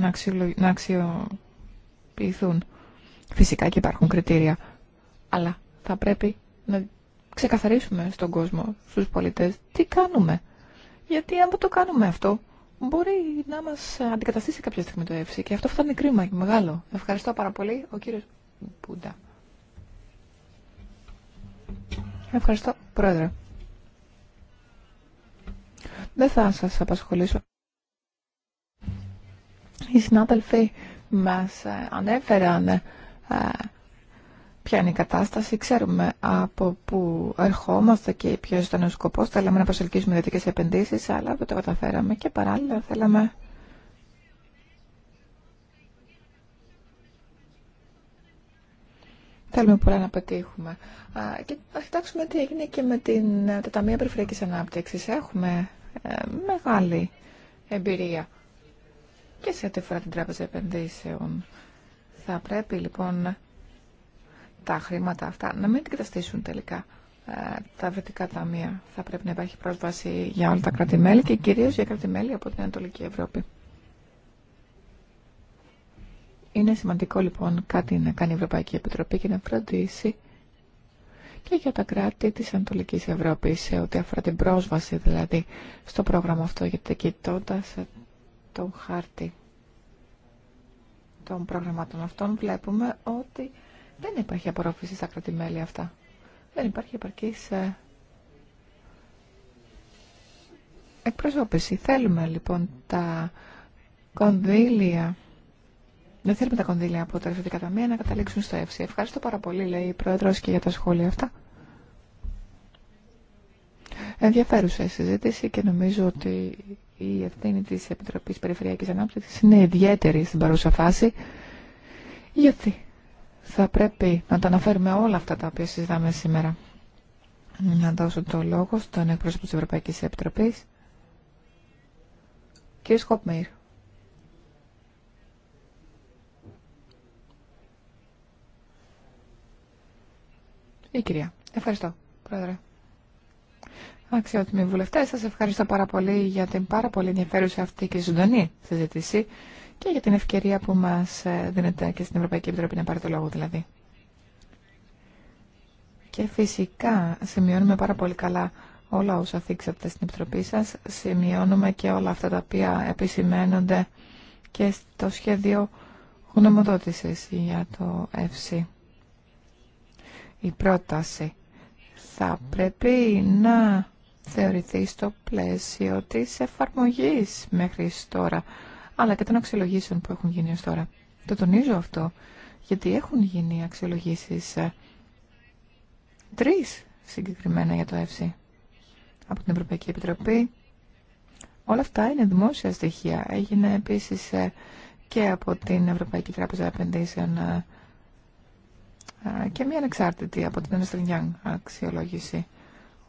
να, αξιοποιηθούν. Φυσικά και υπάρχουν κριτήρια, αλλά θα πρέπει να ξεκαθαρίσουμε στον κόσμο, στους πολίτες, τι κάνουμε. Γιατί αν δεν το κάνουμε αυτό, μπορεί να μα αντικαταστήσει κάποια στιγμή το ΕΦΣΙ και αυτό θα είναι κρίμα και μεγάλο. Ευχαριστώ πάρα πολύ, ο κύριος Πούντα. Ευχαριστώ, Πρόεδρε. Δεν θα σας απασχολήσω. Οι συνάδελφοι μας ε, ανέφεραν ε, ποια είναι η κατάσταση, ξέρουμε από πού ερχόμαστε και ποιο ήταν ο σκοπό. Θέλαμε να προσελκύσουμε ιδιωτικέ επενδύσει, αλλά δεν το καταφέραμε και παράλληλα θέλαμε. Θέλουμε πολλά να πετύχουμε. και να κοιτάξουμε τι έγινε και με την, ε, τα Ταμεία Περιφερειακή Ανάπτυξη. Έχουμε ε, μεγάλη εμπειρία και σε ό,τι αφορά την Τράπεζα Επενδύσεων. Θα πρέπει λοιπόν τα χρήματα αυτά να μην αντικαταστήσουν τελικά ε, τα βετικά ταμεία. Θα πρέπει να υπάρχει πρόσβαση για όλα τα κρατημέλη και κυρίως για κρατημέλη από την Ανατολική Ευρώπη. Είναι σημαντικό λοιπόν κάτι να κάνει η Ευρωπαϊκή Επιτροπή και να φροντίσει και για τα κράτη της Ανατολικής Ευρώπης σε ό,τι αφορά την πρόσβαση δηλαδή στο πρόγραμμα αυτό γιατί κοιτώντα τον χάρτη των προγραμμάτων αυτών βλέπουμε ότι δεν υπάρχει απορρόφηση στα κρατημέλη αυτά. Δεν υπάρχει επαρκής ε, εκπροσώπηση. Θέλουμε λοιπόν τα κονδύλια. Δεν θέλουμε τα κονδύλια από τα ρευστοτικά ταμεία να καταλήξουν στο ΕΦΣΙ. Ευχαριστώ πάρα πολύ, λέει η Πρόεδρο, και για τα σχόλια αυτά. Ενδιαφέρουσα συζήτηση και νομίζω ότι η ευθύνη τη Επιτροπή Περιφερειακή Ανάπτυξη είναι ιδιαίτερη στην παρούσα φάση. Γιατί θα πρέπει να τα αναφέρουμε όλα αυτά τα οποία συζητάμε σήμερα. Να δώσω το λόγο στον εκπρόσωπο της Ευρωπαϊκής Επιτροπής, κύριε Σκόπμεϊρ. Η κυρία. Ευχαριστώ, Πρόεδρε. Αξιότιμοι βουλευτέ, σας ευχαριστώ πάρα πολύ για την πάρα πολύ ενδιαφέρουσα αυτή και ζωντανή συζήτηση και για την ευκαιρία που μας ε, δίνεται και στην Ευρωπαϊκή Επιτροπή να πάρει το λόγο δηλαδή. Και φυσικά σημειώνουμε πάρα πολύ καλά όλα όσα θίξατε στην Επιτροπή σας. Σημειώνουμε και όλα αυτά τα οποία επισημένονται και στο σχέδιο γνωμοδότησης για το ΕΦΣΥ. Η πρόταση θα πρέπει να θεωρηθεί στο πλαίσιο της εφαρμογής μέχρι τώρα αλλά και των αξιολογήσεων που έχουν γίνει ως τώρα. Το τονίζω αυτό, γιατί έχουν γίνει αξιολογήσεις ε, τρεις συγκεκριμένα για το ΕΦΣΥ από την Ευρωπαϊκή Επιτροπή. Όλα αυτά είναι δημόσια στοιχεία. Έγινε επίσης ε, και από την Ευρωπαϊκή Τράπεζα Επενδύσεων ε, και μία ανεξάρτητη από την Ernst αξιολόγηση.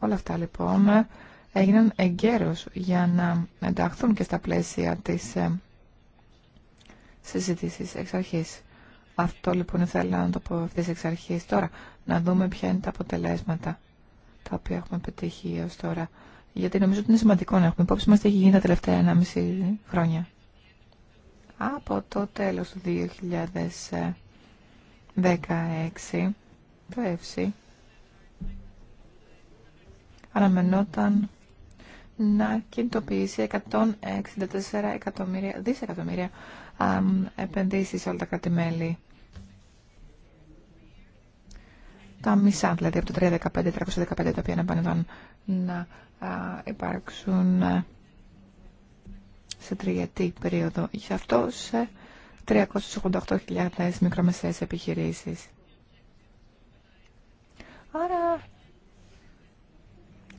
Όλα αυτά λοιπόν έγιναν εγκαίρως για να ενταχθούν και στα πλαίσια της συζητήσεις εξ αρχής. Αυτό λοιπόν ήθελα να το πω αυτή εξ αρχής. Τώρα, να δούμε ποια είναι τα αποτελέσματα τα οποία έχουμε πετύχει έως τώρα. Γιατί νομίζω ότι είναι σημαντικό να έχουμε υπόψη μας τι έχει γίνει τα τελευταία 1,5 χρόνια. Από το τέλος του 2016, το ΕΦΣΥ αναμενόταν να κινητοποιήσει 164 εκατομμύρια, δισεκατομμύρια επενδύσει σε όλα τα κράτη-μέλη. Τα μισά, δηλαδή από το 315-315 τα οποία επανεδόν να υπάρξουν ε, σε τριετή περίοδο. Γι' αυτό σε 388.000 μικρομεσαίες επιχειρήσεις. Άρα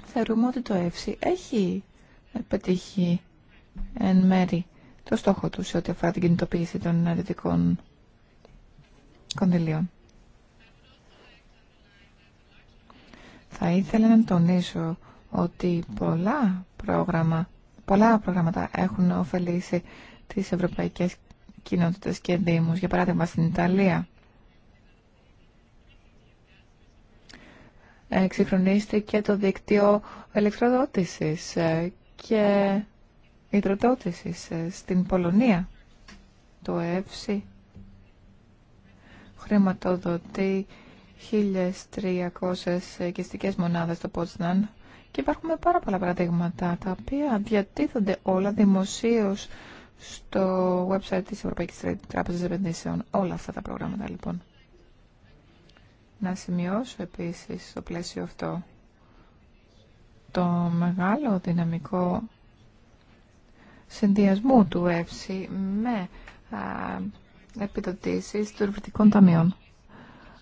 θεωρούμε ότι το ΕΦΣΙ έχει πετύχει εν μέρη το στόχο του σε ό,τι αφορά την κινητοποίηση των ενεργητικών κονδυλίων. Θα ήθελα να τονίσω ότι πολλά, πρόγραμμα, πολλά προγράμματα έχουν ωφελήσει τις ευρωπαϊκές κοινότητες και δήμους, για παράδειγμα στην Ιταλία. Εξυγχρονίστηκε το δίκτυο ηλεκτροδότησης ε, και υδροδότησης ε, στην Πολωνία. Το ΕΕΦΣΙ χρηματοδοτεί 1.300 εγκαιστικές μονάδες στο Πότσναν και υπάρχουν πάρα πολλά παραδείγματα τα οποία διατίθονται όλα δημοσίως στο website της Ευρωπαϊκής Τράπεζας Επενδύσεων. Όλα αυτά τα προγράμματα λοιπόν. Να σημειώσω επίσης στο πλαίσιο αυτό το μεγάλο δυναμικό συνδυασμού του ΕΦΣΥ με επιδοτήσεις του Ευρωπαϊκών Ταμείων.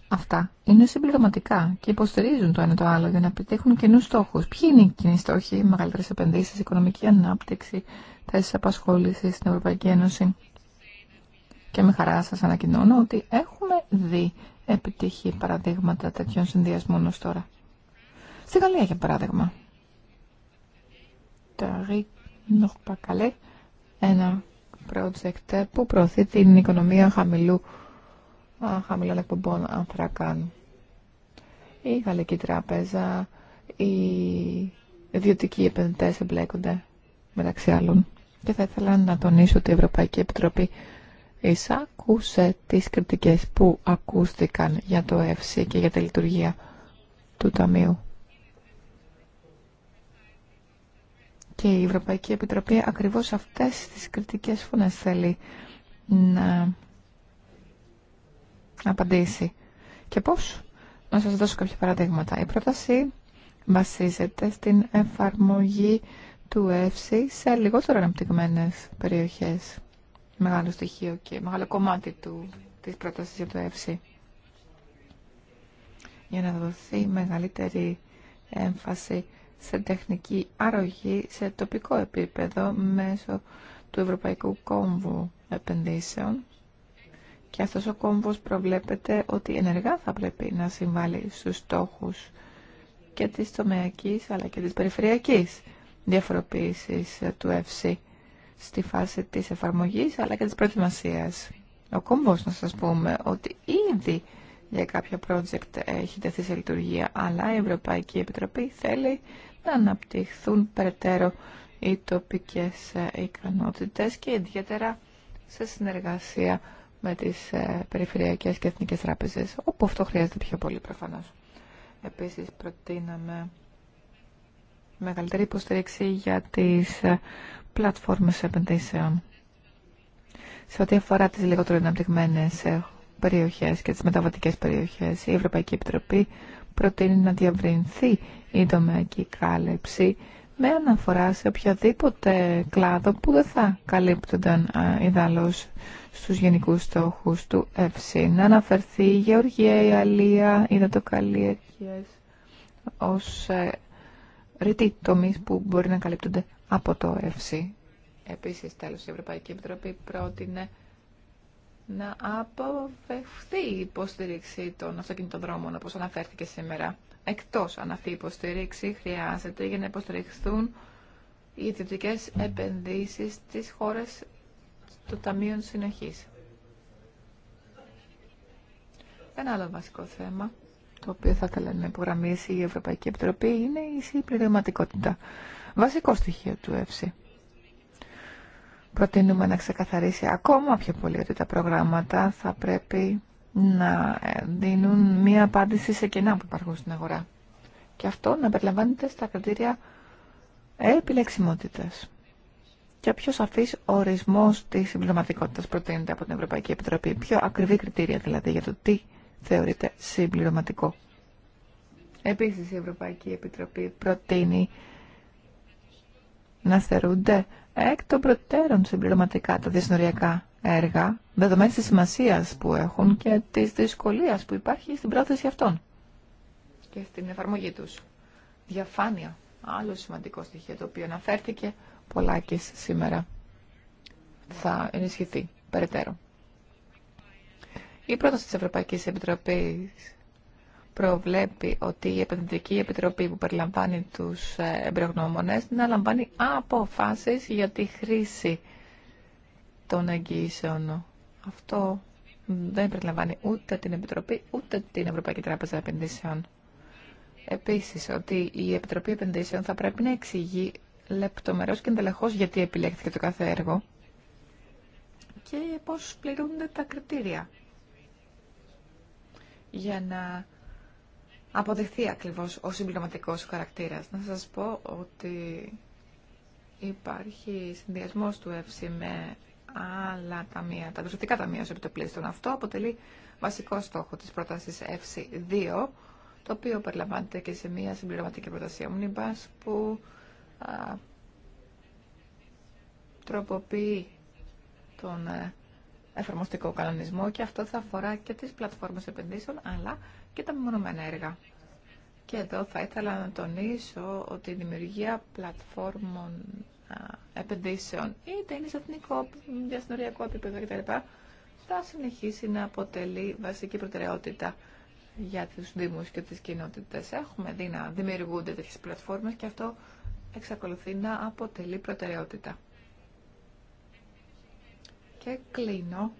Αυτά είναι συμπληρωματικά και υποστηρίζουν το ένα το άλλο για να επιτύχουν κοινού στόχου. Ποιοι είναι οι κοινοί στόχοι, μεγαλύτερε επενδύσει, οικονομική ανάπτυξη, θέσει απασχόληση στην Ευρωπαϊκή Ένωση. Και με χαρά σα ανακοινώνω ότι έχουμε δει επιτυχή παραδείγματα τέτοιων συνδυασμών ω τώρα. Στη Γαλλία, για παράδειγμα. Τα Νοχπακαλέ, ένα project που προωθεί την οικονομία χαμηλού, χαμηλών εκπομπών ανθρακάν. Η Γαλλική Τράπεζα, οι ιδιωτικοί επενδυτέ εμπλέκονται μεταξύ άλλων. Και θα ήθελα να τονίσω ότι η Ευρωπαϊκή Επιτροπή εισάκουσε τις κριτικές που ακούστηκαν για το ΕΦΣΥ και για τη λειτουργία του Ταμείου. Και η Ευρωπαϊκή Επιτροπή ακριβώς αυτές τις κριτικές φωνές θέλει να απαντήσει. Και πώς? Να σας δώσω κάποια παραδείγματα. Η πρόταση βασίζεται στην εφαρμογή του ΕΦΣΙ σε λιγότερο αναπτυγμένες περιοχές. Μεγάλο στοιχείο και μεγάλο κομμάτι του, της πρότασης για το ΕΦΣΙ. Για να δοθεί μεγαλύτερη έμφαση σε τεχνική αρρωγή σε τοπικό επίπεδο μέσω του Ευρωπαϊκού Κόμβου Επενδύσεων και αυτός ο κόμβος προβλέπεται ότι ενεργά θα πρέπει να συμβάλλει στους στόχους και της τομεακής αλλά και της περιφερειακής διαφοροποίησης του ΕΦΣΥ στη φάση της εφαρμογής αλλά και της προετοιμασίας. Ο κόμβος να σας πούμε ότι ήδη για κάποια project έχει τεθεί σε λειτουργία αλλά η Ευρωπαϊκή Επιτροπή θέλει να αναπτυχθούν περαιτέρω οι τοπικές ε, ικανότητες και ιδιαίτερα σε συνεργασία με τις ε, περιφερειακές και εθνικές τράπεζες, όπου αυτό χρειάζεται πιο πολύ προφανώς. Επίσης προτείναμε μεγαλύτερη υποστήριξη για τις ε, πλατφόρμες επενδύσεων. Σε ό,τι αφορά τις λιγότερο αναπτυγμένες περιοχές και τις μεταβατικές περιοχές, η Ευρωπαϊκή Επιτροπή προτείνει να διαβρινθεί η τομεακή κάλυψη με αναφορά σε οποιαδήποτε κλάδο που δεν θα καλύπτονταν ιδάλλως στους γενικούς στόχους του ΕΦΣΗ. Να αναφερθεί η γεωργία, η αλία, οι δατοκαλλιέργειες ως ε, ρητή που μπορεί να καλύπτονται από το ΕΦΣΗ. Επίσης, τέλος, η Ευρωπαϊκή Επιτροπή πρότεινε να αποφευθεί η υποστήριξη των αυτοκινητοδρόμων όπως αναφέρθηκε σήμερα. Εκτός αν αυτή η υποστήριξη χρειάζεται για να υποστηριχθούν οι ιδιωτικέ επενδύσεις στις χώρες του Ταμείου Συνοχής. Ένα άλλο βασικό θέμα το οποίο θα θέλαμε να υπογραμμίσει η Ευρωπαϊκή Επιτροπή είναι η συμπληρωματικότητα. Βασικό στοιχείο του ΕΦΣΥ προτείνουμε να ξεκαθαρίσει ακόμα πιο πολύ ότι τα προγράμματα θα πρέπει να δίνουν μία απάντηση σε κενά που υπάρχουν στην αγορά. Και αυτό να περιλαμβάνεται στα κριτήρια επιλεξιμότητας. Και πιο σαφή ορισμό τη συμπληρωματικότητα προτείνεται από την Ευρωπαϊκή Επιτροπή. Πιο ακριβή κριτήρια δηλαδή για το τι θεωρείται συμπληρωματικό. Επίση, η Ευρωπαϊκή Επιτροπή προτείνει να θερούνται εκ των προτέρων συμπληρωματικά τα δυσνοριακά έργα, δεδομένης της σημασίας που έχουν και της δυσκολίας που υπάρχει στην πρόθεση αυτών και στην εφαρμογή τους. Διαφάνεια, άλλο σημαντικό στοιχείο το οποίο αναφέρθηκε και σήμερα, θα ενισχυθεί περαιτέρω. Η πρόταση της Ευρωπαϊκής Επιτροπής προβλέπει ότι η Επενδυτική Επιτροπή που περιλαμβάνει τους ε, εμπειρογνώμονες να λαμβάνει αποφάσεις για τη χρήση των εγγύησεων. Αυτό δεν περιλαμβάνει ούτε την Επιτροπή ούτε την Ευρωπαϊκή Τράπεζα Επενδύσεων. Επίσης, ότι η Επιτροπή Επενδύσεων θα πρέπει να εξηγεί λεπτομερώς και εντελεχώς γιατί επιλέχθηκε το κάθε έργο και πώς πληρούνται τα κριτήρια για να αποδεχθεί ακριβώς ο συμπληρωματικός χαρακτήρας. Να σας πω ότι υπάρχει συνδυασμός του ΕΦΣΥ με άλλα ταμεία, τα δοσοτικά ταμεία ω επιτοπλίστων. Αυτό αποτελεί βασικό στόχο της πρότασης ΕΦΣΥ 2, το οποίο περιλαμβάνεται και σε μια συμπληρωματική πρότασία Omnibus που α, τροποποιεί τον ε, εφαρμοστικό κανονισμό και αυτό θα αφορά και τις πλατφόρμες επενδύσεων αλλά και τα μεμονωμένα έργα. Και εδώ θα ήθελα να τονίσω ότι η δημιουργία πλατφόρμων επενδύσεων, είτε είναι σε εθνικό, διασυνοριακό επίπεδο κτλ., θα συνεχίσει να αποτελεί βασική προτεραιότητα για τους Δήμους και τις κοινότητες. Έχουμε δει να δημιουργούνται τέτοιες πλατφόρμες και αυτό εξακολουθεί να αποτελεί προτεραιότητα. Και κλείνω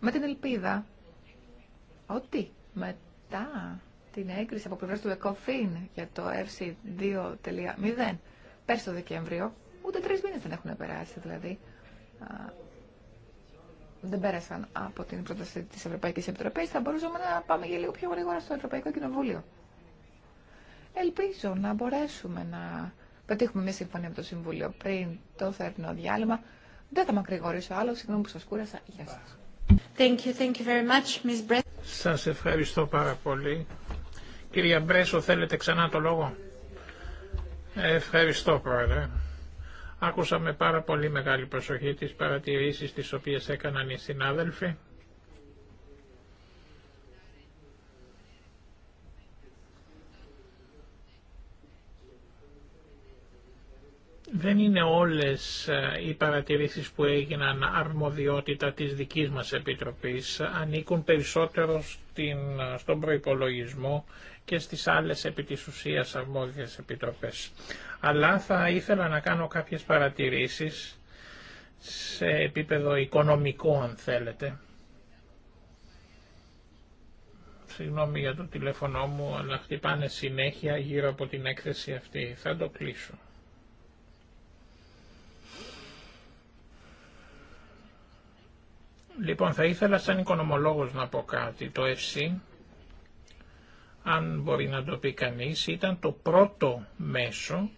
με την ελπίδα ότι μετά την έγκριση από πλευρά του ΕΚΟΦΗΝ για το FC 2.0 πέρσι το Δεκέμβριο, ούτε τρει μήνε δεν έχουν περάσει δηλαδή. Δεν πέρασαν από την πρόταση τη Ευρωπαϊκή Επιτροπή. Θα μπορούσαμε να πάμε για λίγο πιο γρήγορα στο Ευρωπαϊκό Κοινοβούλιο. Ελπίζω να μπορέσουμε να πετύχουμε μια συμφωνία με το Συμβούλιο πριν το θερινό διάλειμμα. Δεν θα μακρηγορήσω άλλο. Συγγνώμη που σα κούρασα. Γεια σα. Thank Σας ευχαριστώ πάρα πολύ. Κυρία Μπρέσο, θέλετε ξανά το λόγο. Ευχαριστώ, Πρόεδρε. Άκουσα με πάρα πολύ μεγάλη προσοχή τις παρατηρήσεις τις οποίες έκαναν οι συνάδελφοι. Δεν είναι όλες ε, οι παρατηρήσεις που έγιναν αρμοδιότητα της δικής μας Επιτροπής. Ανήκουν περισσότερο στην, ε, στον προϋπολογισμό και στις άλλες επί της ουσίας αρμόδιες επιτροπές. Αλλά θα ήθελα να κάνω κάποιες παρατηρήσεις σε επίπεδο οικονομικό αν θέλετε. Συγγνώμη για το τηλέφωνό μου, αλλά χτυπάνε συνέχεια γύρω από την έκθεση αυτή. Θα το κλείσω. Λοιπόν, θα ήθελα σαν οικονομολόγος να πω κάτι. Το ΕΦΣΥ, αν μπορεί να το πει κανείς, ήταν το πρώτο μέσο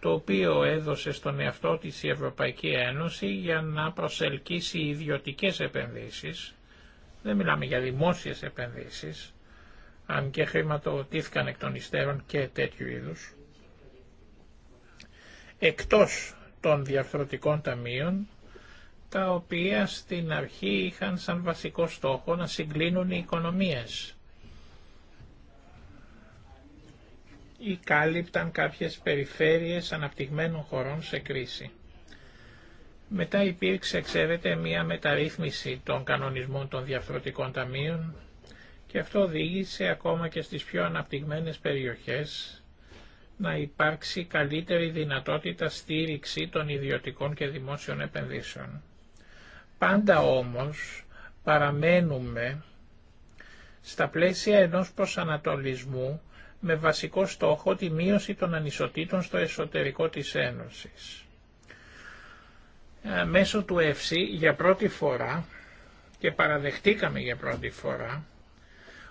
το οποίο έδωσε στον εαυτό της η Ευρωπαϊκή Ένωση για να προσελκύσει ιδιωτικές επενδύσεις. Δεν μιλάμε για δημόσιες επενδύσεις, αν και χρηματοδοτήθηκαν εκ των υστέρων και τέτοιου είδους. Εκτός των διαφθορωτικών ταμείων, τα οποία στην αρχή είχαν σαν βασικό στόχο να συγκλίνουν οι οικονομίες. ή κάλυπταν κάποιες περιφέρειες αναπτυγμένων χωρών σε κρίση. Μετά υπήρξε, ξέρετε, μία μεταρρύθμιση των κανονισμών των διαφορετικών ταμείων και αυτό οδήγησε ακόμα και στις πιο αναπτυγμένες περιοχές να υπάρξει καλύτερη δυνατότητα στήριξη των ιδιωτικών και δημόσιων επενδύσεων. Πάντα όμως παραμένουμε στα πλαίσια ενός προσανατολισμού με βασικό στόχο τη μείωση των ανισοτήτων στο εσωτερικό της Ένωσης. Ε, μέσω του ΕΦΣΥ για πρώτη φορά και παραδεχτήκαμε για πρώτη φορά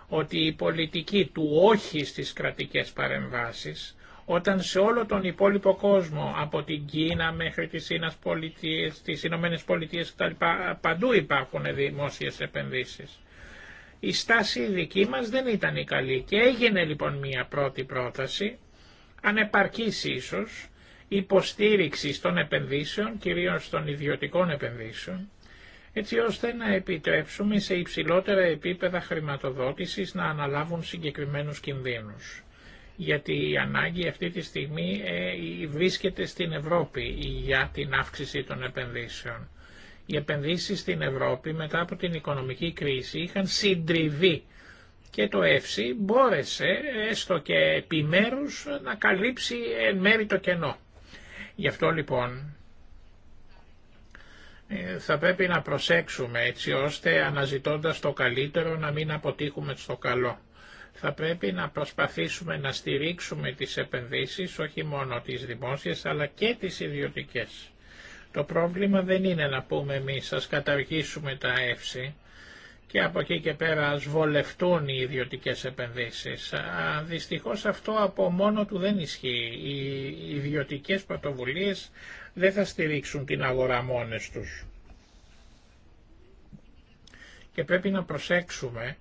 ότι η πολιτική του όχι στις κρατικές παρεμβάσεις όταν σε όλο τον υπόλοιπο κόσμο, από την Κίνα μέχρι τις, Πολιτείες, τις Ηνωμένες Πολιτείες κτλ. παντού υπάρχουν δημόσιες επενδύσεις. Η στάση δική μας δεν ήταν η καλή και έγινε λοιπόν μια πρώτη πρόταση, ανεπαρκής ίσως, υποστήριξη των επενδύσεων, κυρίως των ιδιωτικών επενδύσεων, έτσι ώστε να επιτρέψουμε σε υψηλότερα επίπεδα χρηματοδότησης να αναλάβουν συγκεκριμένους κινδύνους γιατί η ανάγκη αυτή τη στιγμή ε, βρίσκεται στην Ευρώπη για την αύξηση των επενδύσεων. Οι επενδύσεις στην Ευρώπη μετά από την οικονομική κρίση είχαν συντριβεί και το ΕΦΣΥ μπόρεσε ε, έστω και επιμέρους να καλύψει εν μέρη το κενό. Γι' αυτό λοιπόν ε, θα πρέπει να προσέξουμε έτσι ώστε αναζητώντας το καλύτερο να μην αποτύχουμε στο καλό. Θα πρέπει να προσπαθήσουμε να στηρίξουμε τις επενδύσεις, όχι μόνο τις δημόσιες, αλλά και τις ιδιωτικές. Το πρόβλημα δεν είναι να πούμε εμείς, ας καταργήσουμε τα εύση και από εκεί και πέρα ας βολευτούν οι ιδιωτικές επενδύσεις. Δυστυχώς αυτό από μόνο του δεν ισχύει. Οι ιδιωτικές πρωτοβουλίες δεν θα στηρίξουν την αγορά μόνες τους. Και πρέπει να προσέξουμε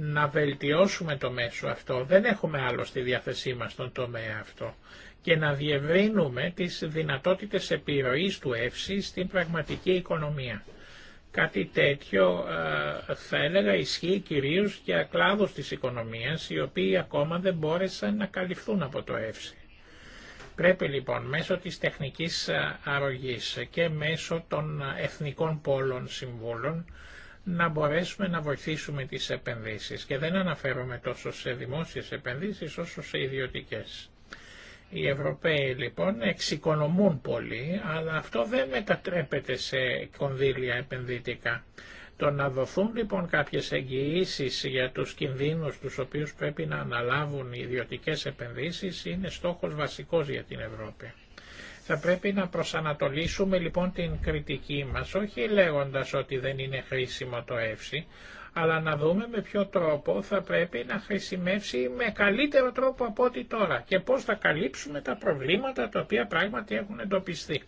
να βελτιώσουμε το μέσο αυτό. Δεν έχουμε άλλο στη διάθεσή μας τον τομέα αυτό και να διευρύνουμε τις δυνατότητες επιρροής του ΕΦΣΙ στην πραγματική οικονομία. Κάτι τέτοιο ε, θα έλεγα ισχύει κυρίως για κλάδους της οικονομίας οι οποίοι ακόμα δεν μπόρεσαν να καλυφθούν από το ΕΦΣΙ. Πρέπει λοιπόν μέσω της τεχνικής ε, αρρωγής και μέσω των ε, εθνικών πόλων συμβούλων να μπορέσουμε να βοηθήσουμε τις επενδύσεις και δεν αναφέρομαι τόσο σε δημόσιες επενδύσεις όσο σε ιδιωτικές. Οι Ευρωπαίοι λοιπόν εξοικονομούν πολύ, αλλά αυτό δεν μετατρέπεται σε κονδύλια επενδυτικά. Το να δοθούν λοιπόν κάποιες εγγυήσει για τους κινδύνους τους οποίους πρέπει να αναλάβουν οι ιδιωτικές επενδύσεις είναι στόχος βασικός για την Ευρώπη. Θα πρέπει να προσανατολίσουμε λοιπόν την κριτική μας, όχι λέγοντας ότι δεν είναι χρήσιμο το εύση, αλλά να δούμε με ποιο τρόπο θα πρέπει να χρησιμεύσει με καλύτερο τρόπο από ό,τι τώρα και πώς θα καλύψουμε τα προβλήματα τα οποία πράγματι έχουν εντοπιστεί.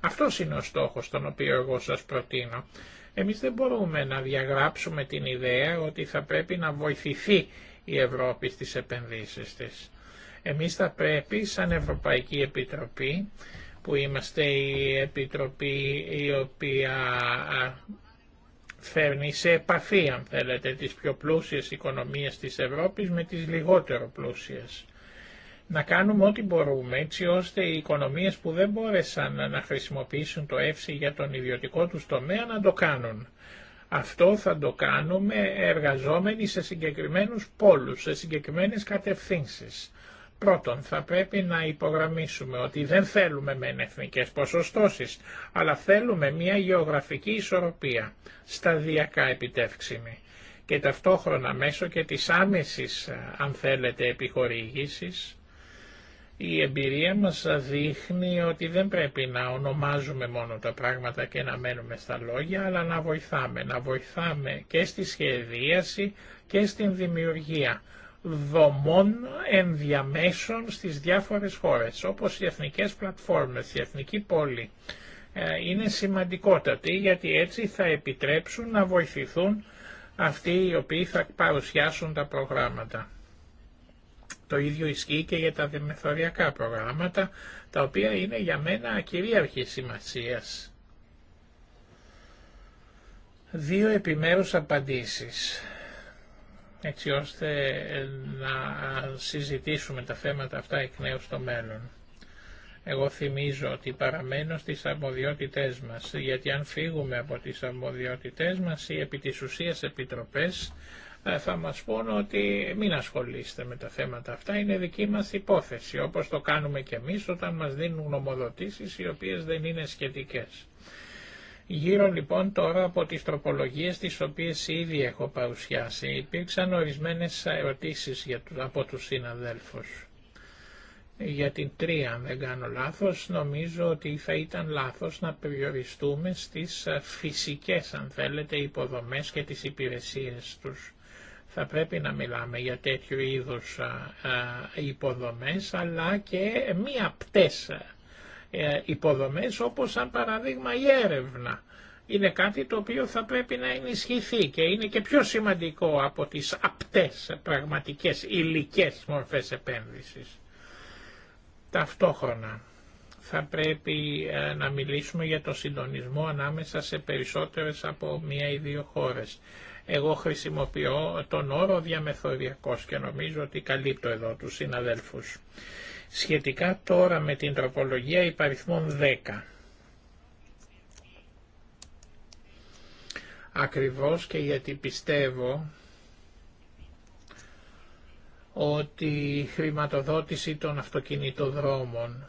Αυτό είναι ο στόχος τον οποίο εγώ σας προτείνω. Εμείς δεν μπορούμε να διαγράψουμε την ιδέα ότι θα πρέπει να βοηθηθεί η Ευρώπη στις επενδύσεις της. Εμείς θα πρέπει σαν Ευρωπαϊκή Επιτροπή που είμαστε η Επιτροπή η οποία φέρνει σε επαφή, αν θέλετε, τις πιο πλούσιες οικονομίες της Ευρώπης με τις λιγότερο πλούσιες. Να κάνουμε ό,τι μπορούμε έτσι ώστε οι οικονομίες που δεν μπόρεσαν να χρησιμοποιήσουν το ΕΦΣΙ για τον ιδιωτικό τους τομέα να το κάνουν. Αυτό θα το κάνουμε εργαζόμενοι σε συγκεκριμένους πόλους, σε συγκεκριμένες κατευθύνσεις. Πρώτον, θα πρέπει να υπογραμμίσουμε ότι δεν θέλουμε με εθνικέ ποσοστώσεις, αλλά θέλουμε μια γεωγραφική ισορροπία, σταδιακά επιτεύξιμη και ταυτόχρονα μέσω και της άμεσης, ε, αν θέλετε, επιχορήγησης, η εμπειρία μας δείχνει ότι δεν πρέπει να ονομάζουμε μόνο τα πράγματα και να μένουμε στα λόγια, αλλά να βοηθάμε, να βοηθάμε και στη σχεδίαση και στην δημιουργία δομών ενδιαμέσων στις διάφορες χώρες, όπως οι εθνικές πλατφόρμες, η εθνική πόλη. Ε, είναι σημαντικότατη γιατί έτσι θα επιτρέψουν να βοηθηθούν αυτοί οι οποίοι θα παρουσιάσουν τα προγράμματα. Το ίδιο ισχύει και για τα δημεθοριακά προγράμματα, τα οποία είναι για μένα κυρίαρχή σημασίας. Δύο επιμέρους απαντήσεις έτσι ώστε ε, να συζητήσουμε τα θέματα αυτά εκ νέου στο μέλλον. Εγώ θυμίζω ότι παραμένω στις αρμοδιότητές μας, γιατί αν φύγουμε από τις αρμοδιότητές μας, ή επί της ουσίας επιτροπές ε, θα μας πούν ότι μην ασχολείστε με τα θέματα αυτά, είναι δική μας υπόθεση, όπως το κάνουμε και εμείς όταν μας δίνουν γνωμοδοτήσεις οι οποίες δεν είναι σχετικές. Γύρω λοιπόν τώρα από τις τροπολογίες τις οποίες ήδη έχω παρουσιάσει υπήρξαν ορισμένες ερωτήσεις για, από τους συναδέλφους. Για την τρία, αν δεν κάνω λάθος, νομίζω ότι θα ήταν λάθος να περιοριστούμε στις ε, φυσικές, αν θέλετε, υποδομές και τις υπηρεσίες τους. Θα πρέπει να μιλάμε για τέτοιου είδους ε, ε, υποδομές, αλλά και μία πτέσα. Ε, υποδομές όπως σαν παραδείγμα η έρευνα. Είναι κάτι το οποίο θα πρέπει να ενισχυθεί και είναι και πιο σημαντικό από τις απτές πραγματικές υλικέ μορφές επένδυσης. Ταυτόχρονα θα πρέπει ε, να μιλήσουμε για το συντονισμό ανάμεσα σε περισσότερες από μία ή δύο χώρες. Εγώ χρησιμοποιώ τον όρο διαμεθοριακός και νομίζω ότι καλύπτω εδώ τους συναδέλφους σχετικά τώρα με την τροπολογία υπαριθμών 10. Ακριβώς και γιατί πιστεύω ότι η χρηματοδότηση των αυτοκινητοδρόμων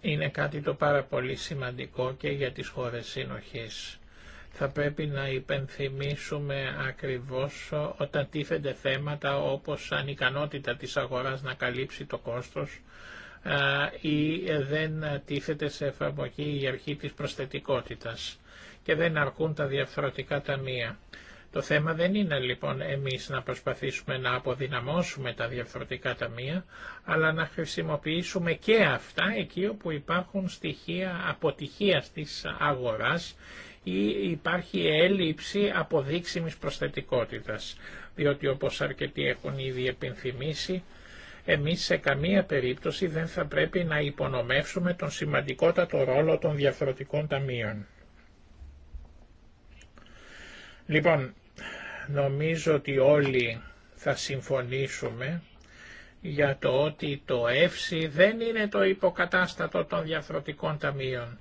είναι κάτι το πάρα πολύ σημαντικό και για τις χώρες συνοχής θα πρέπει να υπενθυμίσουμε ακριβώς όταν τίθενται θέματα όπως η ικανότητα της αγοράς να καλύψει το κόστος ή δεν τίθεται σε εφαρμογή η αρχή της προσθετικότητας και δεν αρκούν τα διαφθορωτικά ταμεία. Το θέμα δεν είναι λοιπόν εμείς να προσπαθήσουμε να αποδυναμώσουμε τα διαφορετικά ταμεία, αλλά να χρησιμοποιήσουμε και αυτά εκεί όπου υπάρχουν στοιχεία αποτυχίας της αγοράς ή υπάρχει έλλειψη αποδείξιμης προσθετικότητας, διότι όπως αρκετοί έχουν ήδη επιθυμήσει, εμείς σε καμία περίπτωση δεν θα πρέπει να υπονομεύσουμε τον σημαντικότατο ρόλο των διαφορετικών ταμείων. Λοιπόν, νομίζω ότι όλοι θα συμφωνήσουμε για το ότι το ΕΦΣΙ δεν είναι το υποκατάστατο των διαφορετικών ταμείων.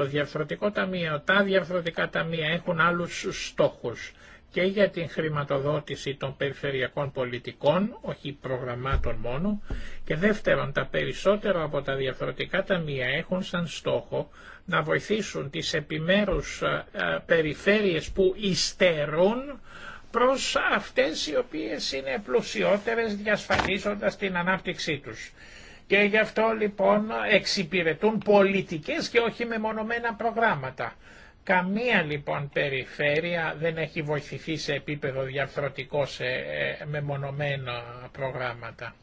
Το διαφορετικό ταμείο, τα διαφορετικά ταμεία έχουν άλλους στόχους και για την χρηματοδότηση των περιφερειακών πολιτικών, όχι προγραμμάτων μόνο, και δεύτερον τα περισσότερα από τα διαφορετικά ταμεία έχουν σαν στόχο να βοηθήσουν τις επιμέρους περιφέρειες που υστερούν προς αυτές οι οποίες είναι πλουσιότερες διασφαλίζοντας την ανάπτυξή τους. Και γι' αυτό λοιπόν εξυπηρετούν πολιτικές και όχι μεμονωμένα προγράμματα. Καμία λοιπόν περιφέρεια δεν έχει βοηθηθεί σε επίπεδο διαφθρωτικό σε ε, μεμονωμένα προγράμματα.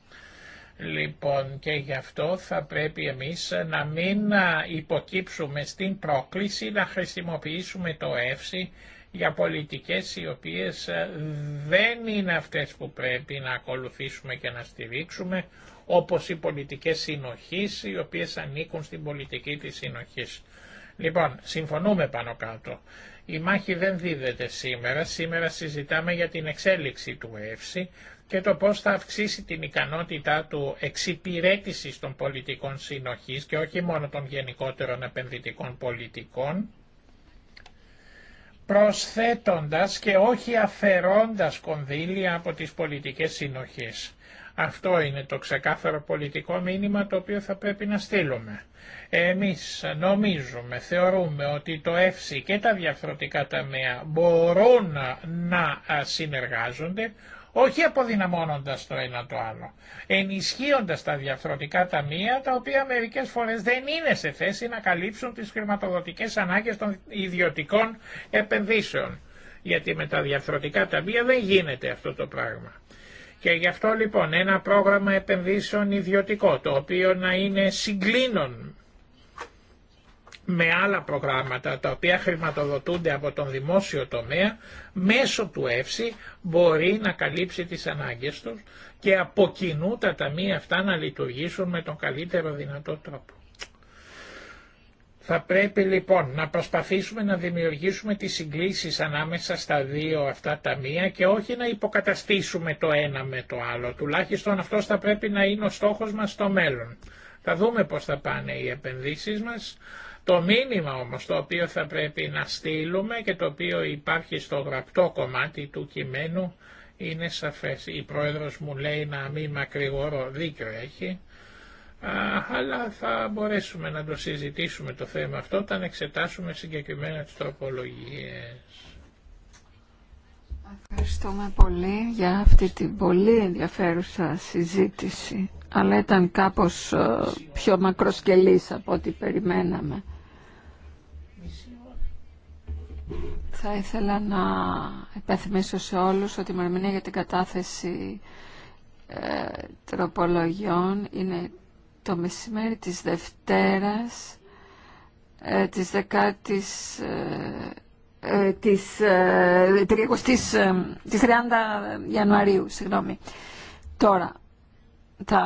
Λοιπόν και γι' αυτό θα πρέπει εμείς να μην ε, υποκύψουμε στην πρόκληση να χρησιμοποιήσουμε το ΕΦΣΥ για πολιτικές οι οποίες ε, δεν είναι αυτές που πρέπει να ακολουθήσουμε και να στηρίξουμε όπως οι πολιτικές συνοχής οι οποίες ανήκουν στην πολιτική της συνοχής. Λοιπόν, συμφωνούμε πάνω κάτω. Η μάχη δεν δίδεται σήμερα. Σήμερα συζητάμε για την εξέλιξη του ΕΕΣΥ και το πώς θα αυξήσει την ικανότητά του εξυπηρέτησης των πολιτικών συνοχής και όχι μόνο των γενικότερων επενδυτικών πολιτικών, προσθέτοντας και όχι αφαιρώντας κονδύλια από τις πολιτικές συνοχές. Αυτό είναι το ξεκάθαρο πολιτικό μήνυμα το οποίο θα πρέπει να στείλουμε. Εμείς νομίζουμε, θεωρούμε ότι το ΕΦΣΙ και τα διαφορετικά ταμεία μπορούν να συνεργάζονται, όχι αποδυναμώνοντας το ένα το άλλο, ενισχύοντας τα διαφορετικά ταμεία, τα οποία μερικές φορές δεν είναι σε θέση να καλύψουν τις χρηματοδοτικές ανάγκες των ιδιωτικών επενδύσεων. Γιατί με τα διαφορετικά ταμεία δεν γίνεται αυτό το πράγμα. Και γι' αυτό λοιπόν ένα πρόγραμμα επενδύσεων ιδιωτικό, το οποίο να είναι συγκλίνων με άλλα προγράμματα τα οποία χρηματοδοτούνται από τον δημόσιο τομέα, μέσω του ΕΦΣΥ μπορεί να καλύψει τις ανάγκες τους και από κοινού τα ταμεία αυτά να λειτουργήσουν με τον καλύτερο δυνατό τρόπο. Θα πρέπει λοιπόν να προσπαθήσουμε να δημιουργήσουμε τις συγκλήσεις ανάμεσα στα δύο αυτά τα μία και όχι να υποκαταστήσουμε το ένα με το άλλο. Τουλάχιστον αυτός θα πρέπει να είναι ο στόχος μας στο μέλλον. Θα δούμε πώς θα πάνε οι επενδύσεις μας. Το μήνυμα όμως το οποίο θα πρέπει να στείλουμε και το οποίο υπάρχει στο γραπτό κομμάτι του κειμένου είναι σαφές. Η πρόεδρος μου λέει να μην μακρηγορώ δίκιο έχει αλλά θα μπορέσουμε να το συζητήσουμε το θέμα αυτό όταν εξετάσουμε συγκεκριμένα τις τροπολογίες. Ευχαριστούμε πολύ για αυτή την πολύ ενδιαφέρουσα συζήτηση, αλλά ήταν κάπως ε, πιο μακροσκελής από ό,τι περιμέναμε. Θα ήθελα να υπέθυμίσω σε όλους ότι η μερμηνία για την κατάθεση ε, τροπολογιών είναι το μεσημέρι της Δευτέρας ε, της δεκάτης ε, ε, της, 30, ε, 30 Ιανουαρίου συγγνώμη. τώρα θα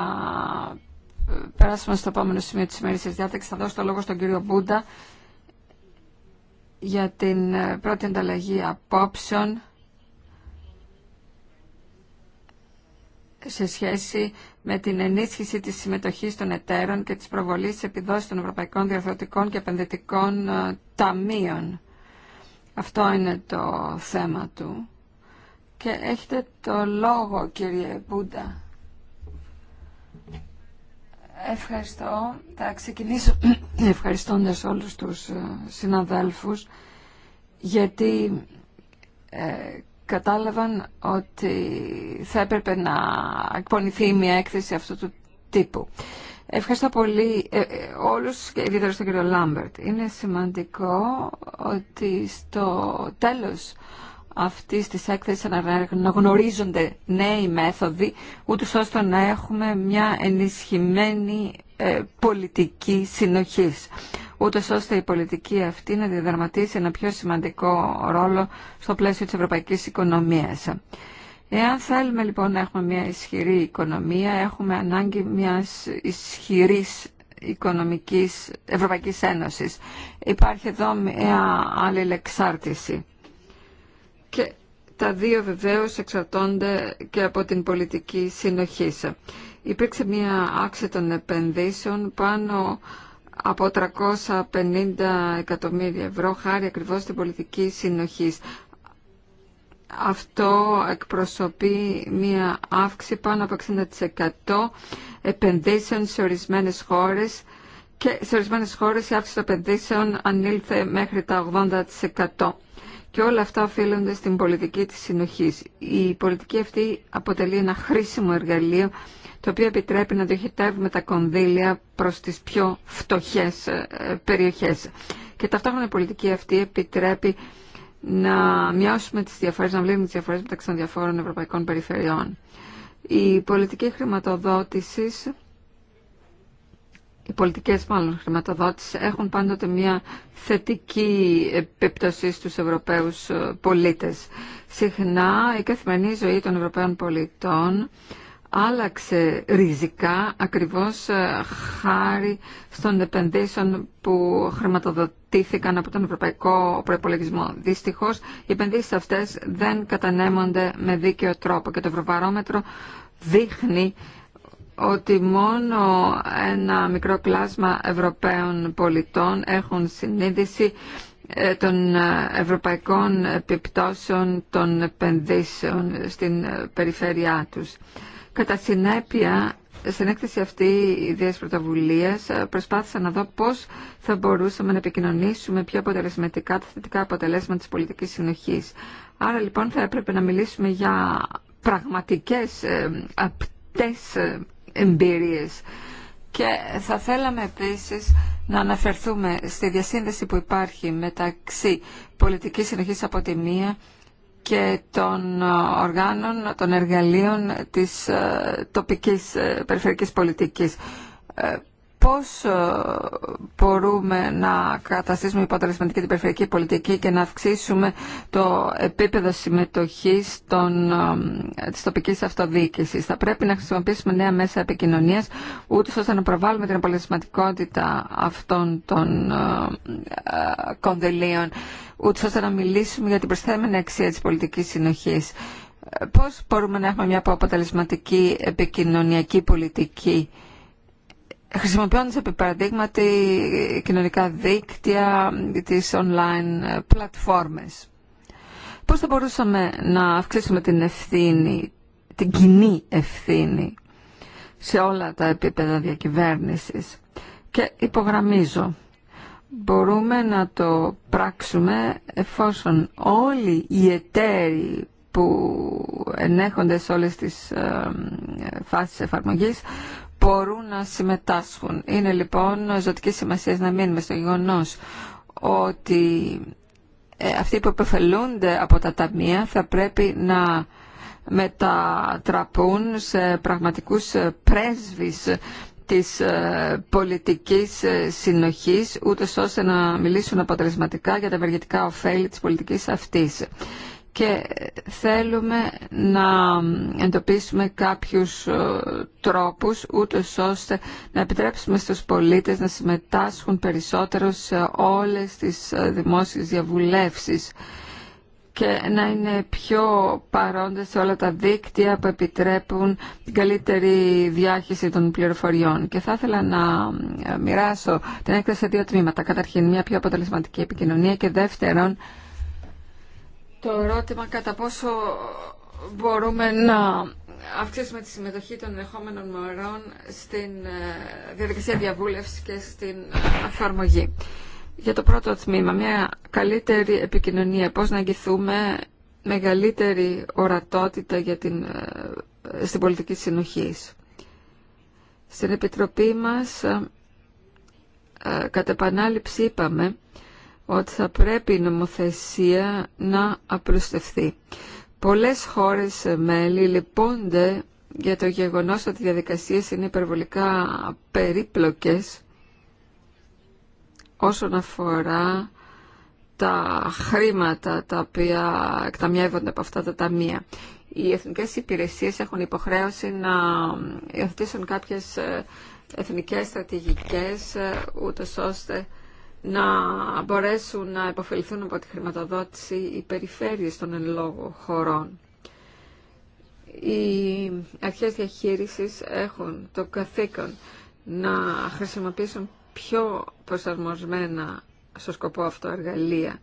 περάσουμε στο επόμενο σημείο της ημέρης της διάταξης θα δώσω το λόγο στον κύριο Μπούντα για την πρώτη ανταλλαγή απόψεων σε σχέση με την ενίσχυση της συμμετοχής των εταίρων και της προβολής της επιδόσης των Ευρωπαϊκών Διαφορετικών και Επενδυτικών ε, Ταμείων. Αυτό είναι το θέμα του. Και έχετε το λόγο, κύριε Μπούντα. Ευχαριστώ. Θα ξεκινήσω ευχαριστώντας όλους τους ε, συναδέλφους, γιατί ε, κατάλαβαν ότι θα έπρεπε να εκπονηθεί μια έκθεση αυτού του τύπου. Ευχαριστώ πολύ ε, ε, όλους και ιδιαίτερα στον κύριο Λάμπερτ. Είναι σημαντικό ότι στο τέλος αυτή τη έκθεση να γνωρίζονται νέοι μέθοδοι, ούτω ώστε να έχουμε μια ενισχυμένη ε, πολιτική συνοχής, ούτω ώστε η πολιτική αυτή να διαδραματίσει ένα πιο σημαντικό ρόλο στο πλαίσιο της ευρωπαϊκής οικονομίας. Εάν θέλουμε λοιπόν να έχουμε μια ισχυρή οικονομία, έχουμε ανάγκη μιας ισχυρής οικονομικής Ευρωπαϊκής Ένωσης. Υπάρχει εδώ μια άλλη λεξάρτηση και τα δύο βεβαίως εξαρτώνται και από την πολιτική συνοχή. Υπήρξε μια άξη των επενδύσεων πάνω από 350 εκατομμύρια ευρώ χάρη ακριβώς στην πολιτική συνοχή. Αυτό εκπροσωπεί μια αύξηση πάνω από 60% επενδύσεων σε ορισμένες χώρες και σε ορισμένες χώρες η αύξηση των επενδύσεων ανήλθε μέχρι τα 80%. Και όλα αυτά οφείλονται στην πολιτική της συνοχής. Η πολιτική αυτή αποτελεί ένα χρήσιμο εργαλείο το οποίο επιτρέπει να διοχετεύουμε τα κονδύλια προς τις πιο φτωχές ε, περιοχές. Και ταυτόχρονα η πολιτική αυτή επιτρέπει να μειώσουμε τις διαφορές, να βλέπουμε τις διαφορές μεταξύ των διαφόρων ευρωπαϊκών περιφερειών. Η πολιτική χρηματοδότησης οι πολιτικές μάλλον χρηματοδότηση έχουν πάντοτε μια θετική επίπτωση στους Ευρωπαίους ε, πολίτες. Συχνά η καθημερινή ζωή των Ευρωπαίων πολιτών άλλαξε ριζικά ακριβώς ε, χάρη στον επενδύσεων που χρηματοδοτήθηκαν από τον Ευρωπαϊκό Προπολογισμό. Δυστυχώς οι επενδύσεις αυτές δεν κατανέμονται με δίκαιο τρόπο και το Ευρωβαρόμετρο δείχνει ότι μόνο ένα μικρό κλάσμα Ευρωπαίων πολιτών έχουν συνείδηση ε, των ε, ευρωπαϊκών επιπτώσεων των επενδύσεων στην ε, περιφέρειά τους. Κατά συνέπεια, στην έκθεση αυτή οι ιδέες πρωτοβουλίας προσπάθησα να δω πώς θα μπορούσαμε να επικοινωνήσουμε πιο αποτελεσματικά τα θετικά αποτελέσματα της πολιτικής συνοχής. Άρα λοιπόν θα έπρεπε να μιλήσουμε για πραγματικές απτές και θα θέλαμε επίσης να αναφερθούμε στη διασύνδεση που υπάρχει μεταξύ πολιτικής συνοχής από τη μία και των οργάνων, των εργαλείων της ε, τοπικής ε, περιφερειακής πολιτικής ε, πώς ε, μπορούμε να καταστήσουμε υποτελεσματική την περιφερειακή πολιτική και να αυξήσουμε το επίπεδο συμμετοχής των, ε, της τοπικής αυτοδιοίκησης. Θα πρέπει να χρησιμοποιήσουμε νέα μέσα επικοινωνίας, ούτως ώστε να προβάλλουμε την αποτελεσματικότητα αυτών των ε, κονδυλίων, ούτως ώστε να μιλήσουμε για την προσθέμενη αξία της πολιτικής συνοχής. Πώς μπορούμε να έχουμε μια αποτελεσματική επικοινωνιακή πολιτική χρησιμοποιώντας επί παραδείγματι κοινωνικά δίκτυα, τις online πλατφόρμες. Πώς θα μπορούσαμε να αυξήσουμε την ευθύνη, την κοινή ευθύνη σε όλα τα επίπεδα διακυβέρνησης. Και υπογραμμίζω, μπορούμε να το πράξουμε εφόσον όλοι οι εταίροι που ενέχονται σε όλες τις ε, φάσεις εφαρμογής μπορούν να συμμετάσχουν. Είναι λοιπόν ζωτική σημασία να μείνουμε στο γεγονό ότι ε, αυτοί που επεφελούνται από τα ταμεία θα πρέπει να μετατραπούν σε πραγματικούς πρέσβεις της ε, πολιτικής ε, συνοχής, ούτως ώστε να μιλήσουν αποτελεσματικά για τα ευεργετικά ωφέλη της πολιτικής αυτής και θέλουμε να εντοπίσουμε κάποιους ε, τρόπους ούτως ώστε να επιτρέψουμε στους πολίτες να συμμετάσχουν περισσότερο σε όλες τις ε, δημόσιες διαβουλεύσεις και να είναι πιο παρόντες σε όλα τα δίκτυα που επιτρέπουν την καλύτερη διάχυση των πληροφοριών. Και θα ήθελα να ε, μοιράσω την έκθεση σε δύο τμήματα. Καταρχήν μια πιο αποτελεσματική επικοινωνία και δεύτερον το ερώτημα κατά πόσο μπορούμε να αυξήσουμε τη συμμετοχή των ενεχόμενων μωρών στην ε, διαδικασία διαβούλευση και στην ε, εφαρμογή. Για το πρώτο τμήμα, μια καλύτερη επικοινωνία, πώς να αγγιθούμε μεγαλύτερη ορατότητα για την, ε, στην πολιτική συνοχή; Στην Επιτροπή μας, κατά επανάληψη είπαμε, ότι θα πρέπει η νομοθεσία να απλουστευτεί. Πολλές χώρες μέλη λυπούνται για το γεγονός ότι οι διαδικασίες είναι υπερβολικά περίπλοκες όσον αφορά τα χρήματα τα οποία εκταμιεύονται από αυτά τα ταμεία. Οι εθνικές υπηρεσίες έχουν υποχρέωση να υιοθετήσουν κάποιες ε, εθνικές στρατηγικές ε, ούτως ώστε να μπορέσουν να υποφεληθούν από τη χρηματοδότηση οι περιφέρειες των εν λόγω χωρών. Οι αρχές διαχείρισης έχουν το καθήκον να χρησιμοποιήσουν πιο προσαρμοσμένα στο σκοπό αυτό εργαλεία.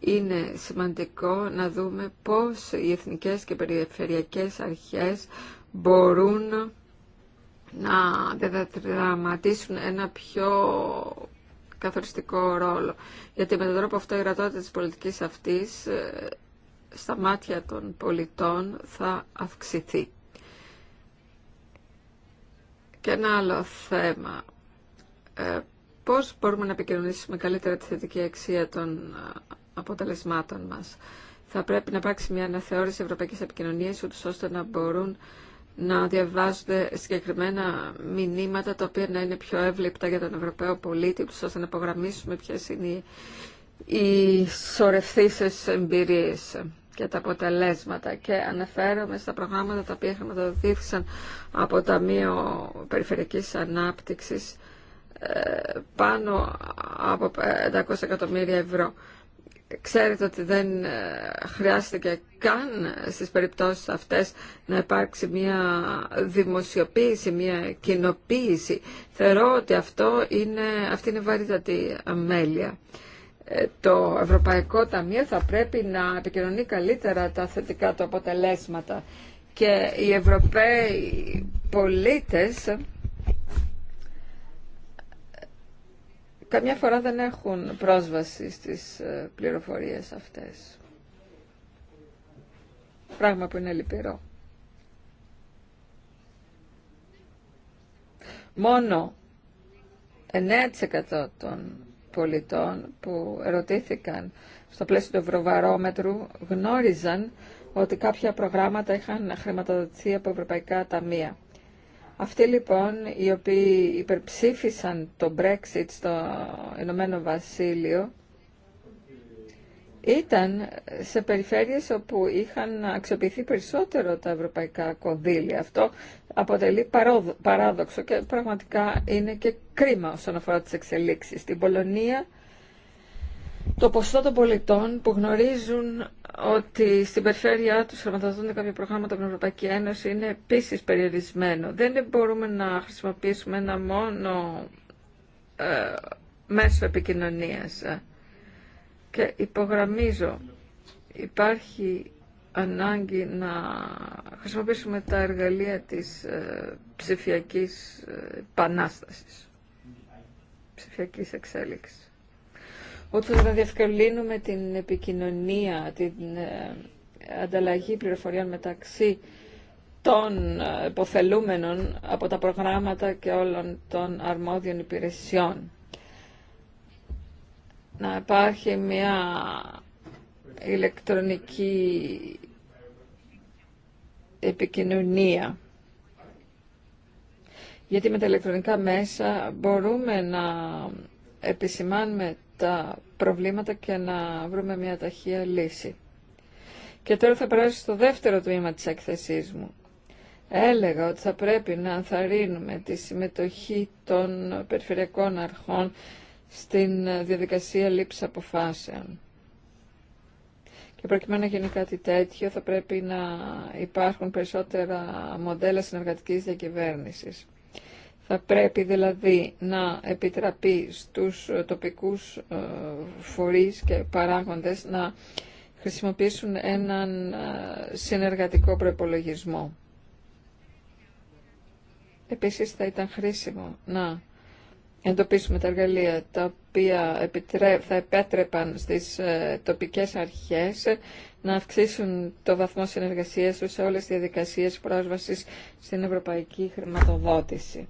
Είναι σημαντικό να δούμε πώς οι εθνικές και περιφερειακές αρχές μπορούν να δραματίσουν ένα πιο καθοριστικό ρόλο. Γιατί με τον τρόπο αυτό η γρατότητα της πολιτικής αυτής ε, στα μάτια των πολιτών θα αυξηθεί. Και ένα άλλο θέμα. Ε, πώς μπορούμε να επικοινωνήσουμε καλύτερα τη θετική αξία των ε, αποτελεσμάτων μας. Θα πρέπει να υπάρξει μια αναθεώρηση ευρωπαϊκής επικοινωνίας, ούτως ώστε να μπορούν να διαβάζονται συγκεκριμένα μηνύματα τα οποία να είναι πιο εύληπτα για τον Ευρωπαίο πολίτη, ώστε να υπογραμμίσουμε ποιε είναι οι σορευθήσεις εμπειρίες και τα αποτελέσματα και αναφέρομαι στα προγράμματα τα οποία χρηματοδοτήθησαν από το Ταμείο Περιφερειακής Ανάπτυξης ε, πάνω από 500 εκατομμύρια ευρώ. Ξέρετε ότι δεν ε, χρειάστηκε καν στις περιπτώσεις αυτές να υπάρξει μια δημοσιοποίηση, μια κοινοποίηση. Θεωρώ ότι αυτό είναι, αυτή είναι βαρύτατη αμέλεια. Ε, το Ευρωπαϊκό Ταμείο θα πρέπει να επικοινωνεί καλύτερα τα θετικά του αποτελέσματα και οι Ευρωπαίοι πολίτες καμιά φορά δεν έχουν πρόσβαση στις ε, πληροφορίες αυτές. Πράγμα που είναι λυπηρό. Μόνο 9% των πολιτών που ερωτήθηκαν στο πλαίσιο του Ευρωβαρόμετρου γνώριζαν ότι κάποια προγράμματα είχαν χρηματοδοτηθεί από ευρωπαϊκά ταμεία. Αυτοί λοιπόν οι οποίοι υπερψήφισαν το Brexit στο Ηνωμένο Βασίλειο ήταν σε περιφέρειες όπου είχαν αξιοποιηθεί περισσότερο τα ευρωπαϊκά κονδύλια. Αυτό αποτελεί παράδοξο και πραγματικά είναι και κρίμα όσον αφορά τις εξελίξεις. Στην Πολωνία το ποσό των πολιτών που γνωρίζουν ότι στην περιφέρειά του χρηματοδοτούνται κάποια προγράμματα από την Ευρωπαϊκή Ένωση είναι επίση περιορισμένο. Δεν μπορούμε να χρησιμοποιήσουμε ένα μόνο ε, μέσο επικοινωνίας. Και υπογραμμίζω, υπάρχει ανάγκη να χρησιμοποιήσουμε τα εργαλεία της ε, ψηφιακής ε, επανάστασης, ψηφιακής εξέλιξης ότι θα διευκολύνουμε την επικοινωνία, την ε, ανταλλαγή πληροφοριών μεταξύ των ε, υποθελούμενων από τα προγράμματα και όλων των αρμόδιων υπηρεσιών. Να υπάρχει μια ηλεκτρονική επικοινωνία. Γιατί με τα ηλεκτρονικά μέσα μπορούμε να επισημάνουμε τα προβλήματα και να βρούμε μια ταχεία λύση. Και τώρα θα περάσω στο δεύτερο τμήμα της έκθεσής μου. Έλεγα ότι θα πρέπει να ανθαρρύνουμε τη συμμετοχή των περιφερειακών αρχών στην διαδικασία λήψη αποφάσεων. Και προκειμένου να γίνει κάτι τέτοιο θα πρέπει να υπάρχουν περισσότερα μοντέλα συνεργατικής διακυβέρνησης. Θα πρέπει δηλαδή να επιτραπεί στους τοπικούς ε, φορείς και παράγοντες να χρησιμοποιήσουν έναν ε, συνεργατικό προπολογισμό. Επίσης θα ήταν χρήσιμο να εντοπίσουμε τα εργαλεία τα οποία θα επέτρεπαν στις ε, τοπικές αρχές να αυξήσουν το βαθμό συνεργασίας τους σε όλες τις διαδικασίες πρόσβασης στην ευρωπαϊκή χρηματοδότηση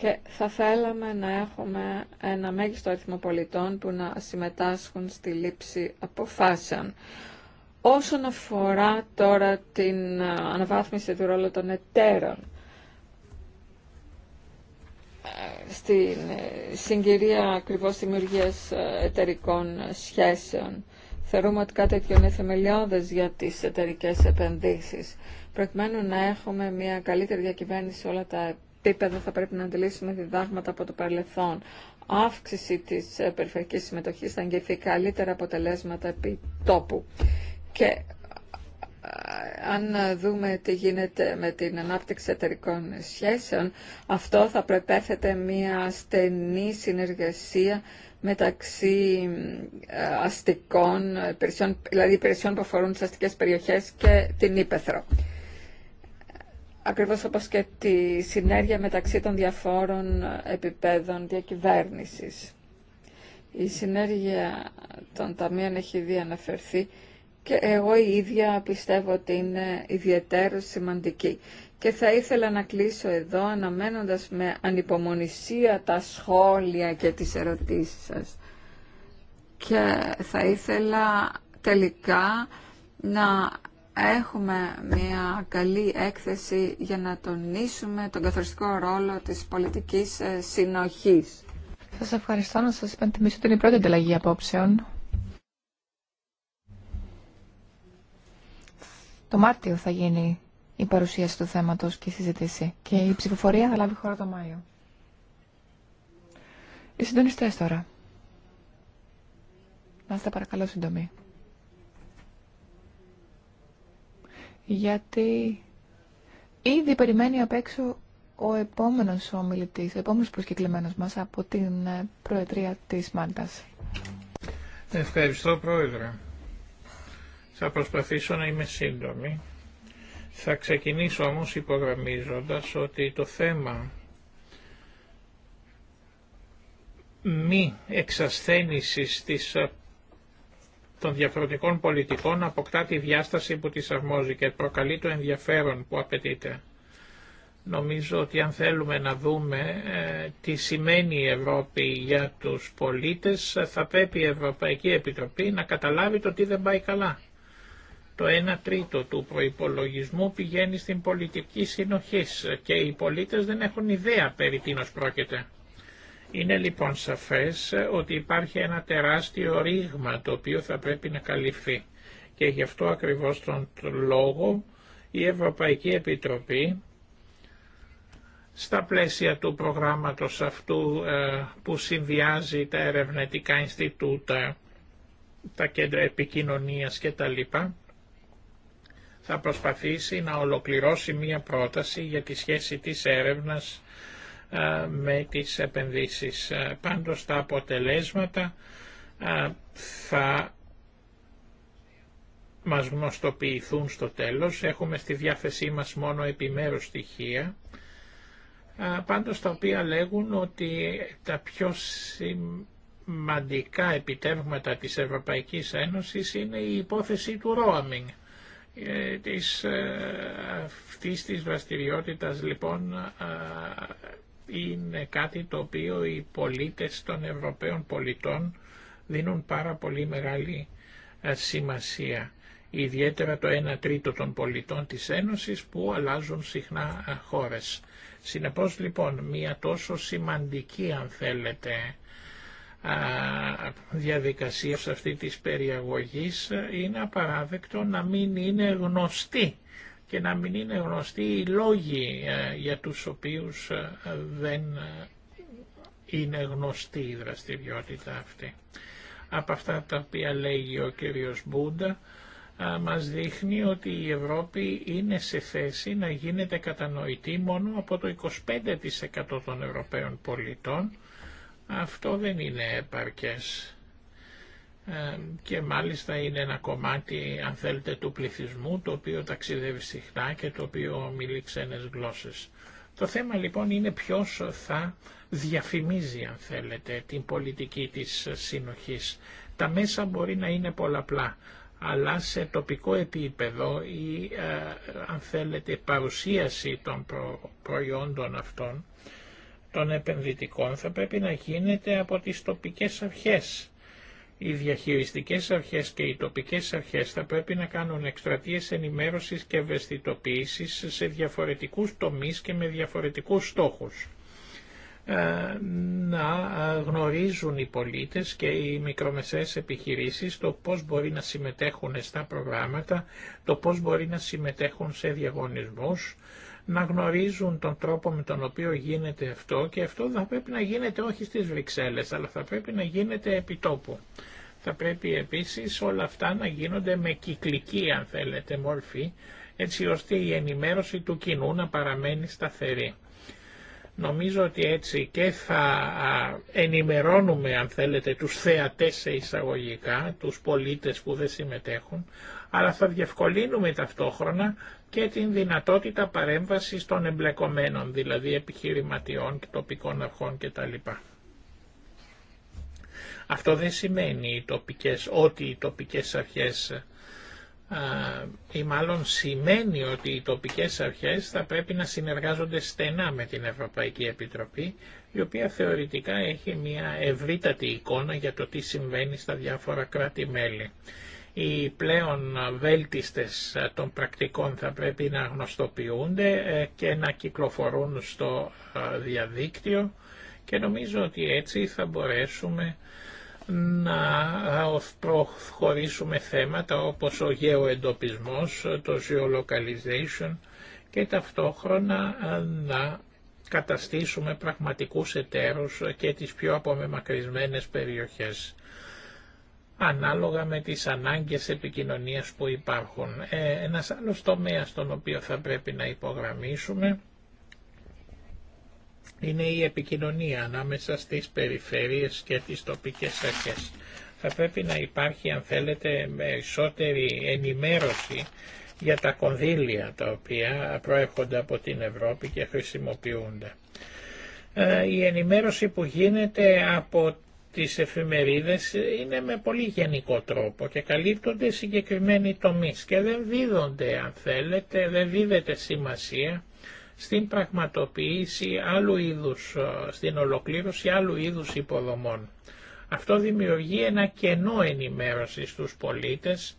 και θα θέλαμε να έχουμε ένα μέγιστο αριθμό πολιτών που να συμμετάσχουν στη λήψη αποφάσεων. Όσον αφορά τώρα την ε, αναβάθμιση του ρόλου των εταίρων, ε, στην ε, συγκυρία ακριβώς δημιουργίας εταιρικών σχέσεων. Θεωρούμε ότι κάτι τέτοιο είναι θεμελιώδες για τις εταιρικές επενδύσεις, προκειμένου να έχουμε μια καλύτερη διακυβέρνηση σε όλα τα επίπεδο θα πρέπει να αντιλήσουμε διδάγματα από το παρελθόν. Αύξηση της ε, περιφερειακής συμμετοχής θα αγγελθεί καλύτερα αποτελέσματα επί τόπου. Και ε, αν δούμε τι γίνεται με την ανάπτυξη εταιρικών σχέσεων, αυτό θα προπέθεται μια στενή συνεργασία μεταξύ ε, αστικών, δηλαδή υπηρεσιών που αφορούν τις αστικές περιοχές και την Ήπεθρο ακριβώς όπως και τη συνέργεια μεταξύ των διαφόρων επιπέδων διακυβέρνησης. Η συνέργεια των ταμείων έχει ήδη αναφερθεί και εγώ η ίδια πιστεύω ότι είναι ιδιαίτερο σημαντική. Και θα ήθελα να κλείσω εδώ αναμένοντας με ανυπομονησία τα σχόλια και τις ερωτήσεις σας. Και θα ήθελα τελικά να έχουμε μια καλή έκθεση για να τονίσουμε τον καθοριστικό ρόλο της πολιτικής ε, συνοχής. Σας ευχαριστώ να σας υπενθυμίσω την πρώτη ανταλλαγή απόψεων. Το Μάρτιο θα γίνει η παρουσίαση του θέματος και η συζήτηση και η ψηφοφορία θα λάβει χώρα το Μάιο. Οι συντονιστές τώρα. Να είστε παρακαλώ σύντομοι. γιατί ήδη περιμένει απ' έξω ο επόμενος ομιλητής, ο επόμενος προσκεκλημένος μας από την ε, Προεδρία της ΜΑΝΤΑΣ. Ευχαριστώ Πρόεδρε. Θα προσπαθήσω να είμαι σύντομη. Θα ξεκινήσω όμως υπογραμμίζοντας ότι το θέμα μη εξασθένησης της ε, των διαφορετικών πολιτικών αποκτά τη διάσταση που της αρμόζει και προκαλεί το ενδιαφέρον που απαιτείται. Νομίζω ότι αν θέλουμε να δούμε ε, τι σημαίνει η Ευρώπη για τους πολίτες, θα πρέπει η Ευρωπαϊκή Επιτροπή να καταλάβει το τι δεν πάει καλά. Το 1 τρίτο του προϋπολογισμού πηγαίνει στην πολιτική συνοχή και οι πολίτες δεν έχουν ιδέα περί τίνος πρόκειται. Είναι λοιπόν σαφές ότι υπάρχει ένα τεράστιο ρήγμα το οποίο θα πρέπει να καλυφθεί και γι' αυτό ακριβώς τον λόγο η Ευρωπαϊκή Επιτροπή στα πλαίσια του προγράμματος αυτού ε, που συνδυάζει τα ερευνητικά Ινστιτούτα, τα κέντρα επικοινωνίας κτλ. θα προσπαθήσει να ολοκληρώσει μία πρόταση για τη σχέση της έρευνας με τις επενδύσεις. Πάντως τα αποτελέσματα θα μας γνωστοποιηθούν στο τέλος. Έχουμε στη διάθεσή μας μόνο επιμέρους στοιχεία, πάντως τα οποία λέγουν ότι τα πιο σημαντικά επιτεύγματα της Ευρωπαϊκής Ένωσης είναι η υπόθεση του roaming. Ε, της, ε, αυτής της δραστηριότητας λοιπόν είναι κάτι το οποίο οι πολίτες των Ευρωπαίων πολιτών δίνουν πάρα πολύ μεγάλη ε, σημασία. Ιδιαίτερα το 1 τρίτο των πολιτών της Ένωσης που αλλάζουν συχνά ε, χώρες. Συνεπώς λοιπόν μια τόσο σημαντική αν θέλετε διαδικασία σε αυτή της περιαγωγής ε, είναι απαράδεκτο να μην είναι γνωστή και να μην είναι γνωστοί οι λόγοι ε, για τους οποίους ε, δεν ε, είναι γνωστή η δραστηριότητα αυτή. Από αυτά τα οποία λέγει ο κύριος Μπούντα, μας δείχνει ότι η Ευρώπη είναι σε θέση να γίνεται κατανοητή μόνο από το 25% των Ευρωπαίων πολιτών. Αυτό δεν είναι επαρκές και μάλιστα είναι ένα κομμάτι, αν θέλετε, του πληθυσμού, το οποίο ταξιδεύει συχνά και το οποίο μιλεί ξένες γλώσσες. Το θέμα λοιπόν είναι ποιος θα διαφημίζει, αν θέλετε, την πολιτική της συνοχής. Τα μέσα μπορεί να είναι πολλαπλά, αλλά σε τοπικό επίπεδο η, ε, αν θέλετε, παρουσίαση των προϊόντων αυτών, των επενδυτικών, θα πρέπει να γίνεται από τις τοπικές αρχές οι διαχειριστικές αρχές και οι τοπικές αρχές θα πρέπει να κάνουν εκστρατείες ενημέρωσης και ευαισθητοποίησης σε διαφορετικούς τομείς και με διαφορετικούς στόχους. Ε, να γνωρίζουν οι πολίτες και οι μικρομεσαίες επιχειρήσεις το πώς μπορεί να συμμετέχουν στα προγράμματα, το πώς μπορεί να συμμετέχουν σε διαγωνισμούς, να γνωρίζουν τον τρόπο με τον οποίο γίνεται αυτό και αυτό θα πρέπει να γίνεται όχι στις Βρυξέλλες, αλλά θα πρέπει να γίνεται επί τόπου. Θα πρέπει επίσης όλα αυτά να γίνονται με κυκλική, αν θέλετε, μορφή, έτσι ώστε η ενημέρωση του κοινού να παραμένει σταθερή. Νομίζω ότι έτσι και θα ενημερώνουμε, αν θέλετε, τους θεατές σε εισαγωγικά, τους πολίτες που δεν συμμετέχουν, αλλά θα διευκολύνουμε ταυτόχρονα και την δυνατότητα παρέμβασης των εμπλεκομένων, δηλαδή επιχειρηματιών και τοπικών αρχών κτλ. Αυτό δεν σημαίνει τοπικές, ότι οι τοπικές αρχές ή μάλλον σημαίνει ότι οι τοπικές αρχές θα πρέπει να συνεργάζονται στενά με την Ευρωπαϊκή Επιτροπή, η οποία θεωρητικά έχει μια ευρύτατη εικόνα για το τι συμβαίνει στα διάφορα κράτη-μέλη. Οι πλέον βέλτιστες των πρακτικών θα πρέπει να γνωστοποιούνται ε, και να κυκλοφορούν στο διαδίκτυο και νομίζω ότι έτσι θα μπορέσουμε να προχωρήσουμε θέματα όπως ο γεωεντοπισμός, το geolocalization και ταυτόχρονα να καταστήσουμε πραγματικούς εταίρους και τις πιο απομεμακρυσμένες περιοχές ανάλογα με τις ανάγκες επικοινωνίας που υπάρχουν. Ε, ένας άλλος τομέας τον οποίο θα πρέπει να υπογραμμίσουμε είναι η επικοινωνία ανάμεσα στις περιφέρειες και τις τοπικές αρχές. Θα πρέπει να υπάρχει, αν θέλετε, περισσότερη ενημέρωση για τα κονδύλια τα οποία προέρχονται από την Ευρώπη και χρησιμοποιούνται. Ε, η ενημέρωση που γίνεται από τις εφημερίδες είναι με πολύ γενικό τρόπο και καλύπτονται συγκεκριμένοι τομείς και δεν δίδονται, αν θέλετε, δεν δίδεται σημασία στην πραγματοποίηση άλλου είδους, ε, στην ολοκλήρωση άλλου είδους υποδομών. Αυτό δημιουργεί ένα κενό ενημέρωση στους πολίτες,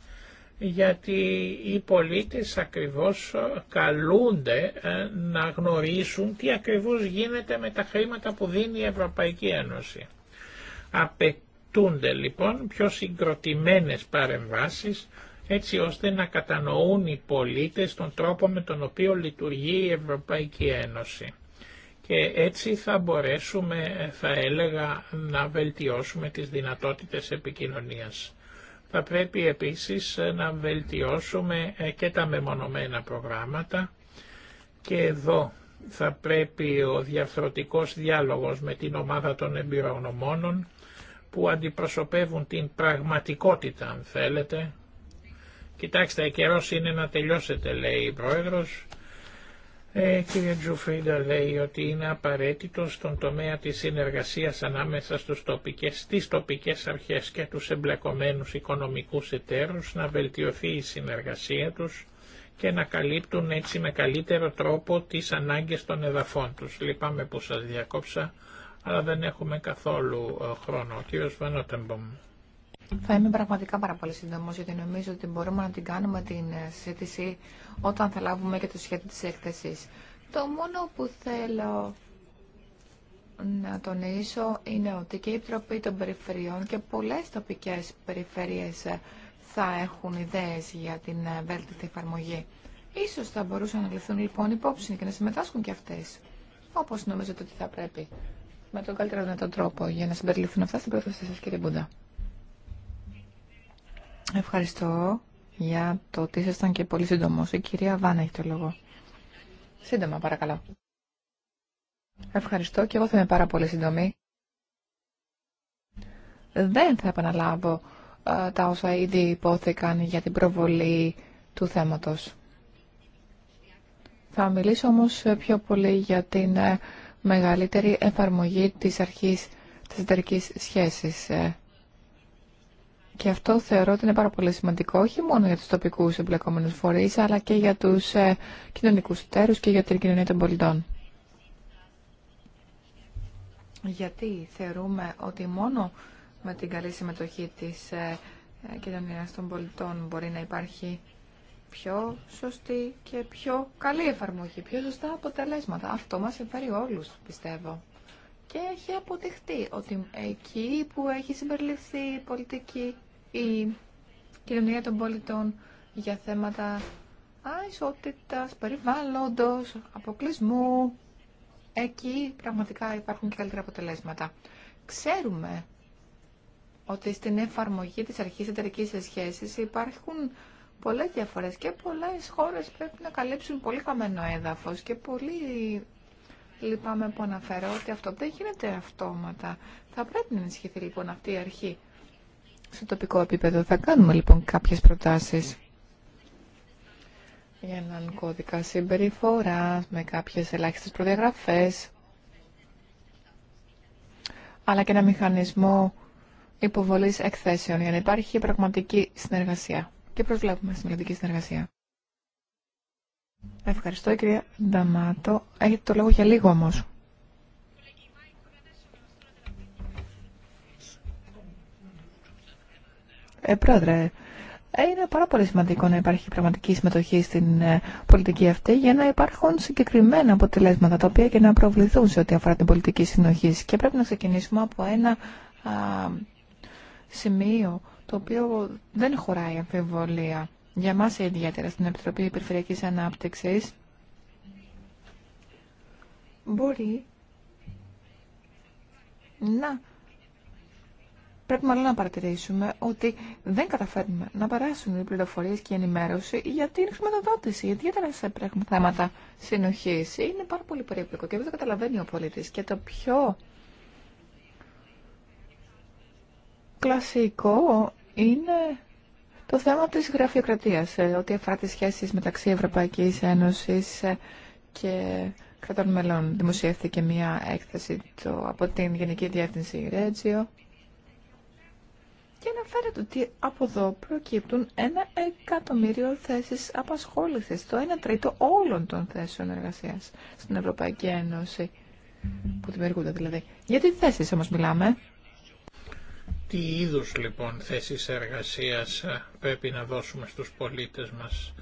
γιατί οι πολίτες ακριβώς ε, καλούνται ε, να γνωρίσουν τι ακριβώς γίνεται με τα χρήματα που δίνει η Ευρωπαϊκή Ένωση. Απαιτούνται λοιπόν πιο συγκροτημένες παρεμβάσεις έτσι ώστε να κατανοούν οι πολίτες τον τρόπο με τον οποίο λειτουργεί η Ευρωπαϊκή Ένωση. Και έτσι θα μπορέσουμε, θα έλεγα, να βελτιώσουμε τις δυνατότητες επικοινωνίας. Θα πρέπει επίσης να βελτιώσουμε ε, και τα μεμονωμένα προγράμματα και εδώ θα πρέπει ο διαφθρωτικός διάλογος με την ομάδα των εμπειρογνωμόνων που αντιπροσωπεύουν την πραγματικότητα αν θέλετε Κοιτάξτε, καιρό είναι να τελειώσετε, λέει η πρόεδρος. Ε, κύριε Τζουφρίντα λέει ότι είναι απαραίτητο στον τομέα της συνεργασίας ανάμεσα στους τοπικές, στις τοπικές αρχές και τους εμπλεκομένους οικονομικούς εταίρους να βελτιωθεί η συνεργασία τους και να καλύπτουν έτσι με καλύτερο τρόπο τις ανάγκες των εδαφών τους. Λυπάμαι που σας διακόψα, αλλά δεν έχουμε καθόλου ε, χρόνο. Ο κύριος Βανότεμπομ. Θα είμαι πραγματικά πάρα πολύ σύντομο, γιατί νομίζω ότι μπορούμε να την κάνουμε την ε, συζήτηση όταν θα λάβουμε και το σχέδιο της έκθεσης. Το μόνο που θέλω να τονίσω είναι ότι και η Επιτροπή των Περιφερειών και πολλές τοπικές περιφερειές ε, θα έχουν ιδέες για την ε, βέλτιστη εφαρμογή. Ίσως θα μπορούσαν να ληφθούν λοιπόν υπόψη και να συμμετάσχουν και αυτές, όπως νομίζετε ότι θα πρέπει, με τον καλύτερο δυνατό τρόπο για να συμπεριληφθούν αυτά στην πρόθεση σας κύριε Μπούντα. Ευχαριστώ για το ότι ήσασταν και πολύ σύντομο. Η κυρία Βάνα έχει το λόγο. Σύντομα, παρακαλώ. Ευχαριστώ και εγώ θα είμαι πάρα πολύ σύντομη. Δεν θα επαναλάβω ε, τα όσα ήδη υπόθηκαν για την προβολή του θέματος. Θα μιλήσω όμως πιο πολύ για την ε, μεγαλύτερη εφαρμογή της αρχής της εταιρικής σχέσης. Ε, και αυτό θεωρώ ότι είναι πάρα πολύ σημαντικό, όχι μόνο για τους τοπικούς εμπλεκόμενους φορείς, αλλά και για τους ε, κοινωνικούς εταίρους και για την κοινωνία των πολιτών. Γιατί θεωρούμε ότι μόνο με την καλή συμμετοχή της ε, ε κοινωνίας των πολιτών μπορεί να υπάρχει πιο σωστή και πιο καλή εφαρμογή, πιο σωστά αποτελέσματα. Αυτό μας συμφέρει όλους, πιστεύω. Και έχει αποδειχτεί ότι εκεί που έχει συμπεριληφθεί η πολιτική η κοινωνία των πολιτών για θέματα αισότητας, περιβάλλοντος, αποκλεισμού. Εκεί πραγματικά υπάρχουν και καλύτερα αποτελέσματα. Ξέρουμε ότι στην εφαρμογή της αρχής εταιρικής σχέσης υπάρχουν πολλές διαφορές και πολλές χώρες πρέπει να καλύψουν πολύ καμένο έδαφος και πολύ λυπάμαι που αναφέρω ότι αυτό δεν γίνεται αυτόματα. Θα πρέπει να ενισχυθεί λοιπόν αυτή η αρχή σε τοπικό επίπεδο. Θα κάνουμε λοιπόν κάποιες προτάσεις για έναν κώδικα συμπεριφορά με κάποιες ελάχιστες προδιαγραφές αλλά και ένα μηχανισμό υποβολής εκθέσεων για να υπάρχει πραγματική συνεργασία και προσβλέπουμε στη μελλοντική συνεργασία. Ευχαριστώ κυρία Νταμάτο. Έχετε το λόγο για λίγο όμως. Ε, πρόεδρε, ε, είναι πάρα πολύ σημαντικό να υπάρχει πραγματική συμμετοχή στην ε, πολιτική αυτή για να υπάρχουν συγκεκριμένα αποτελέσματα τα οποία και να προβληθούν σε ό,τι αφορά την πολιτική συνοχή. Και πρέπει να ξεκινήσουμε από ένα α, σημείο το οποίο δεν χωράει αμφιβολία. Για μας ιδιαίτερα στην Επιτροπή Περιφερειακής Ανάπτυξης μπορεί να Πρέπει μάλλον να παρατηρήσουμε ότι δεν καταφέρνουμε να περάσουν οι πληροφορίε και η ενημέρωση για την χρηματοδότηση, ιδιαίτερα σε θέματα συνοχή. Είναι πάρα πολύ περίπλοκο και δεν το καταλαβαίνει ο πολίτη. Και το πιο κλασικό είναι το θέμα της γραφειοκρατίας, ε, ότι αφορά τις σχέσεις μεταξύ Ευρωπαϊκής Ένωσης ε, και κρατών μελών. Δημοσιεύθηκε μια έκθεση από την Γενική Διεύθυνση Ρέτζιο και αναφέρεται ότι από εδώ προκύπτουν ένα εκατομμύριο θέσεις απασχόλησης, το 1 τρίτο όλων των θέσεων εργασίας στην Ευρωπαϊκή Ένωση που δημιουργούνται δηλαδή. Για τι θέσεις όμως μιλάμε. Τι είδους λοιπόν θέσεις εργασίας ε, πρέπει να δώσουμε στους πολίτες μας.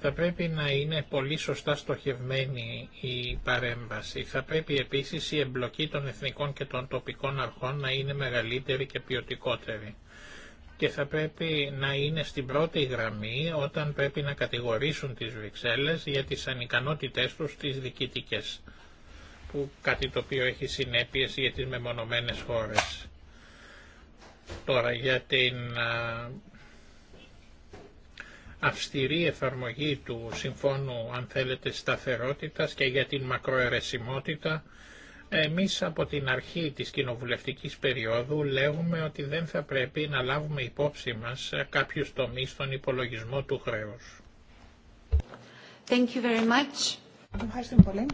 Θα πρέπει να είναι πολύ σωστά στοχευμένη η παρέμβαση. Θα πρέπει επίσης η εμπλοκή των εθνικών και των τοπικών αρχών να είναι μεγαλύτερη και ποιοτικότερη και θα πρέπει να είναι στην πρώτη γραμμή όταν πρέπει να κατηγορήσουν τις Βρυξέλλες για τις ανικανότητές τους τις διοικητικές, που κάτι το οποίο έχει συνέπειες για τις μεμονωμένες χώρες. Τώρα για την αυστηρή εφαρμογή του Συμφώνου, αν θέλετε, σταθερότητας και για την μακροαιρεσιμότητα, εμείς από την αρχή της κοινοβουλευτικής περίοδου λέγουμε ότι δεν θα πρέπει να λάβουμε υπόψη μας κάποιους τομείς στον υπολογισμό του χρέους. Thank you very much. Ευχαριστούμε πολύ.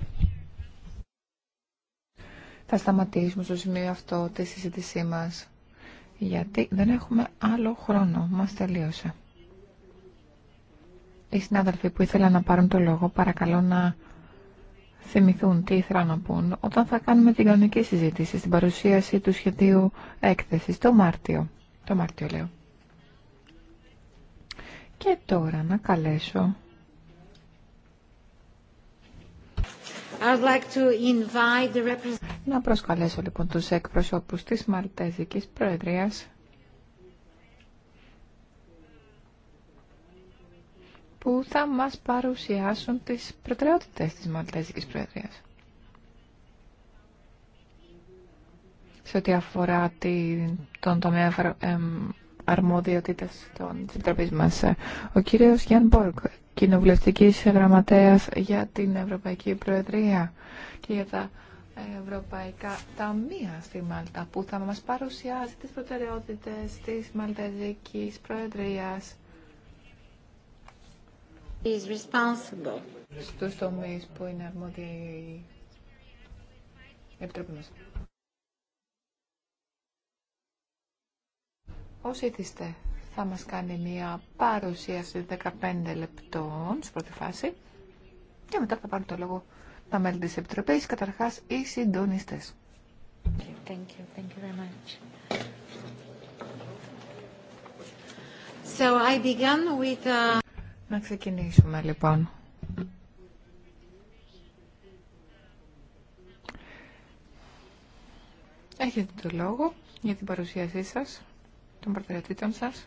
Θα σταματήσουμε στο σημείο αυτό τη συζήτησή μας, γιατί δεν έχουμε άλλο χρόνο. Μας τελείωσε. Οι συνάδελφοι που ήθελαν να πάρουν το λόγο, παρακαλώ να θυμηθούν τι ήθελα να πούν όταν θα κάνουμε την κανονική συζήτηση στην παρουσίαση του σχεδίου έκθεσης το Μάρτιο. Το Μάρτιο λέω. Και τώρα να καλέσω like to να προσκαλέσω λοιπόν τους εκπροσώπους της Μαλτέζικης Προεδρίας που θα μας παρουσιάσουν τις προτεραιότητες της Μαλτέζικης Προεδρίας. Σε ό,τι αφορά τον τομέα αρμοδιότητας των Επιτροπής μας, ε, ο κύριος Γιάνν Μπόρκ, κοινοβουλευτικής γραμματέας για την Ευρωπαϊκή Προεδρία και για τα Ευρωπαϊκά Ταμεία στη Μάλτα, που θα μας παρουσιάσει τις προτεραιότητες της Μαλτέζικης Προεδρίας Στου τομεί που είναι αρμόδιοι η Επιτροπή μας. Ο θα μας κάνει μια παρουσίαση 15 λεπτών στην πρώτη φάση και μετά θα πάρουν το λόγο τα μέλη της Επιτροπής, καταρχάς οι συντονιστές. Thank you. Thank you very much. So I began with uh, να ξεκινήσουμε λοιπόν. Έχετε το λόγο για την παρουσίασή σας, των προτεραιοτήτων σας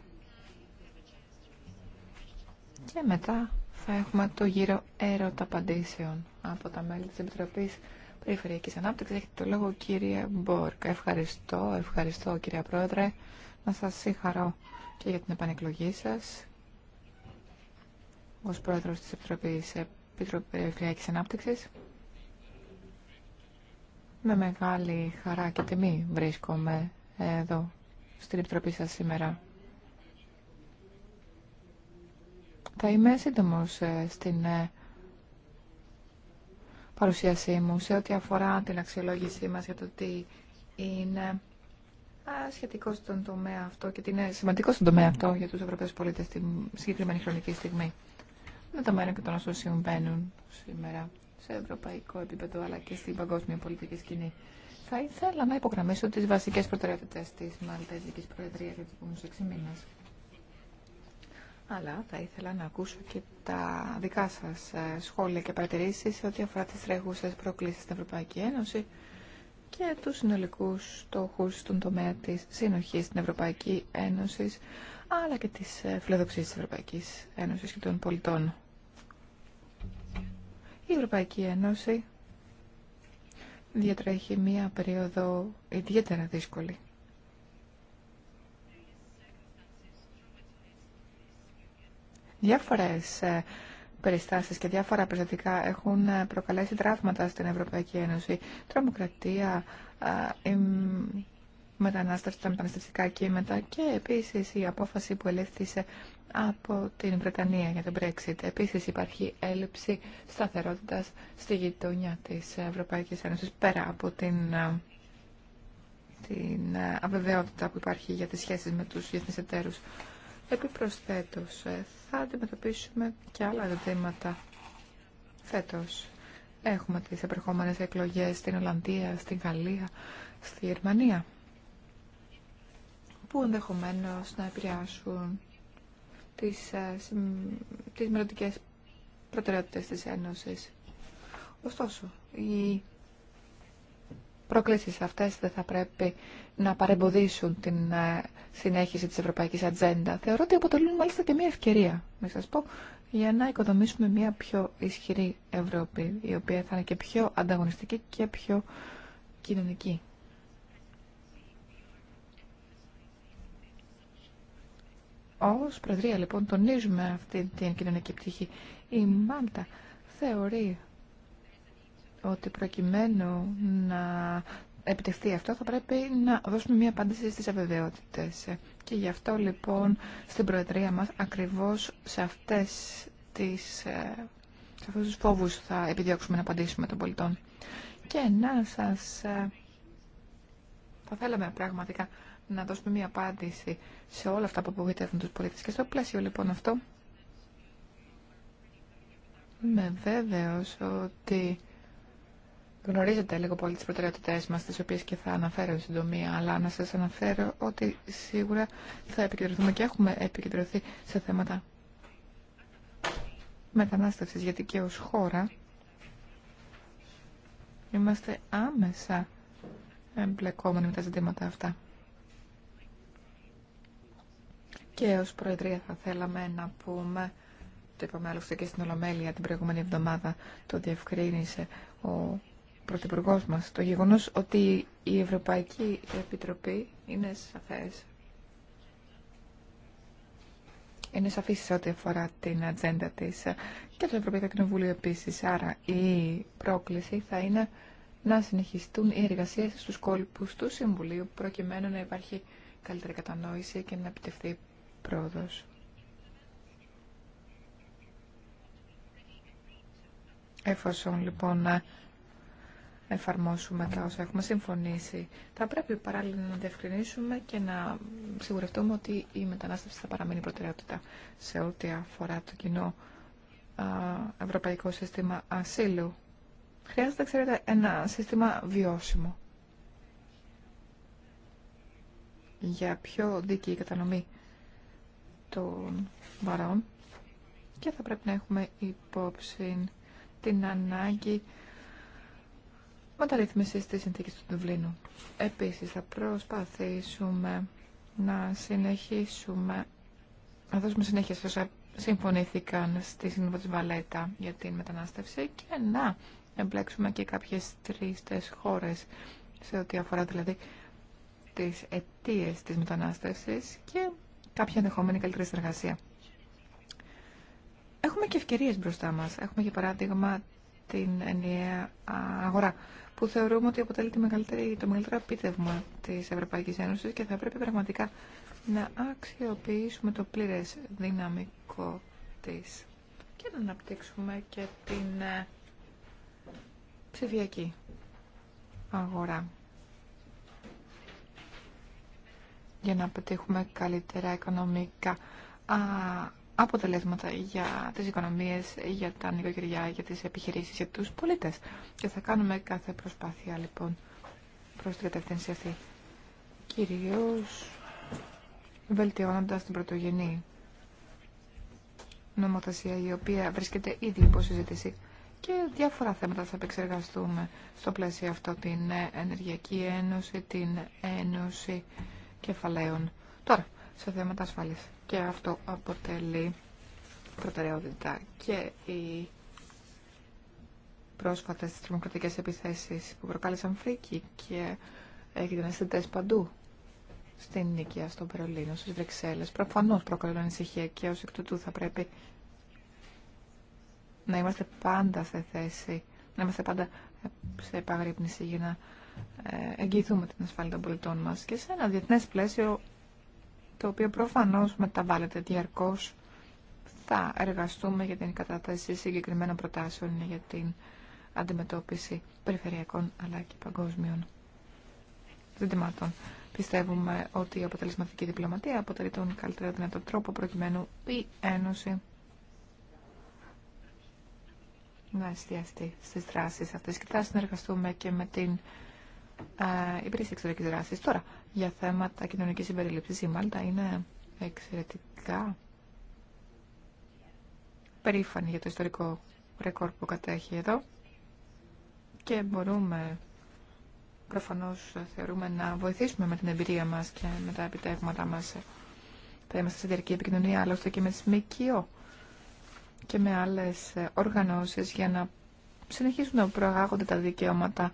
και μετά θα έχουμε το γύρο έρωτα απαντήσεων από τα μέλη της Επιτροπής Περιφερειακής Ανάπτυξης. Έχετε το λόγο κύριε Μπόρκ. Ευχαριστώ, ευχαριστώ κύριε Πρόεδρε. Να σας συγχαρώ και για την επανεκλογή σας ως πρόεδρος της Επιτροπής Επιτροπής Ανάπτυξης. Με μεγάλη χαρά και τιμή βρίσκομαι εδώ στην Επιτροπή σας σήμερα. Θα είμαι σύντομο ε, στην ε, παρουσίασή μου σε ό,τι αφορά την αξιολόγησή μας για το τι είναι ε, σχετικό στον τομέα αυτό και τι είναι σημαντικό στον τομέα αυτό για τους Ευρωπαίους πολίτες στη συγκεκριμένη χρονική στιγμή. Με μέρα και των ασώσεων συμβαίνουν σήμερα σε ευρωπαϊκό επίπεδο αλλά και στην παγκόσμια πολιτική σκηνή. Θα ήθελα να υπογραμμίσω τι βασικέ προτεραιότητε τη Μαλτέζικη Προεδρία για του επόμενου 6 μήνε. Αλλά θα ήθελα να ακούσω και τα δικά σα ε, σχόλια και παρατηρήσει σε ό,τι αφορά τι τρέχουσε προκλήσει στην Ευρωπαϊκή Ένωση και του συνολικού στόχου στον τομέα τη συνοχή στην Ευρωπαϊκή Ένωση αλλά και τις ε, φιλοδοξίες της Ευρωπαϊκής Ένωσης και των πολιτών. Η Ευρωπαϊκή Ένωση διατρέχει μία περίοδο ιδιαίτερα δύσκολη. Διάφορες ε, περιστάσεις και διάφορα περιστατικά έχουν ε, προκαλέσει τραύματα στην Ευρωπαϊκή Ένωση. Τρομοκρατία, ε, μετανάστευση, τα μεταναστευτικά κύματα και επίσης η απόφαση που ελέγχθησε από την Βρετανία για τον Brexit. Επίσης υπάρχει έλλειψη σταθερότητας στη γειτονιά της Ευρωπαϊκής Ένωσης πέρα από την, ε, την ε, αβεβαιότητα που υπάρχει για τις σχέσεις με τους διεθνείς εταίρους. Επιπροσθέτως ε, θα αντιμετωπίσουμε και άλλα ζητήματα φέτος. Έχουμε τις επερχόμενες εκλογές στην Ολλανδία, στην Γαλλία, στη Γερμανία που ενδεχομένως να επηρεάσουν τις, ε, τις μελλοντικές προτεραιότητες της Ένωσης. Ωστόσο, οι προκλήσεις αυτές δεν θα πρέπει να παρεμποδίσουν την ε, συνέχιση της ευρωπαϊκής ατζέντα. Θεωρώ ότι αποτελούν μάλιστα και μια ευκαιρία, να σας πω, για να οικοδομήσουμε μια πιο ισχυρή Ευρώπη, η οποία θα είναι και πιο ανταγωνιστική και πιο κοινωνική. Ως Προεδρία λοιπόν τονίζουμε αυτή την κοινωνική πτυχή. Η Μάλτα θεωρεί ότι προκειμένου να επιτευχθεί αυτό θα πρέπει να δώσουμε μια απάντηση στις αβεβαιότητες. Και γι' αυτό λοιπόν στην Προεδρία μας ακριβώς σε αυτές τις ε, σε αυτούς τους φόβους θα επιδιώξουμε να απαντήσουμε των πολιτών. Και να σας... Ε, θα θέλαμε πραγματικά να δώσουμε μια απάντηση σε όλα αυτά που απογοητεύουν τους πολίτες. Και στο πλαίσιο λοιπόν αυτό, είμαι βέβαιος ότι γνωρίζετε λίγο πολύ τις προτεραιότητές μας, τις οποίες και θα αναφέρω στην συντομία, αλλά να σας αναφέρω ότι σίγουρα θα επικεντρωθούμε και έχουμε επικεντρωθεί σε θέματα μετανάστευσης, γιατί και ως χώρα είμαστε άμεσα εμπλεκόμενοι με τα ζητήματα αυτά. Και ως Προεδρία θα θέλαμε να πούμε, το είπαμε άλλωστε και στην Ολομέλεια την προηγούμενη εβδομάδα, το διευκρίνησε ο Πρωθυπουργό μας, το γεγονός ότι η Ευρωπαϊκή Επιτροπή είναι σαφές. Είναι σαφή σε ό,τι αφορά την ατζέντα της και το Ευρωπαϊκό Κοινοβούλιο επίσης. Άρα η πρόκληση θα είναι να συνεχιστούν οι εργασίες στους κόλπους του Συμβουλίου προκειμένου να υπάρχει καλύτερη κατανόηση και να επιτευχθεί πρόοδος. Εφόσον λοιπόν εφαρμόσουμε τα όσα έχουμε συμφωνήσει, θα πρέπει παράλληλα να διευκρινίσουμε και να σιγουρευτούμε ότι η μετανάστευση θα παραμείνει προτεραιότητα σε ό,τι αφορά το κοινό ευρωπαϊκό σύστημα ασύλου. Χρειάζεται, ξέρετε, ένα σύστημα βιώσιμο για πιο δίκαιη κατανομή των βαρών και θα πρέπει να έχουμε υπόψη την ανάγκη μεταρρύθμισης της συνθήκης του Δουβλίνου. Επίσης θα προσπαθήσουμε να συνεχίσουμε να δώσουμε συνέχεια σε όσα συμφωνήθηκαν στη Σύνοδο της Βαλέτα για την μετανάστευση και να εμπλέξουμε και κάποιες τρίστες χώρες σε ό,τι αφορά δηλαδή τις αιτίες της μετανάστευσης και κάποια ενδεχόμενη καλύτερη συνεργασία. Έχουμε και ευκαιρίε μπροστά μα. Έχουμε για παράδειγμα την ενιαία αγορά, που θεωρούμε ότι αποτελεί τη μεγαλύτερη, το μεγαλύτερο επίτευγμα τη Ευρωπαϊκή Ένωση και θα πρέπει πραγματικά να αξιοποιήσουμε το πλήρε δυναμικό τη και να αναπτύξουμε και την ε, ψηφιακή αγορά. για να πετύχουμε καλύτερα οικονομικά αποτελέσματα για τις οικονομίες, για τα νοικοκυριά, για τις επιχειρήσεις, για τους πολίτες. Και θα κάνουμε κάθε προσπάθεια λοιπόν προς την κατεύθυνση αυτή. Κυρίως βελτιώνοντας την πρωτογενή νομοθεσία η οποία βρίσκεται ήδη υπό συζήτηση και διάφορα θέματα θα επεξεργαστούμε στο πλαίσιο αυτό την Ενεργειακή Ένωση, την Ένωση κεφαλαίων. Τώρα, σε θέματα ασφάλειας. Και αυτό αποτελεί προτεραιότητα. Και οι πρόσφατες τρομοκρατικές επιθέσεις που προκάλεσαν φρίκη και έγιναν αισθητέ παντού στην Νίκαια, στο Περολίνο, στις Βρυξέλλες. Προφανώς προκαλούν ανησυχία και ως εκ τούτου θα πρέπει να είμαστε πάντα σε θέση, να είμαστε πάντα σε επαγρύπνηση για να ε, εγγυηθούμε την ασφάλεια των πολιτών μας και σε ένα διεθνές πλαίσιο το οποίο προφανώς μεταβάλλεται διαρκώς θα εργαστούμε για την κατάθεση συγκεκριμένων προτάσεων για την αντιμετώπιση περιφερειακών αλλά και παγκόσμιων ζητημάτων. Πιστεύουμε ότι η αποτελεσματική διπλωματία αποτελεί τον καλύτερο δυνατό τρόπο προκειμένου η Ένωση να εστιαστεί στις δράσεις αυτές και θα συνεργαστούμε και με την υπηρεσία εξωτερική δράση. Τώρα, για θέματα κοινωνική συμπεριλήψη, η Μάλτα είναι εξαιρετικά περήφανη για το ιστορικό ρεκόρ που κατέχει εδώ και μπορούμε προφανώς θεωρούμε να βοηθήσουμε με την εμπειρία μας και με τα επιτεύγματα μα θα είμαστε σε διαρκή επικοινωνία άλλωστε και με τις ΜΚΙΟ και με άλλες οργανώσεις για να συνεχίσουν να προαγάγονται τα δικαιώματα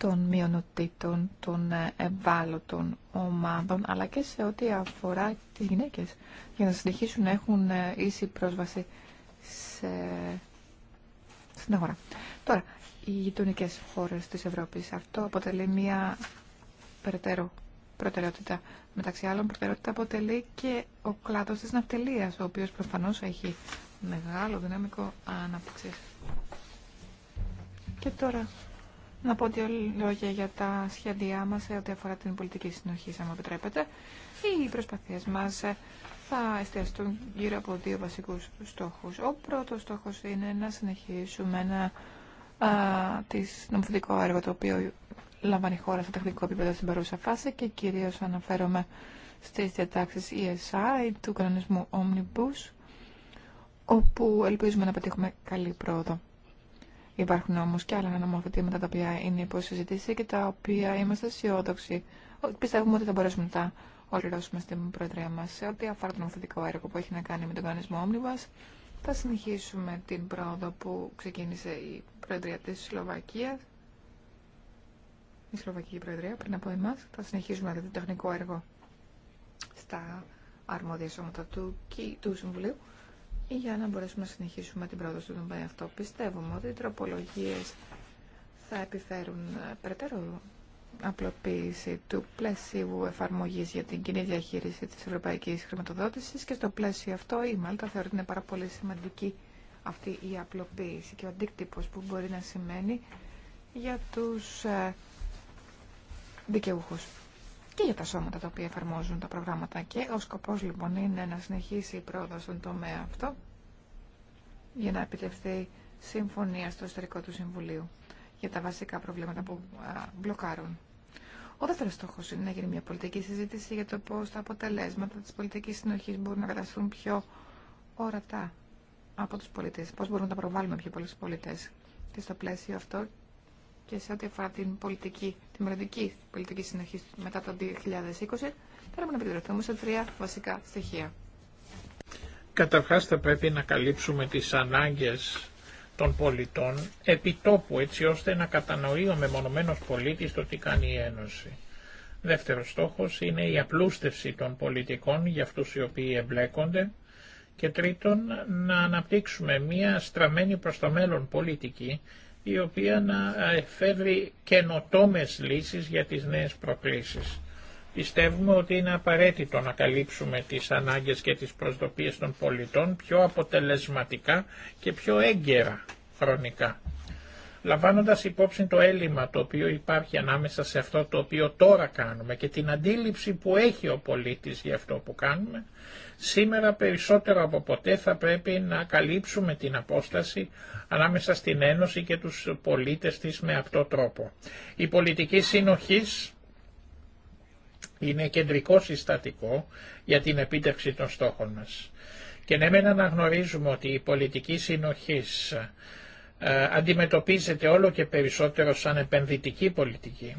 των μειονοτήτων, των ε, ευάλωτων ομάδων, αλλά και σε ό,τι αφορά τις γυναίκες, για να συνεχίσουν να έχουν ε, ίση πρόσβαση σε... στην αγορά. Τώρα, οι γειτονικέ χώρες της Ευρώπης. Αυτό αποτελεί μια περαιτέρω προτεραιότητα. Μεταξύ άλλων, προτεραιότητα αποτελεί και ο κλάδος της ναυτελίας, ο οποίος προφανώς έχει μεγάλο δυναμικό ανάπτυξη. Και τώρα να πω δύο λόγια για τα σχέδιά μα σε ό,τι αφορά την πολιτική συνοχή, αν επιτρέπετε. Οι προσπαθίε μας θα εστιαστούν γύρω από δύο βασικούς στόχους. Ο πρώτος στόχος είναι να συνεχίσουμε ένα νομοθετικό έργο το οποίο λαμβάνει η χώρα σε τεχνικό επίπεδο στην παρούσα φάση και κυρίως αναφέρομαι στι διατάξει ESI του κανονισμού Omnibus όπου ελπίζουμε να πετύχουμε καλή πρόοδο. Υπάρχουν όμω και άλλα νομοθετήματα τα οποία είναι συζήτηση και τα οποία είμαστε αισιόδοξοι. Πιστεύουμε ότι θα μπορέσουμε να τα ολοκληρώσουμε στην Προεδρία μα. Σε ό,τι αφορά το νομοθετικό έργο που έχει να κάνει με τον κανονισμό όμνιβα, θα συνεχίσουμε την πρόοδο που ξεκίνησε η Προεδρία τη Σλοβακία. Η Σλοβακική Προεδρία πριν από εμά. Θα συνεχίσουμε το τεχνικό έργο στα αρμόδια σώματα του, του Συμβουλίου για να μπορέσουμε να συνεχίσουμε την πρόοδο στον τομέα αυτό. Πιστεύουμε ότι οι τροπολογίες θα επιφέρουν ε, περαιτέρω απλοποίηση του πλαισίου εφαρμογής για την κοινή διαχείριση της ευρωπαϊκής χρηματοδότησης και στο πλαίσιο αυτό η Μάλτα θεωρεί ότι είναι πάρα πολύ σημαντική αυτή η απλοποίηση και ο αντίκτυπος που μπορεί να σημαίνει για τους ε, δικαιούχους και για τα σώματα τα οποία εφαρμόζουν τα προγράμματα. Και ο σκοπός λοιπόν είναι να συνεχίσει η πρόοδο στον τομέα αυτό για να επιτευχθεί συμφωνία στο εσωτερικό του Συμβουλίου για τα βασικά προβλήματα που μπλοκάρουν. Ο δεύτερο στόχο είναι να γίνει μια πολιτική συζήτηση για το πώ τα αποτελέσματα τη πολιτική συνοχή μπορούν να καταστούν πιο ορατά από του πολίτε. Πώ μπορούμε να τα προβάλλουμε πιο πολλού πολίτε. Και στο πλαίσιο αυτό και σε ό,τι αφορά την πολιτική, τη μελλοντική πολιτική συνοχή μετά το 2020, θέλουμε να επικεντρωθούμε σε τρία βασικά στοιχεία. Καταρχάς θα πρέπει να καλύψουμε τις ανάγκες των πολιτών τόπου, έτσι ώστε να κατανοεί ο μεμονωμένος πολίτης το τι κάνει η Ένωση. Δεύτερος στόχος είναι η απλούστευση των πολιτικών για αυτού οι οποίοι εμπλέκονται και τρίτον να αναπτύξουμε μία στραμμένη προς το μέλλον πολιτική η οποία να εφεύρει καινοτόμες λύσεις για τις νέες προκλήσεις. Πιστεύουμε ότι είναι απαραίτητο να καλύψουμε τις ανάγκες και τις προσδοκίες των πολιτών πιο αποτελεσματικά και πιο έγκαιρα χρονικά. Λαμβάνοντας υπόψη το έλλειμμα το οποίο υπάρχει ανάμεσα σε αυτό το οποίο τώρα κάνουμε και την αντίληψη που έχει ο πολίτης για αυτό που κάνουμε, Σήμερα περισσότερο από ποτέ θα πρέπει να καλύψουμε την απόσταση ανάμεσα στην Ένωση και τους πολίτες της με αυτό τρόπο. Η πολιτική συνοχής είναι κεντρικό συστατικό για την επίτευξη των στόχων μας. Και ναι να αναγνωρίζουμε ότι η πολιτική συνοχής ε, αντιμετωπίζεται όλο και περισσότερο σαν επενδυτική πολιτική,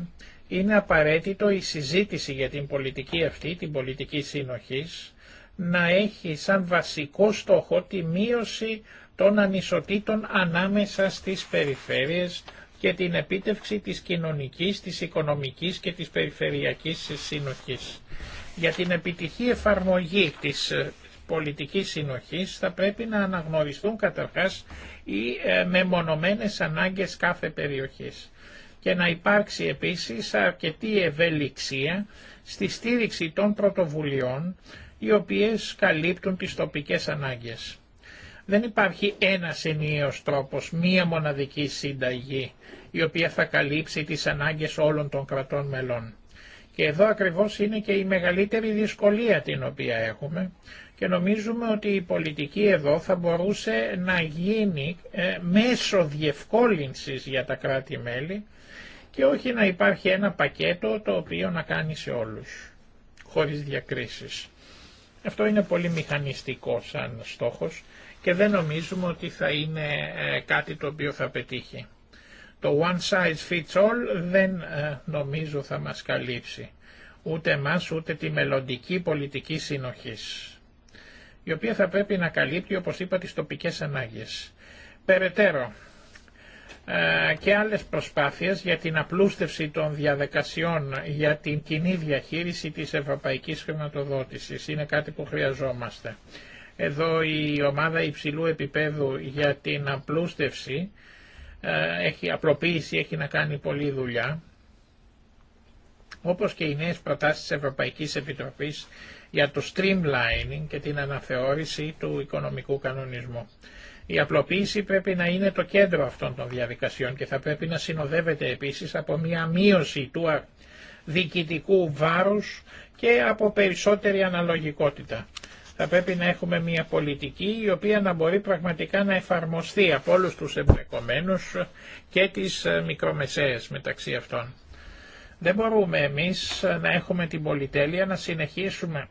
είναι απαραίτητο η συζήτηση για την πολιτική αυτή, την πολιτική συνοχής, να έχει σαν βασικό στόχο τη μείωση των ανισοτήτων ανάμεσα στις περιφέρειες και την επίτευξη της κοινωνικής, της οικονομικής και της περιφερειακής συνοχής. Για την επιτυχή εφαρμογή της ε, πολιτικής συνοχής θα πρέπει να αναγνωριστούν καταρχάς οι ε, μεμονωμένες ανάγκες κάθε περιοχής και να υπάρξει επίσης αρκετή ευελιξία στη στήριξη των πρωτοβουλειών οι οποίες καλύπτουν τις τοπικές ανάγκες. Δεν υπάρχει ένας ενιαίος τρόπος, μία μοναδική σύνταγη, η οποία θα καλύψει τις ανάγκες όλων των κρατών μελών. Και εδώ ακριβώς είναι και η μεγαλύτερη δυσκολία την οποία έχουμε και νομίζουμε ότι η πολιτική εδώ θα μπορούσε να γίνει ε, μέσω διευκόλυνσης για τα κράτη-μέλη και όχι να υπάρχει ένα πακέτο το οποίο να κάνει σε όλους, χωρίς διακρίσεις. Αυτό είναι πολύ μηχανιστικό σαν στόχος και δεν νομίζουμε ότι θα είναι ε, κάτι το οποίο θα πετύχει. Το one size fits all δεν ε, νομίζω θα μας καλύψει. Ούτε μας ούτε τη μελλοντική πολιτική συνοχής. Η οποία θα πρέπει να καλύπτει, όπως είπα, τις τοπικές ανάγκες. Περαιτέρω, ε, και άλλες προσπάθειες για την απλούστευση των διαδικασιών για την κοινή διαχείριση της ευρωπαϊκής χρηματοδότησης. Είναι κάτι που χρειαζόμαστε. Εδώ η ομάδα υψηλού επίπεδου για την απλούστευση ε, έχει απλοποίηση, έχει να κάνει πολλή δουλειά, όπως και οι νέες προτάσεις της Ευρωπαϊκής Επιτροπής για το streamlining και την αναθεώρηση του οικονομικού κανονισμού. Η απλοποίηση πρέπει να είναι το κέντρο αυτών των διαδικασιών και θα πρέπει να συνοδεύεται επίσης από μια μείωση του διοικητικού βάρους και από περισσότερη αναλογικότητα. Θα πρέπει να έχουμε μια πολιτική η οποία να μπορεί πραγματικά να εφαρμοστεί από όλους τους εμπλεκομένους και τις ε, μικρομεσαίες μεταξύ αυτών. Δεν μπορούμε εμείς να έχουμε την πολυτέλεια να συνεχίσουμε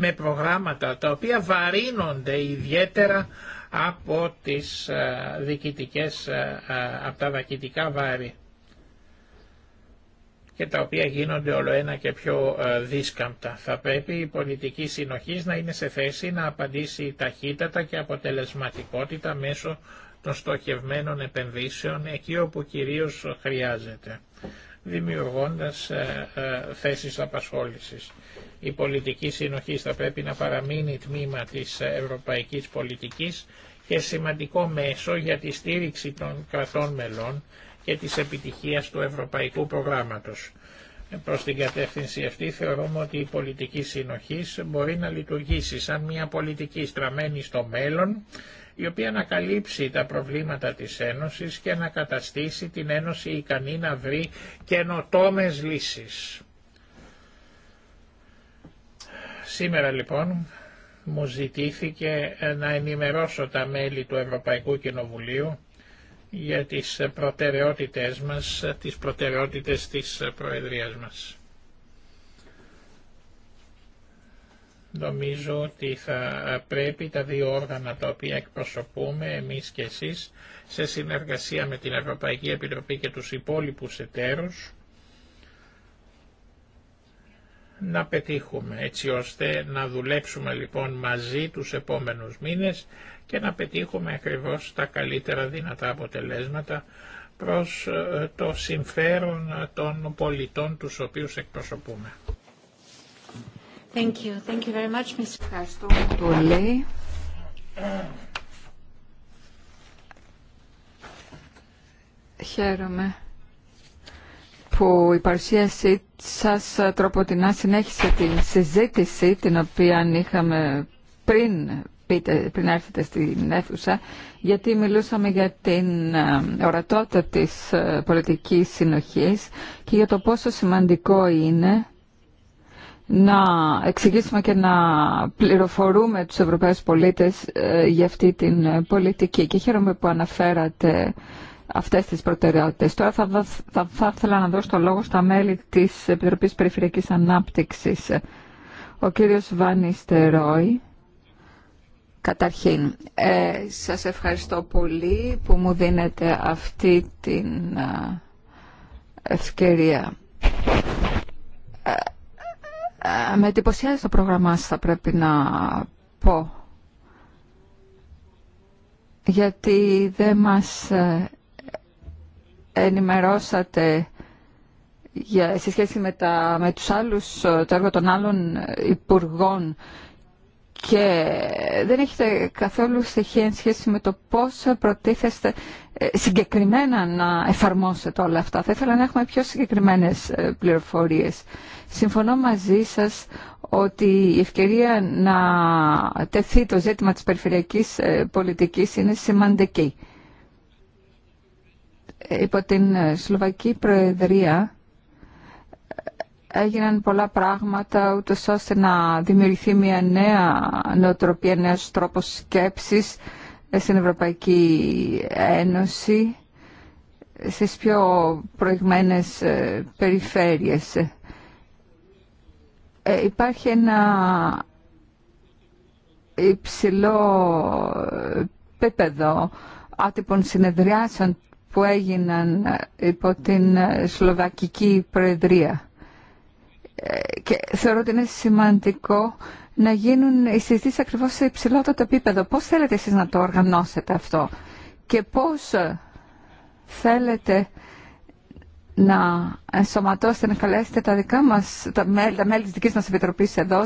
με προγράμματα τα οποία βαρύνονται ιδιαίτερα από, τις ε, δικητικές ε, ε, από τα δακητικά βάρη και τα οποία γίνονται όλο ένα και πιο δίσκαμπτα. Θα πρέπει η πολιτική συνοχή να είναι σε θέση να απαντήσει ταχύτατα και αποτελεσματικότητα μέσω των στοχευμένων επενδύσεων εκεί όπου κυρίως χρειάζεται, δημιουργώντας θέσεις απασχόλησης. Η πολιτική συνοχή θα πρέπει να παραμείνει τμήμα της ευρωπαϊκής πολιτικής και σημαντικό μέσο για τη στήριξη των κρατών μελών και της επιτυχίας του ευρωπαϊκού προγράμματος. Προς την κατεύθυνση αυτή θεωρούμε ότι η πολιτική συνοχή μπορεί να λειτουργήσει σαν μια πολιτική στραμμένη στο μέλλον, η οποία να καλύψει τα προβλήματα της Ένωσης και να καταστήσει την Ένωση ικανή να βρει καινοτόμες λύσεις. Σήμερα λοιπόν μου ζητήθηκε ε, να ενημερώσω τα μέλη του Ευρωπαϊκού Κοινοβουλίου για τις ε, προτεραιότητες μας, ε, τις προτεραιότητες της Προεδρίας μας. Νομίζω ότι θα πρέπει τα δύο όργανα τα οποία εκπροσωπούμε, εμείς και εσείς, σε συνεργασία με την Ευρωπαϊκή Επιτροπή και τους υπόλοιπους εταίρους, να πετύχουμε, έτσι ώστε να δουλέψουμε λοιπόν μαζί τους επόμενους μήνες και να πετύχουμε ακριβώς τα καλύτερα δυνατά αποτελέσματα προς ε, το συμφέρον ε, των πολιτών τους οποίους εκπροσωπούμε. Thank you. Thank you very much, Mr. Χαίρομαι που η παρουσίασή σας ε, τροποτινά συνέχισε την συζήτηση την οποία είχαμε πριν, πριν έρθετε στην αίθουσα γιατί μιλούσαμε για την ε, ορατότητα της ε, πολιτικής συνοχής και για το πόσο σημαντικό είναι να εξηγήσουμε και να πληροφορούμε τους Ευρωπαίους πολίτες για αυτή την πολιτική. Και χαίρομαι που αναφέρατε αυτές τις προτεραιότητες. Τώρα θα, θα, ήθελα να δώσω το λόγο στα μέλη της Επιτροπής Περιφερειακής Ανάπτυξης. Ο κύριος Βανιστερόη. Καταρχήν, ε, σας ευχαριστώ πολύ που μου δίνετε αυτή την ε, ευκαιρία. Ε, ε, με εντυπωσιάζει το πρόγραμμά σας, θα πρέπει να πω. Γιατί δεν μας ενημερώσατε για, σε σχέση με, τα, με τους άλλους, το έργο των άλλων υπουργών και δεν έχετε καθόλου στοιχεία εν σχέση με το πώς προτίθεστε ε, συγκεκριμένα να εφαρμόσετε όλα αυτά. Θα ήθελα να έχουμε πιο συγκεκριμένες ε, πληροφορίες. Συμφωνώ μαζί σας ότι η ευκαιρία να τεθεί το ζήτημα της περιφερειακής ε, πολιτικής είναι σημαντική υπό την Σλοβακή Προεδρία έγιναν πολλά πράγματα ούτω ώστε να δημιουργηθεί μια νέα νοοτροπία, νέος τρόπο σκέψης στην Ευρωπαϊκή Ένωση στι πιο προηγμένες ε, περιφέρειες. Ε, υπάρχει ένα υψηλό επίπεδο άτυπων συνεδριάσεων που έγιναν ε, υπό την ε, Σλοβακική Προεδρία. Ε, και θεωρώ ότι είναι σημαντικό να γίνουν οι συζητήσεις ακριβώς σε υψηλότερο επίπεδο. Πώς θέλετε εσείς να το οργανώσετε αυτό και πώς θέλετε να ενσωματώσετε, να καλέσετε τα δικά μας, τα μέλη, τα μέλη της δικής μας Επιτροπής εδώ,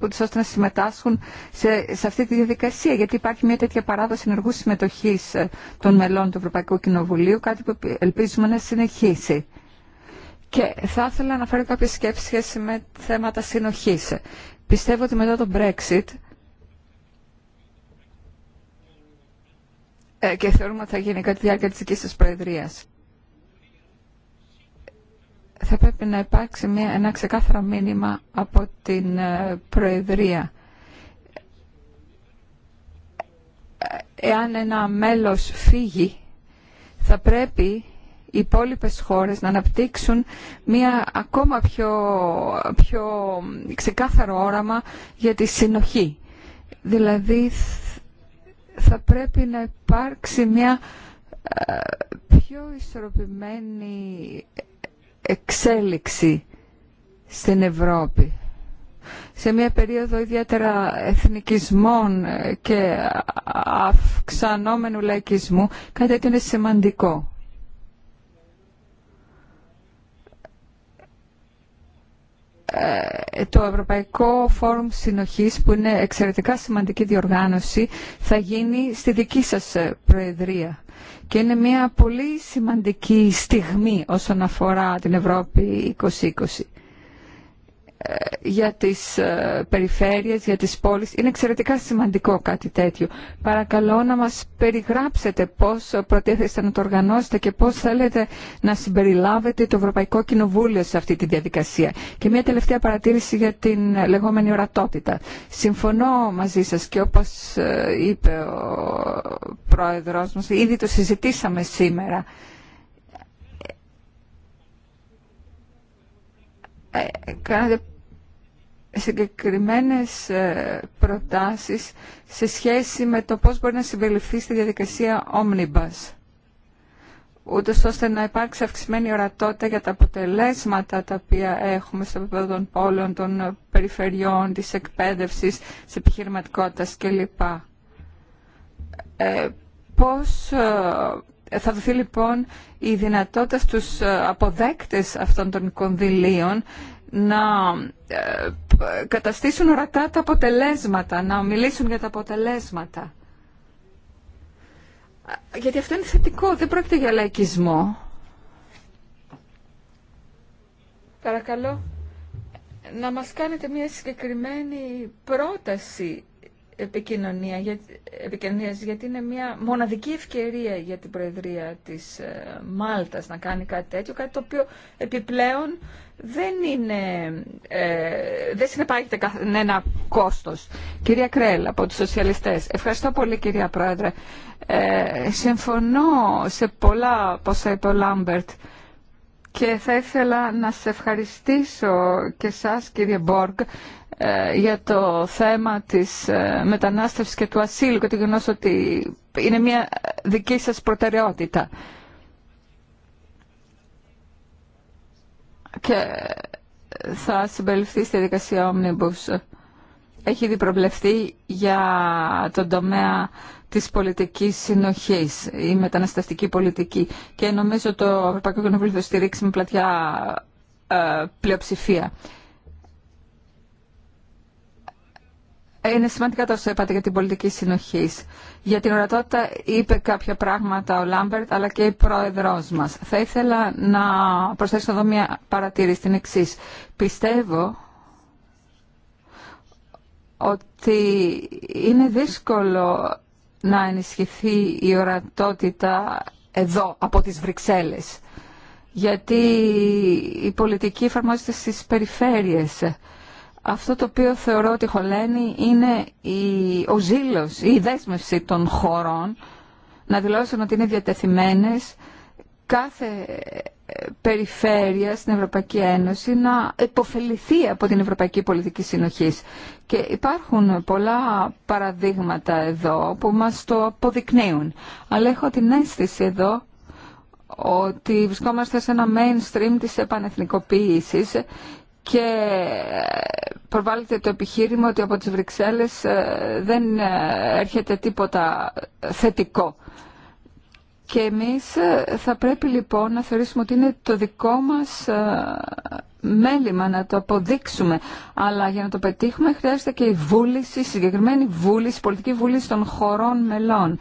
ώστε να συμμετάσχουν σε, αυτή τη διαδικασία, γιατί υπάρχει μια τέτοια παράδοση ενεργού συμμετοχής ε, των μελών του Ευρωπαϊκού Κοινοβουλίου, κάτι που ελπίζουμε να συνεχίσει. Και θα ήθελα να φέρω κάποιε σκέψει σχέση με θέματα συνοχής. Πιστεύω ότι μετά το Brexit ε, και θεωρούμε ότι θα γίνει κάτι διάρκεια της δικής σας Προεδρίας θα πρέπει να υπάρξει μια, ένα ξεκάθαρο μήνυμα από την ε, Προεδρία. Εάν ένα μέλος φύγει, θα πρέπει οι υπόλοιπε χώρες να αναπτύξουν μια ακόμα πιο, πιο ξεκάθαρο όραμα για τη συνοχή. Δηλαδή θα πρέπει να υπάρξει μια ε, πιο ισορροπημένη εξέλιξη στην Ευρώπη. Σε μια περίοδο ιδιαίτερα εθνικισμών και αυξανόμενου λαϊκισμού, κάτι τέτοιο είναι σημαντικό. Ε, το Ευρωπαϊκό Φόρουμ Συνοχής που είναι εξαιρετικά σημαντική διοργάνωση θα γίνει στη δική σας Προεδρία και είναι μια πολύ σημαντική στιγμή όσον αφορά την Ευρώπη 2020 για τις ε, περιφέρειες, για τις πόλεις. Είναι εξαιρετικά σημαντικό κάτι τέτοιο. Παρακαλώ να μας περιγράψετε πώς προτίθεστε να το οργανώσετε και πώς θέλετε να συμπεριλάβετε το Ευρωπαϊκό Κοινοβούλιο σε αυτή τη διαδικασία. Και μια τελευταία παρατήρηση για την λεγόμενη ορατότητα. Συμφωνώ μαζί σας και όπως ε, είπε ο Πρόεδρος μας, ήδη το συζητήσαμε σήμερα. Ε, συγκεκριμένες ε, προτάσεις σε σχέση με το πώς μπορεί να συμπεριληφθεί στη διαδικασία Omnibus ούτω ώστε να υπάρξει αυξημένη ορατότητα για τα αποτελέσματα τα οποία έχουμε στο επίπεδο των πόλεων, των περιφερειών, της εκπαίδευσης, της επιχειρηματικότητας κλπ. Ε, πώς ε, θα δοθεί λοιπόν η δυνατότητα στους ε, αποδέκτες αυτών των κονδυλίων να ε, καταστήσουν ορατά τα αποτελέσματα, να μιλήσουν για τα αποτελέσματα. Γιατί αυτό είναι θετικό, δεν πρόκειται για λαϊκισμό. Παρακαλώ να μας κάνετε μια συγκεκριμένη πρόταση επικοινωνία, επικοινωνίας, γιατί είναι μια μοναδική ευκαιρία για την Προεδρία της ε, Μάλτας να κάνει κάτι τέτοιο, κάτι το οποίο επιπλέον δεν είναι, ε, δεν συνεπάγεται κανένα κόστος. Κυρία Κρέλ από τους Σοσιαλιστές, ευχαριστώ πολύ κυρία Πρόεδρε. Ε, συμφωνώ σε πολλά πόσα είπε ο Λάμπερτ και θα ήθελα να σε ευχαριστήσω και σας κύριε Μπόργκ ε, για το θέμα της ε, μετανάστευσης και του ασύλου και το ότι είναι μια δική σας προτεραιότητα. Και ε, θα συμπεριληφθεί στη δικασία Omnibus. Έχει ήδη προβλεφθεί για τον τομέα της πολιτικής συνοχής, η μεταναστευτική πολιτική. Και νομίζω το Ευρωπαϊκό Κοινοβούλιο θα στηρίξει με πλατιά πλειοψηφία. Είναι σημαντικά το όσο είπατε για την πολιτική συνοχή. Για την ορατότητα είπε κάποια πράγματα ο Λάμπερτ, αλλά και η πρόεδρό μα. Θα ήθελα να προσθέσω εδώ μια παρατήρηση την εξή. Πιστεύω ότι είναι δύσκολο να ενισχυθεί η ορατότητα εδώ, από τις Βρυξέλλες. Γιατί η πολιτική εφαρμόζεται στις περιφέρειες αυτό το οποίο θεωρώ ότι χωλαίνει είναι η, ο ζήλος, η δέσμευση των χωρών να δηλώσουν ότι είναι διατεθειμένες κάθε ε, περιφέρεια στην Ευρωπαϊκή Ένωση να υποφεληθεί από την Ευρωπαϊκή Πολιτική Συνοχής. Και υπάρχουν πολλά παραδείγματα εδώ που μας το αποδεικνύουν. Αλλά έχω την αίσθηση εδώ ότι βρισκόμαστε σε ένα mainstream της επανεθνικοποίησης και προβάλλεται το επιχείρημα ότι από τις Βρυξέλλες ε, δεν ε, έρχεται τίποτα θετικό. Και εμείς ε, θα πρέπει λοιπόν να θεωρήσουμε ότι είναι το δικό μας μέλημα να το αποδείξουμε. Αλλά για να το πετύχουμε χρειάζεται και η βούληση, συγκεκριμένη βούληση, πολιτική βούληση των χωρών μελών.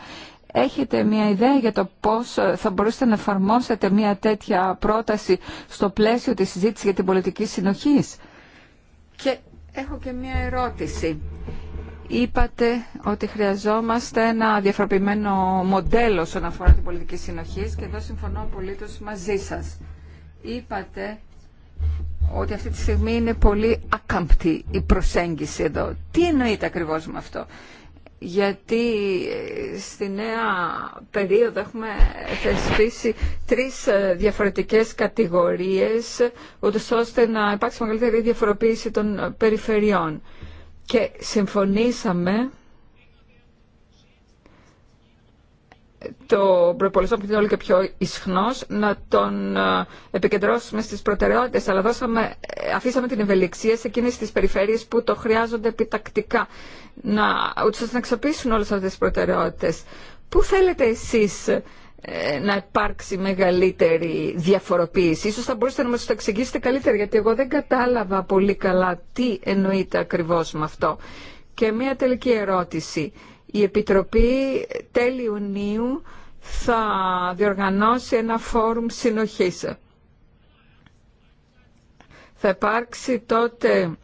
Έχετε μια ιδέα για το πώς θα μπορούσατε να εφαρμόσετε μια τέτοια πρόταση στο πλαίσιο της συζήτησης για την πολιτική συνοχής. Και έχω και μια ερώτηση. Είπατε ότι χρειαζόμαστε ένα διαφοροποιημένο μοντέλο όσον αφορά την πολιτική συνοχή και εδώ συμφωνώ πολύ μαζί σας. Είπατε ότι αυτή τη στιγμή είναι πολύ ακαμπτή η προσέγγιση εδώ. Τι εννοείται ακριβώς με αυτό γιατί ε, στη νέα περίοδο έχουμε θεσπίσει τρεις ε, διαφορετικές κατηγορίες ούτως ώστε να υπάρξει μεγαλύτερη διαφοροποίηση των ε, περιφερειών. Και συμφωνήσαμε το προπολογισμό που είναι όλο και πιο ισχνό, να τον ε, επικεντρώσουμε στι προτεραιότητε. αλλά δώσαμε, ε, αφήσαμε την ευελιξία σε εκείνε τι περιφέρειες που το χρειάζονται επιτακτικά να, ούτως ώστε να εξοπλίσουν όλες αυτές τι προτεραιότητε. Πού θέλετε εσείς ε, να υπάρξει μεγαλύτερη διαφοροποίηση. Ίσως θα μπορούσατε να μας το εξηγήσετε καλύτερα, γιατί εγώ δεν κατάλαβα πολύ καλά τι εννοείται ακριβώς με αυτό. Και μία τελική ερώτηση. Η Επιτροπή τέλη Ιουνίου θα διοργανώσει ένα φόρουμ συνοχής. Θα υπάρξει τότε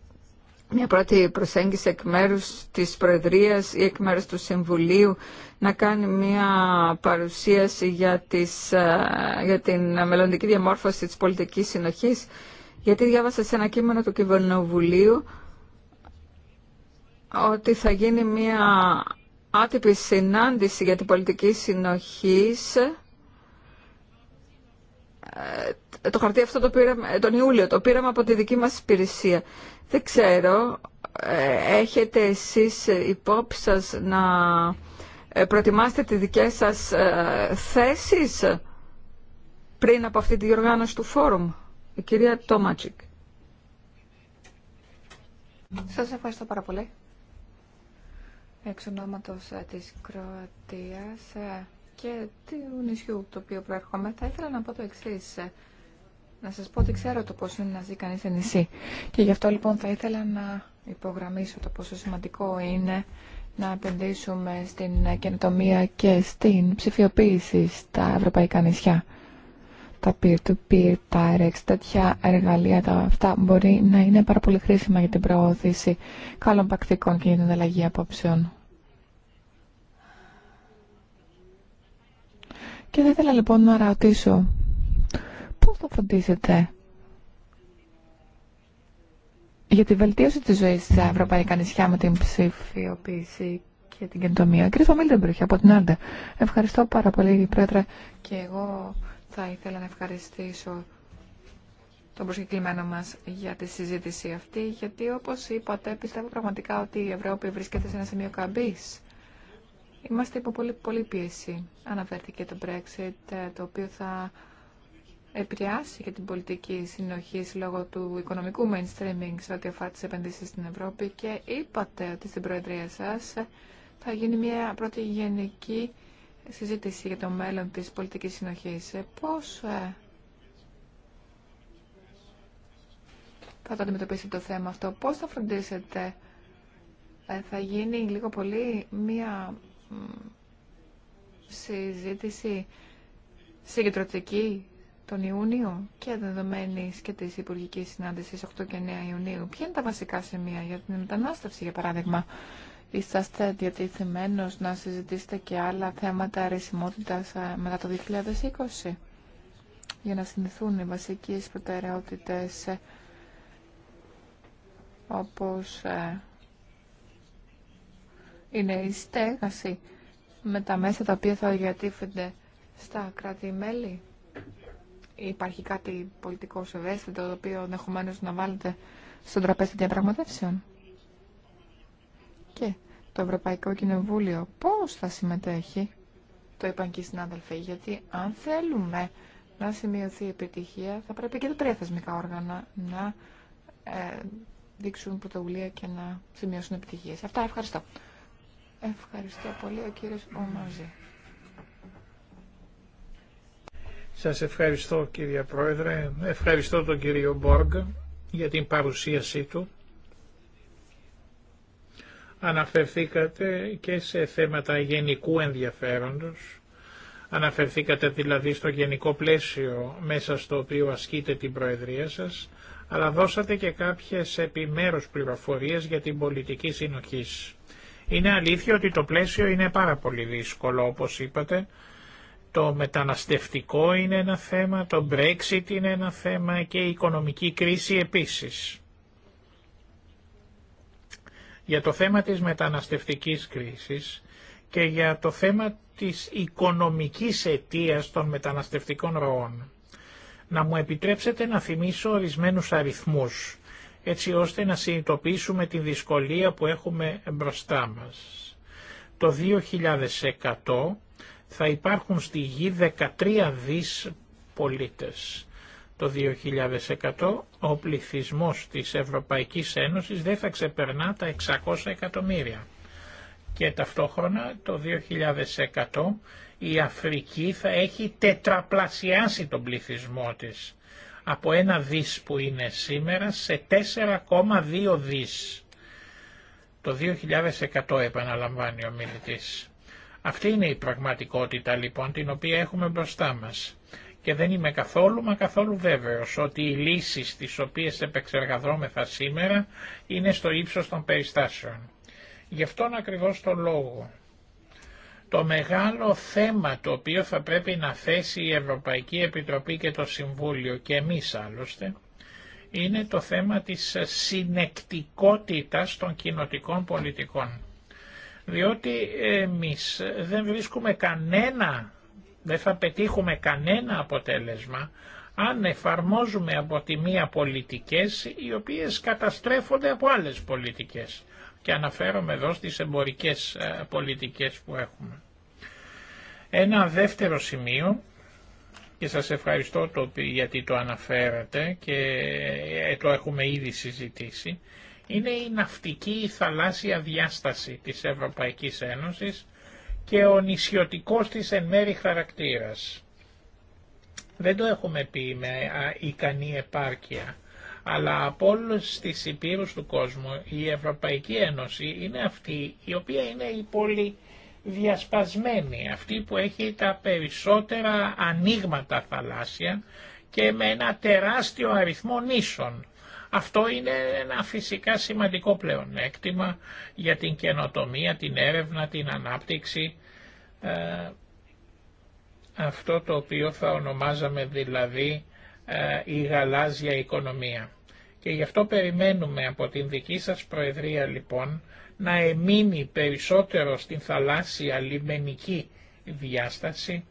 μια πρώτη προσέγγιση εκ μέρου της Προεδρίας ή εκ μέρου του Συμβουλίου να κάνει μια παρουσίαση για, τις, ε, για την μελλοντική διαμόρφωση της πολιτικής συνοχής γιατί διάβασα σε ένα κείμενο του Κυβερνοβουλίου ότι θα γίνει μια άτυπη συνάντηση για την πολιτική συνοχή. Ε, το χαρτί αυτό το πήραμε ε, τον Ιούλιο, το πήραμε από τη δική μας υπηρεσία. Δεν ξέρω, ε, έχετε εσείς υπόψη σας να προετοιμάσετε τις δικές σας θέσεις πριν από αυτή τη διοργάνωση του φόρουμ. Η κυρία Τόματσικ. Σας ευχαριστώ πάρα πολύ εξ ονόματος ε, της Κροατίας ε, και του νησιού το οποίο προέρχομαι, θα ήθελα να πω το εξή. Ε, να σας πω ότι ξέρω το πόσο είναι να ζει κανείς σε νησί. Και γι' αυτό λοιπόν θα ήθελα να υπογραμμίσω το πόσο σημαντικό είναι να επενδύσουμε στην καινοτομία και στην ψηφιοποίηση στα ευρωπαϊκά νησιά. Τα peer-to-peer, τα RX, τέτοια εργαλεία, τα αυτά μπορεί να είναι πάρα πολύ χρήσιμα για την προώθηση καλών πρακτικών και για την ανταλλαγή απόψεων. Και θα ήθελα λοιπόν να ρωτήσω πώς θα φροντίσετε για τη βελτίωση της ζωής στα ευρωπαϊκά νησιά με την ψηφιοποίηση και την καινοτομία. Κύριε Φαμίλτεμπρουχ, από την Άρντε. Ευχαριστώ πάρα πολύ, Πρόεδρε, και εγώ θα ήθελα να ευχαριστήσω τον προσκεκλημένο μας για τη συζήτηση αυτή, γιατί όπως είπατε, πιστεύω πραγματικά ότι η Ευρώπη βρίσκεται σε ένα σημείο καμπής Είμαστε υπό πολύ, πολύ πίεση. Αναφέρθηκε το Brexit, ε, το οποίο θα επηρεάσει και την πολιτική συνοχή λόγω του οικονομικού mainstreaming σε ό,τι αφορά τι επενδύσει στην Ευρώπη και είπατε ότι στην Προεδρία σα θα γίνει μια πρώτη γενική συζήτηση για το μέλλον της πολιτικής συνοχής. Ε, πώς ε, θα το αντιμετωπίσετε το θέμα αυτό, πώς θα φροντίσετε, θα γίνει λίγο πολύ μια συζήτηση συγκεντρωτική τον Ιούνιο και δεδομένη και τη Υπουργική Συνάντηση 8 και 9 Ιουνίου. Ποια είναι τα βασικά σημεία για την μετανάστευση, για παράδειγμα. Είσαστε διατεθειμένο να συζητήσετε και άλλα θέματα αρισιμότητα ε, μετά το 2020 για να συνηθούν οι βασικέ προτεραιότητε. Ε, όπως ε, είναι η στέγαση με τα μέσα τα οποία θα διατύφονται στα κράτη-μέλη. Υπάρχει κάτι πολιτικό ευαίσθητο το οποίο ενδεχομένω να βάλετε στον τραπέζι των διαπραγματεύσεων. Και το Ευρωπαϊκό Κοινοβούλιο πώς θα συμμετέχει, το είπαν και οι συνάδελφοι, γιατί αν θέλουμε να σημειωθεί επιτυχία θα πρέπει και τα τρία θεσμικά όργανα να ε, δείξουν πρωτοβουλία και να σημειώσουν επιτυχίες. Αυτά ευχαριστώ. Ευχαριστώ πολύ ο κύριος Ομαζή. Σας ευχαριστώ κύριε Πρόεδρε, ευχαριστώ τον κύριο Μπόργκ για την παρουσίασή του. Αναφερθήκατε και σε θέματα γενικού ενδιαφέροντος, αναφερθήκατε δηλαδή στο γενικό πλαίσιο μέσα στο οποίο ασκείτε την Προεδρία σας, αλλά δώσατε και κάποιες επιμέρους πληροφορίες για την πολιτική συνοχή. Είναι αλήθεια ότι το πλαίσιο είναι πάρα πολύ δύσκολο όπως είπατε. Το μεταναστευτικό είναι ένα θέμα, το Brexit είναι ένα θέμα και η οικονομική κρίση επίσης. Για το θέμα της μεταναστευτικής κρίσης και για το θέμα της οικονομικής αιτίας των μεταναστευτικών ροών. Να μου επιτρέψετε να θυμίσω ορισμένους αριθμούς έτσι ώστε να συνειδητοποιήσουμε τη δυσκολία που έχουμε μπροστά μας. Το 2100 θα υπάρχουν στη γη 13 δις πολίτες. Το 2100 ο πληθυσμός της Ευρωπαϊκής Ένωσης δεν θα ξεπερνά τα 600 εκατομμύρια. Και ταυτόχρονα το 2100 η Αφρική θα έχει τετραπλασιάσει τον πληθυσμό της από ένα δις που είναι σήμερα σε 4,2 δις. Το 2100 επαναλαμβάνει ο μιλητής. Αυτή είναι η πραγματικότητα λοιπόν την οποία έχουμε μπροστά μας. Και δεν είμαι καθόλου μα καθόλου βέβαιος ότι οι λύσεις τις οποίες επεξεργαζόμεθα σήμερα είναι στο ύψος των περιστάσεων. Γι' αυτόν ακριβώς τον λόγο το μεγάλο θέμα το οποίο θα πρέπει να θέσει η Ευρωπαϊκή Επιτροπή και το Συμβούλιο και εμείς άλλωστε, είναι το θέμα της συνεκτικότητας των κοινοτικών πολιτικών. Διότι εμείς δεν βρίσκουμε κανένα, δεν θα πετύχουμε κανένα αποτέλεσμα αν εφαρμόζουμε από τη μία πολιτικές οι οποίες καταστρέφονται από άλλες πολιτικές και αναφέρομαι εδώ στις εμπορικές ε, πολιτικές που έχουμε. Ένα δεύτερο σημείο και σας ευχαριστώ το, γιατί το αναφέρατε και ε, το έχουμε ήδη συζητήσει, είναι η ναυτική θαλάσσια διάσταση της Ευρωπαϊκής Ένωσης και ο νησιωτικός της εν μέρη χαρακτήρας. Δεν το έχουμε πει με ικανή επάρκεια αλλά από όλου τι υπήρου του κόσμου η Ευρωπαϊκή Ένωση είναι αυτή η οποία είναι η πολύ διασπασμένη, αυτή που έχει τα περισσότερα ανοίγματα θαλάσσια και με ένα τεράστιο αριθμό νήσων. Αυτό είναι ένα φυσικά σημαντικό πλεονέκτημα για την καινοτομία, την έρευνα, την ανάπτυξη, ε, αυτό το οποίο θα ονομάζαμε δηλαδή ε, η γαλάζια οικονομία. Και γι' αυτό περιμένουμε από την δική σας Προεδρία λοιπόν να εμείνει περισσότερο στην θαλάσσια λιμενική διάσταση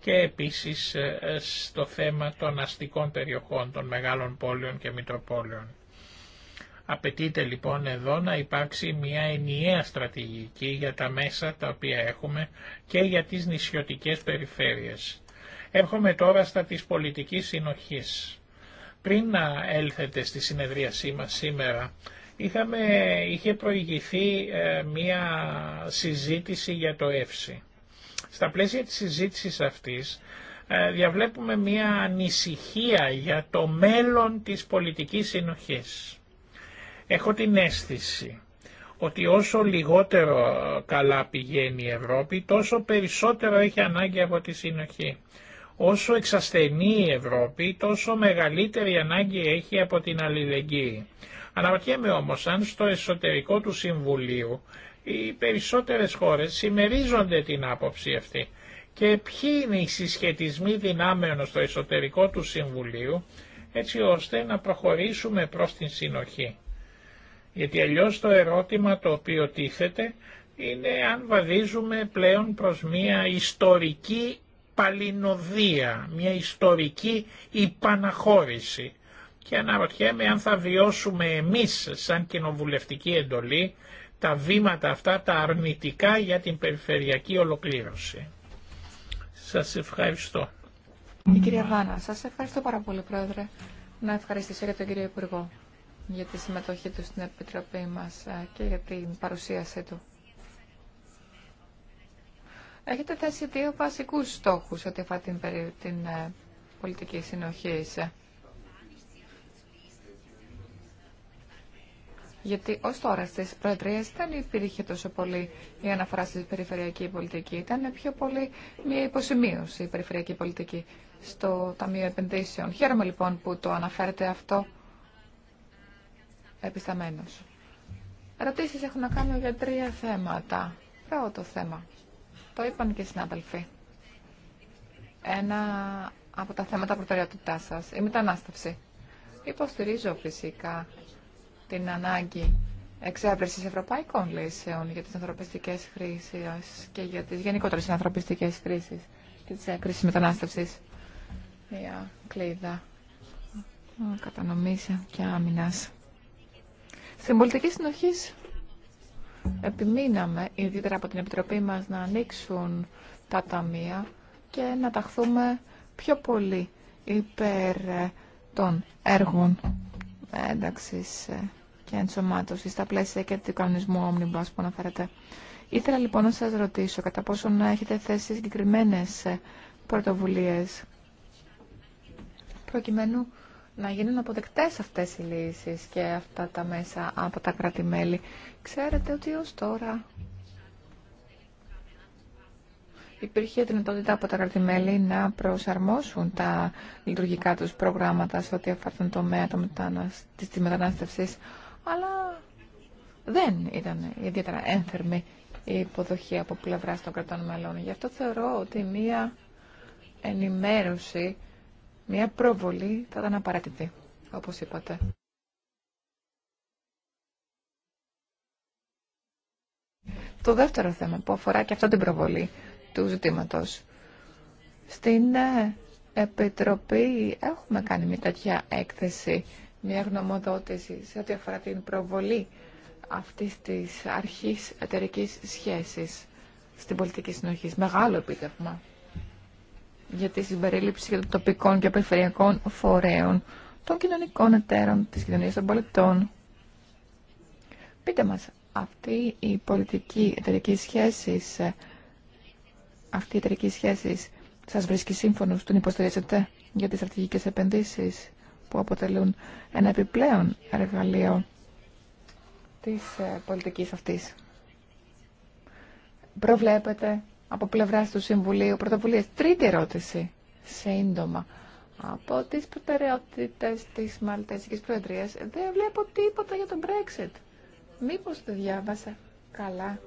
και επίσης ε, ε, στο θέμα των αστικών περιοχών, των μεγάλων πόλεων και μητροπόλεων. Απαιτείται λοιπόν εδώ να υπάρξει μια ενιαία στρατηγική για τα μέσα τα οποία έχουμε και για τις νησιωτικές περιφέρειες. Έρχομαι τώρα στα της πολιτικής συνοχής. Πριν να έλθετε στη συνεδρίασή μας σήμερα, είχαμε, είχε προηγηθεί ε, μία συζήτηση για το ΕΦΣΥ. Στα πλαίσια της συζήτησης αυτής, ε, διαβλέπουμε μία ανησυχία για το μέλλον της πολιτικής συνοχής. Έχω την αίσθηση ότι όσο λιγότερο καλά πηγαίνει η Ευρώπη, τόσο περισσότερο έχει ανάγκη από τη συνοχή. Όσο εξασθενεί η Ευρώπη, τόσο μεγαλύτερη ανάγκη έχει από την αλληλεγγύη. Αναρωτιέμαι όμως αν στο εσωτερικό του Συμβουλίου οι περισσότερες χώρες συμμερίζονται την άποψη αυτή και ποιοι είναι οι συσχετισμοί δυνάμεων στο εσωτερικό του Συμβουλίου έτσι ώστε να προχωρήσουμε προς την συνοχή. Γιατί αλλιώς το ερώτημα το οποίο τίθεται είναι αν βαδίζουμε πλέον προς μια ιστορική παλινοδία, μια ιστορική υπαναχώρηση. Και αναρωτιέμαι αν θα βιώσουμε εμείς σαν κοινοβουλευτική εντολή τα βήματα αυτά τα αρνητικά για την περιφερειακή ολοκλήρωση. Σας ευχαριστώ. Η κυρία Βάνα, σας ευχαριστώ πάρα πολύ Πρόεδρε. Να ευχαριστήσω για τον κύριο Υπουργό για τη συμμετοχή του στην Επιτροπή μας ε, και για την παρουσίασή του έχετε θέσει δύο βασικούς στόχους ό,τι αφορά την, ε, πολιτική συνοχή. Γιατί ως τώρα στις προεδρίες δεν υπήρχε τόσο πολύ η αναφορά στην περιφερειακή πολιτική. Ήταν πιο πολύ μια υποσημείωση η περιφερειακή πολιτική στο Ταμείο Επενδύσεων. Χαίρομαι λοιπόν που το αναφέρετε αυτό επισταμένος. Ρωτήσεις έχουν να κάνω για τρία θέματα. Πρώτο θέμα. Το είπαν και οι συνάδελφοι. Ένα από τα θέματα προτεραιότητά σα. η μετανάστευση. Υποστηρίζω φυσικά την ανάγκη εξέβρεση ευρωπαϊκών λύσεων για τι ανθρωπιστικέ χρήσει και για τι γενικότερε ανθρωπιστικέ χρήσει και τις κρίσεις μετανάστευση, Μια κλίδα κατανομή και άμυνα. Στην πολιτική συνοχή επιμείναμε ιδιαίτερα από την Επιτροπή μας να ανοίξουν τα ταμεία και να ταχθούμε πιο πολύ υπέρ ε, των έργων ένταξης ε, και ενσωμάτωση στα πλαίσια και του κανονισμού Omnibus που αναφέρεται. Ήθελα λοιπόν να σας ρωτήσω κατά πόσον έχετε θέσει συγκεκριμένε ε, πρωτοβουλίες προκειμένου να γίνουν αποδεκτές αυτές οι λύσεις και αυτά τα μέσα από τα κράτη-μέλη. Ξέρετε ότι ως τώρα υπήρχε δυνατότητα από τα κράτη-μέλη να προσαρμόσουν τα λειτουργικά τους προγράμματα σε ό,τι αφορά τον τομέα το μετανασ... της μετανάστευσης, αλλά δεν ήταν ιδιαίτερα ένθερμη η υποδοχή από πλευρά των κρατών μελών. Γι' αυτό θεωρώ ότι μία ενημέρωση μια προβολή θα ήταν απαραίτητη, όπως είπατε. Το δεύτερο θέμα που αφορά και αυτό την προβολή του ζητήματος. Στην ε, Επιτροπή έχουμε κάνει μια τέτοια έκθεση, μια γνωμοδότηση σε ό,τι αφορά την προβολή αυτής της αρχής εταιρικής σχέσης στην πολιτική συνοχή. Μεγάλο επίτευγμα για τη συμπερίληψη των τοπικών και περιφερειακών φορέων, των κοινωνικών εταίρων, της κοινωνίας των πολιτών. Πείτε μας, αυτή η πολιτική εταιρική σχέση, ε, αυτή η εταιρική σχέση σας βρίσκει σύμφωνο τον υποστηρίζετε για τις στρατηγικές επενδύσεις που αποτελούν ένα επιπλέον εργαλείο της ε, πολιτικής αυτής. Προβλέπετε από πλευράς του Συμβουλίου Πρωτοβουλίας. Τρίτη ερώτηση, σύντομα. Από τις προτεραιότητες της Μαλτέζικης Προεδρίας δεν βλέπω τίποτα για τον Brexit. Μήπως το διάβασα καλά.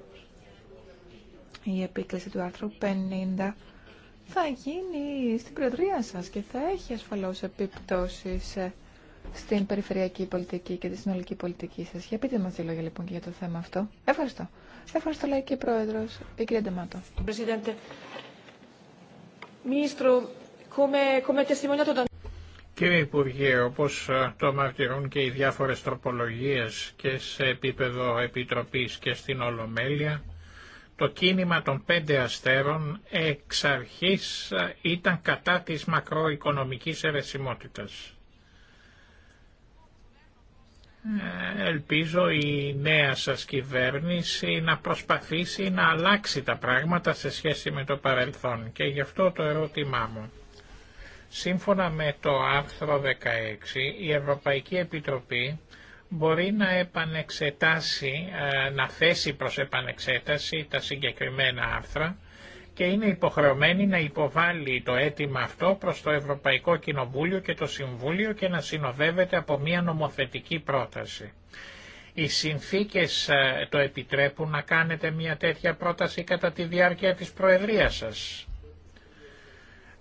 Η επίκληση του άρθρου 50 θα γίνει στην Προεδρία σας και θα έχει ασφαλώς επιπτώσεις ε, στην περιφερειακή πολιτική και τη συνολική πολιτική σας. Για πείτε μας δύο λόγια λοιπόν και για το θέμα αυτό. Ευχαριστώ. Ευχαριστώ, λέει πρόεδρο, η κυρία Ντεμάτο. Κύριε Υπουργέ, όπως το μαρτυρούν και οι διάφορες τροπολογίες και σε επίπεδο επιτροπής και στην Ολομέλεια, το κίνημα των πέντε αστέρων εξ ήταν κατά της μακροοικονομικής αιρεσιμότητας. Ε, ελπίζω η νέα σας κυβέρνηση να προσπαθήσει να αλλάξει τα πράγματα σε σχέση με το παρελθόν και γι' αυτό το ερώτημά μου. Σύμφωνα με το άρθρο 16, η Ευρωπαϊκή Επιτροπή μπορεί να επανεξετάσει, ε, να θέσει προς επανεξέταση τα συγκεκριμένα άρθρα και είναι υποχρεωμένη να υποβάλει το αίτημα αυτό προς το Ευρωπαϊκό Κοινοβούλιο και το Συμβούλιο και να συνοδεύεται από μια νομοθετική πρόταση. Οι συνθήκες ε, το επιτρέπουν να κάνετε μια τέτοια πρόταση κατά τη διάρκεια της Προεδρίας σας.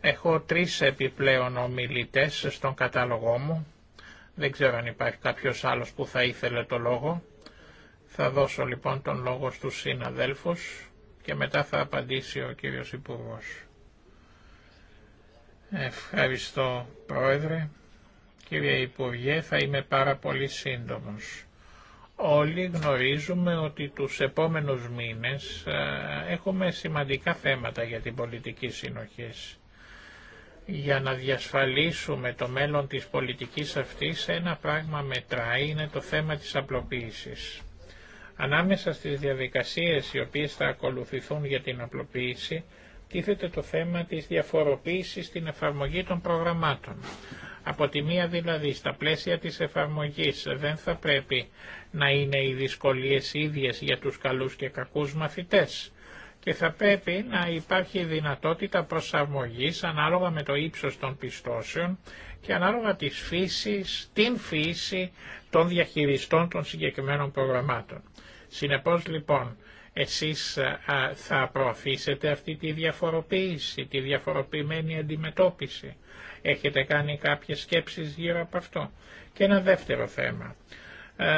Έχω τρεις επιπλέον ομιλητές στον κατάλογό μου. Δεν ξέρω αν υπάρχει κάποιος άλλος που θα ήθελε το λόγο. Θα δώσω λοιπόν τον λόγο στους συναδέλφους και μετά θα απαντήσει ο κύριος Υπουργός. Ευχαριστώ Πρόεδρε. Κύριε Υπουργέ, θα είμαι πάρα πολύ σύντομος. Όλοι γνωρίζουμε ότι τους επόμενους μήνες ε, έχουμε σημαντικά θέματα για την πολιτική συνοχή. Για να διασφαλίσουμε το μέλλον της πολιτικής αυτής, ένα πράγμα μετράει είναι το θέμα της απλοποίησης. Ανάμεσα στις διαδικασίες οι οποίες θα ακολουθηθούν για την απλοποίηση, τίθεται το θέμα της διαφοροποίησης στην εφαρμογή των προγραμμάτων. Από τη μία δηλαδή στα πλαίσια της εφαρμογής δεν θα πρέπει να είναι οι δυσκολίες ίδιες για τους καλούς και κακούς μαθητές και θα πρέπει να υπάρχει δυνατότητα προσαρμογής ανάλογα με το ύψος των πιστώσεων και ανάλογα της φύσης, την φύση των διαχειριστών των συγκεκριμένων προγραμμάτων. Συνεπώς λοιπόν, εσείς θα προωθήσετε αυτή τη διαφοροποίηση, τη διαφοροποιημένη αντιμετώπιση. Έχετε κάνει κάποιες σκέψεις γύρω από αυτό. Και ένα δεύτερο θέμα.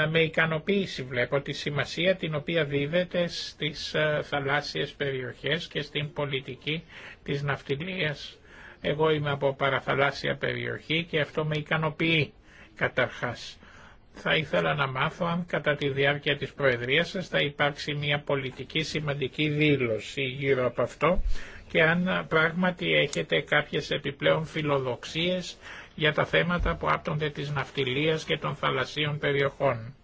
Με ικανοποίηση βλέπω τη σημασία την οποία δίδεται στις θαλάσσιες περιοχές και στην πολιτική της ναυτιλίας. Εγώ είμαι από παραθαλάσσια περιοχή και αυτό με ικανοποιεί καταρχάς θα ήθελα να μάθω αν κατά τη διάρκεια της Προεδρίας σας θα υπάρξει μια πολιτική σημαντική δήλωση γύρω από αυτό και αν πράγματι έχετε κάποιες επιπλέον φιλοδοξίες για τα θέματα που άπτονται της ναυτιλίας και των θαλασσίων περιοχών.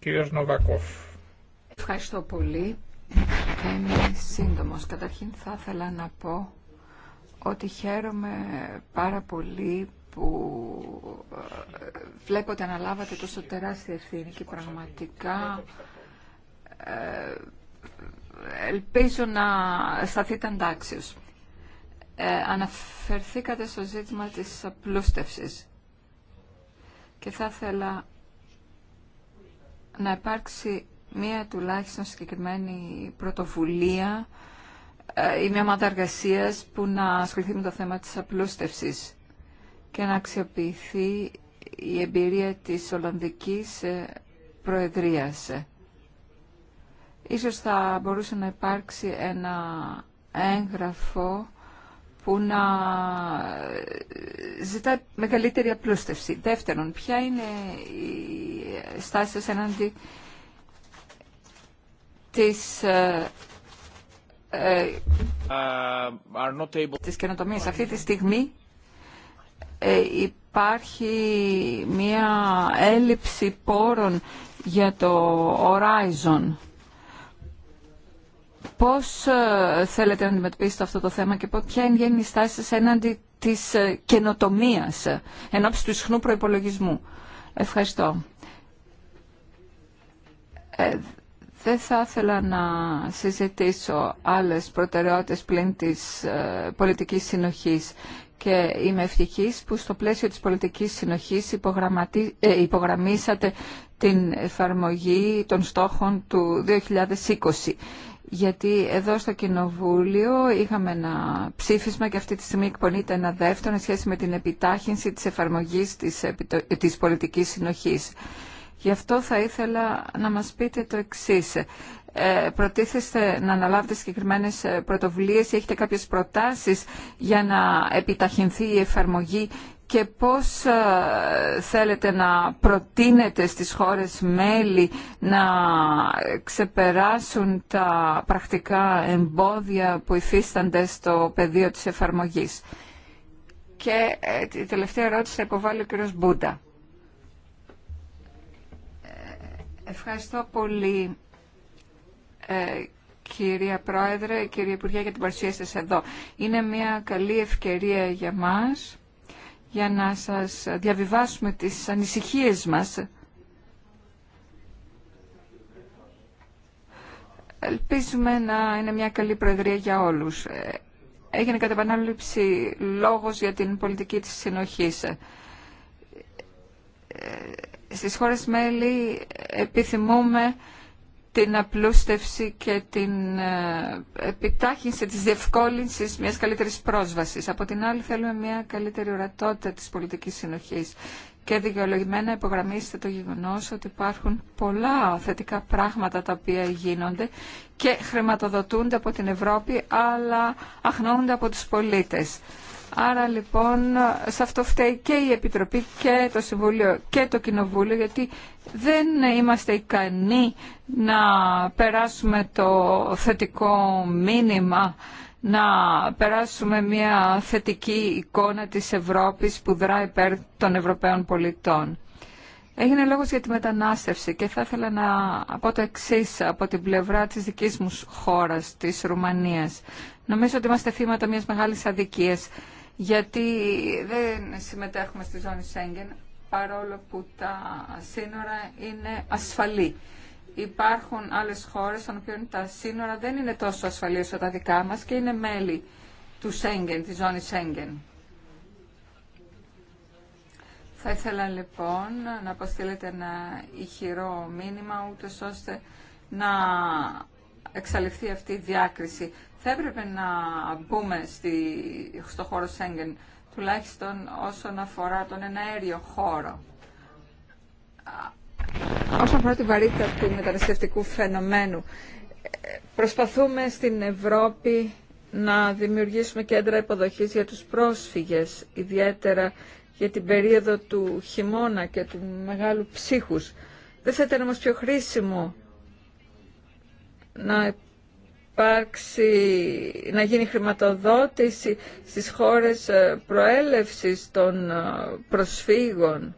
Κύριος Νοβακόφ. Ευχαριστώ πολύ. Θα είμαι σύντομος. Καταρχήν θα ήθελα να πω ότι χαίρομαι πάρα πολύ που ε, βλέπω ότι αναλάβατε τόσο τεράστια ευθύνη και πραγματικά ε, ελπίζω να σταθείτε αντάξιος. Ε, αναφερθήκατε στο ζήτημα της απλούστευσης και θα ήθελα να υπάρξει μία τουλάχιστον συγκεκριμένη πρωτοβουλία ε, ή μια ομάδα εργασία που να ασχοληθεί με το θέμα της απλούστευσης και να αξιοποιηθεί η εμπειρία της Ολλανδικής ε, Προεδρίας. Ίσως θα μπορούσε να υπάρξει ένα έγγραφο που να ε, ζητά μεγαλύτερη απλούστευση. Δεύτερον, ποια είναι η στάση σας έναντι της, ε, ε uh, της καινοτομίας. Αυτή τη στιγμή ε, υπάρχει μία έλλειψη πόρων για το Horizon. Πώς ε, θέλετε να αντιμετωπίσετε αυτό το θέμα και ποια είναι η στάση σας έναντι της ε, καινοτομίας εν του ισχνού προϋπολογισμού. Ευχαριστώ. δεν θα ήθελα να συζητήσω άλλες προτεραιότητες πλην της πολιτικής συνοχής και είμαι ευτυχής που στο πλαίσιο της πολιτικής συνοχής ε, υπογραμμίσατε την εφαρμογή των στόχων του 2020 γιατί εδώ στο Κοινοβούλιο είχαμε ένα ψήφισμα και αυτή τη στιγμή εκπονείται ένα δεύτερο σε σχέση με την επιτάχυνση της εφαρμογής της, της πολιτικής συνοχής. Γι' αυτό θα ήθελα να μας πείτε το εξής. Ε, προτίθεστε να αναλάβετε συγκεκριμένε πρωτοβουλίε ή έχετε κάποιες προτάσεις για να επιταχυνθεί η εφαρμογή και πώς ε, θέλετε να προτείνετε στις χώρες μέλη να ξεπεράσουν τα πρακτικά εμπόδια που υφίστανται στο πεδίο της εφαρμογής. Και ε, τη τελευταία ερώτηση θα υποβάλει ο κ. Μπούντα. Ευχαριστώ πολύ. Ε, κυρία Πρόεδρε, κύριε Υπουργέ, για την παρουσία σας εδώ. Είναι μια καλή ευκαιρία για μας για να σας διαβιβάσουμε τις ανησυχίες μας. Ελπίζουμε να είναι μια καλή Προεδρία για όλους. Ε, έγινε κατά επανάληψη λόγος για την πολιτική της συνοχής ε, στις χώρες μέλη επιθυμούμε την απλούστευση και την ε, επιτάχυνση της διευκόλυνσης μιας καλύτερης πρόσβασης. Από την άλλη θέλουμε μια καλύτερη ορατότητα της πολιτικής συνοχής και δικαιολογημένα υπογραμμίστε το γεγονός ότι υπάρχουν πολλά θετικά πράγματα τα οποία γίνονται και χρηματοδοτούνται από την Ευρώπη αλλά αχνώνονται από τους πολίτες. Άρα λοιπόν σε αυτό φταίει και η Επιτροπή και το Συμβούλιο και το Κοινοβούλιο γιατί δεν είμαστε ικανοί να περάσουμε το θετικό μήνυμα να περάσουμε μια θετική εικόνα της Ευρώπης που δράει υπέρ των Ευρωπαίων πολιτών. Έγινε λόγος για τη μετανάστευση και θα ήθελα να πω το εξή από την πλευρά της δικής μου χώρας, της Ρουμανίας. Νομίζω ότι είμαστε θύματα μιας μεγάλης αδικίας γιατί δεν συμμετέχουμε στη ζώνη Σέγγεν παρόλο που τα σύνορα είναι ασφαλή. Υπάρχουν άλλες χώρες των οποίων τα σύνορα δεν είναι τόσο ασφαλή όσο τα δικά μας και είναι μέλη του Σέγγεν, της ζώνης Σέγγεν. Θα ήθελα λοιπόν να αποστείλετε ένα ηχηρό μήνυμα ούτως ώστε να εξαλειφθεί αυτή η διάκριση θα έπρεπε να μπούμε στη, στο χώρο Σέγγεν, τουλάχιστον όσον αφορά τον εναέριο χώρο. Όσον αφορά τη βαρύτητα του μεταναστευτικού φαινομένου, προσπαθούμε στην Ευρώπη να δημιουργήσουμε κέντρα υποδοχής για τους πρόσφυγες, ιδιαίτερα για την περίοδο του χειμώνα και του μεγάλου ψύχους. Δεν θα ήταν όμως πιο χρήσιμο να υπάρξει, να γίνει χρηματοδότηση στις χώρες ε, προέλευσης των ε, προσφύγων,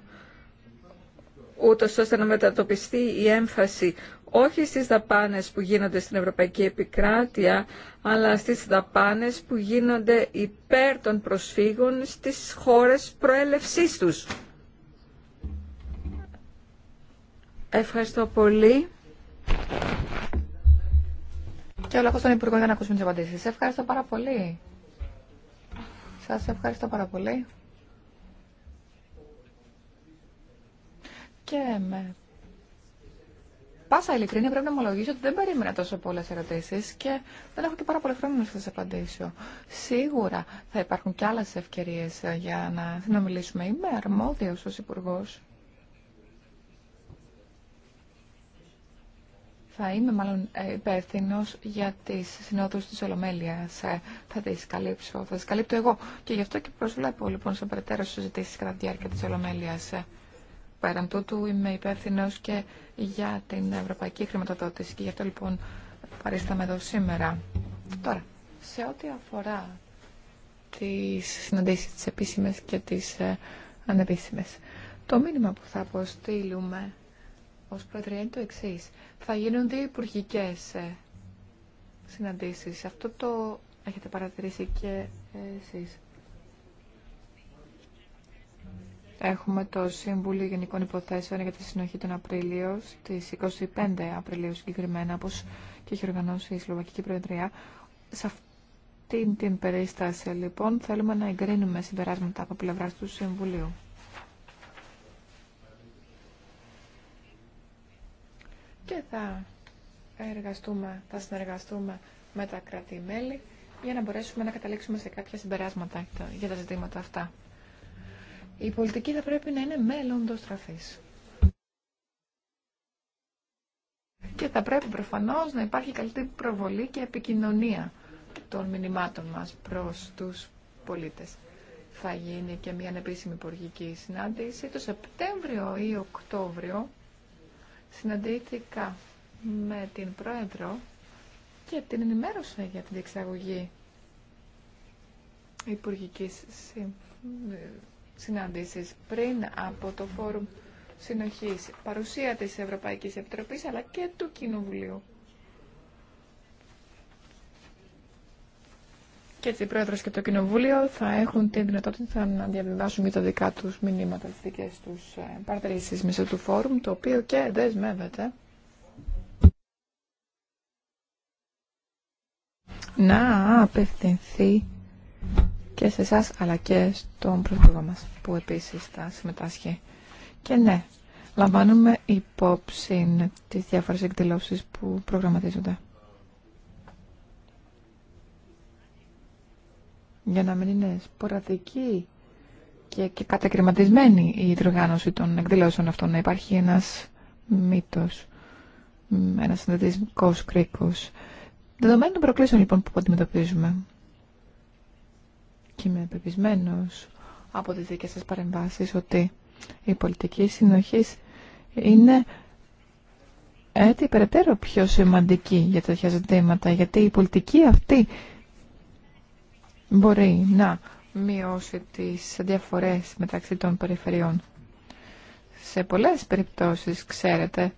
ούτως ώστε να μετατοπιστεί η έμφαση όχι στις δαπάνες που γίνονται στην Ευρωπαϊκή Επικράτεια, αλλά στις δαπάνες που γίνονται υπέρ των προσφύγων στις χώρες προέλευσής τους. Ευχαριστώ πολύ. Και ο λόγος των Υπουργών για να ακούσουμε απαντήσει. απαντήσεις. Ευχαριστώ πάρα πολύ. Σα ευχαριστώ πάρα πολύ. Και με πάσα ειλικρίνεια πρέπει να ομολογήσω ότι δεν περίμενα τόσο πολλέ ερωτήσει και δεν έχω και πάρα πολύ χρόνο να σα απαντήσω. Σίγουρα θα υπάρχουν και άλλε ευκαιρίε ε, για να συνομιλήσουμε. Είμαι αρμόδιο ω υπουργό Θα είμαι μάλλον ε, υπεύθυνο για τι συνόδου τη Ολομέλεια. Ε, θα τι καλύψω, θα τι καλύπτω εγώ. Και γι' αυτό και προσβλέπω λοιπόν σε περαιτέρω συζητήσει κατά τη διάρκεια τη Ολομέλεια. Ε, πέραν τούτου είμαι υπεύθυνο και για την ευρωπαϊκή χρηματοδότηση. Και γι' αυτό λοιπόν παρίσταμε εδώ σήμερα. Τώρα, σε ό,τι αφορά τι συναντήσει, τι επίσημε και τι ανεπίσημε, το μήνυμα που θα αποστείλουμε Ω Προεδρία είναι το εξή. Θα δύο υπουργικέ ε, συναντήσεις. Αυτό το έχετε παρατηρήσει και εσεί. Έχουμε το Σύμβουλιο Γενικών Υποθέσεων για τη Συνοχή τον Απρίλιο, στις 25 Απριλίου συγκεκριμένα, όπω και έχει οργανώσει η Σλοβακική Προεδρία. Σε αυτή την περίσταση, λοιπόν, θέλουμε να εγκρίνουμε συμπεράσματα από πλευρά του Συμβουλίου. και θα εργαστούμε, θα συνεργαστούμε με τα κράτη-μέλη για να μπορέσουμε να καταλήξουμε σε κάποια συμπεράσματα για τα ζητήματα αυτά. Η πολιτική θα πρέπει να είναι μέλλοντος τραφής. Και θα πρέπει προφανώς να υπάρχει καλύτερη προβολή και επικοινωνία των μηνυμάτων μας προς τους πολίτες. Θα γίνει και μια ανεπίσημη υπουργική συνάντηση το Σεπτέμβριο ή Οκτώβριο συναντήθηκα με την Πρόεδρο και την ενημέρωσα για την διεξαγωγή Υπουργική συναντήση πριν από το Φόρουμ Συνοχής, παρουσία της Ευρωπαϊκής Επιτροπής αλλά και του Κοινοβουλίου. Και έτσι οι πρόεδρος και το Κοινοβούλιο θα έχουν την δυνατότητα να διαβιβάσουν και τα δικά τους μηνύματα, τις δικές τους ε, παρατηρήσεις μέσα του φόρουμ, το οποίο και δεσμεύεται να απευθυνθεί και σε εσά αλλά και στον Πρωθυπουργό μας που επίσης θα συμμετάσχει. Και ναι, λαμβάνουμε υπόψη τις διάφορες εκδηλώσεις που προγραμματίζονται. για να μην είναι σποραδική και, και κατακριματισμένη η διοργάνωση των εκδηλώσεων αυτών, να υπάρχει ένας μύτος, ένας συνδετισμικός κρίκος. Δεδομένου των προκλήσεων λοιπόν που αντιμετωπίζουμε και είμαι πεπισμένος από τις δικές σας παρεμβάσεις ότι η πολιτική συνοχή είναι έτσι περαιτέρω πιο σημαντική για τέτοια ζητήματα, γιατί η πολιτική αυτή μπορεί να μειώσει τις διαφορές μεταξύ των περιφερειών. Σε πολλές περιπτώσεις, ξέρετε,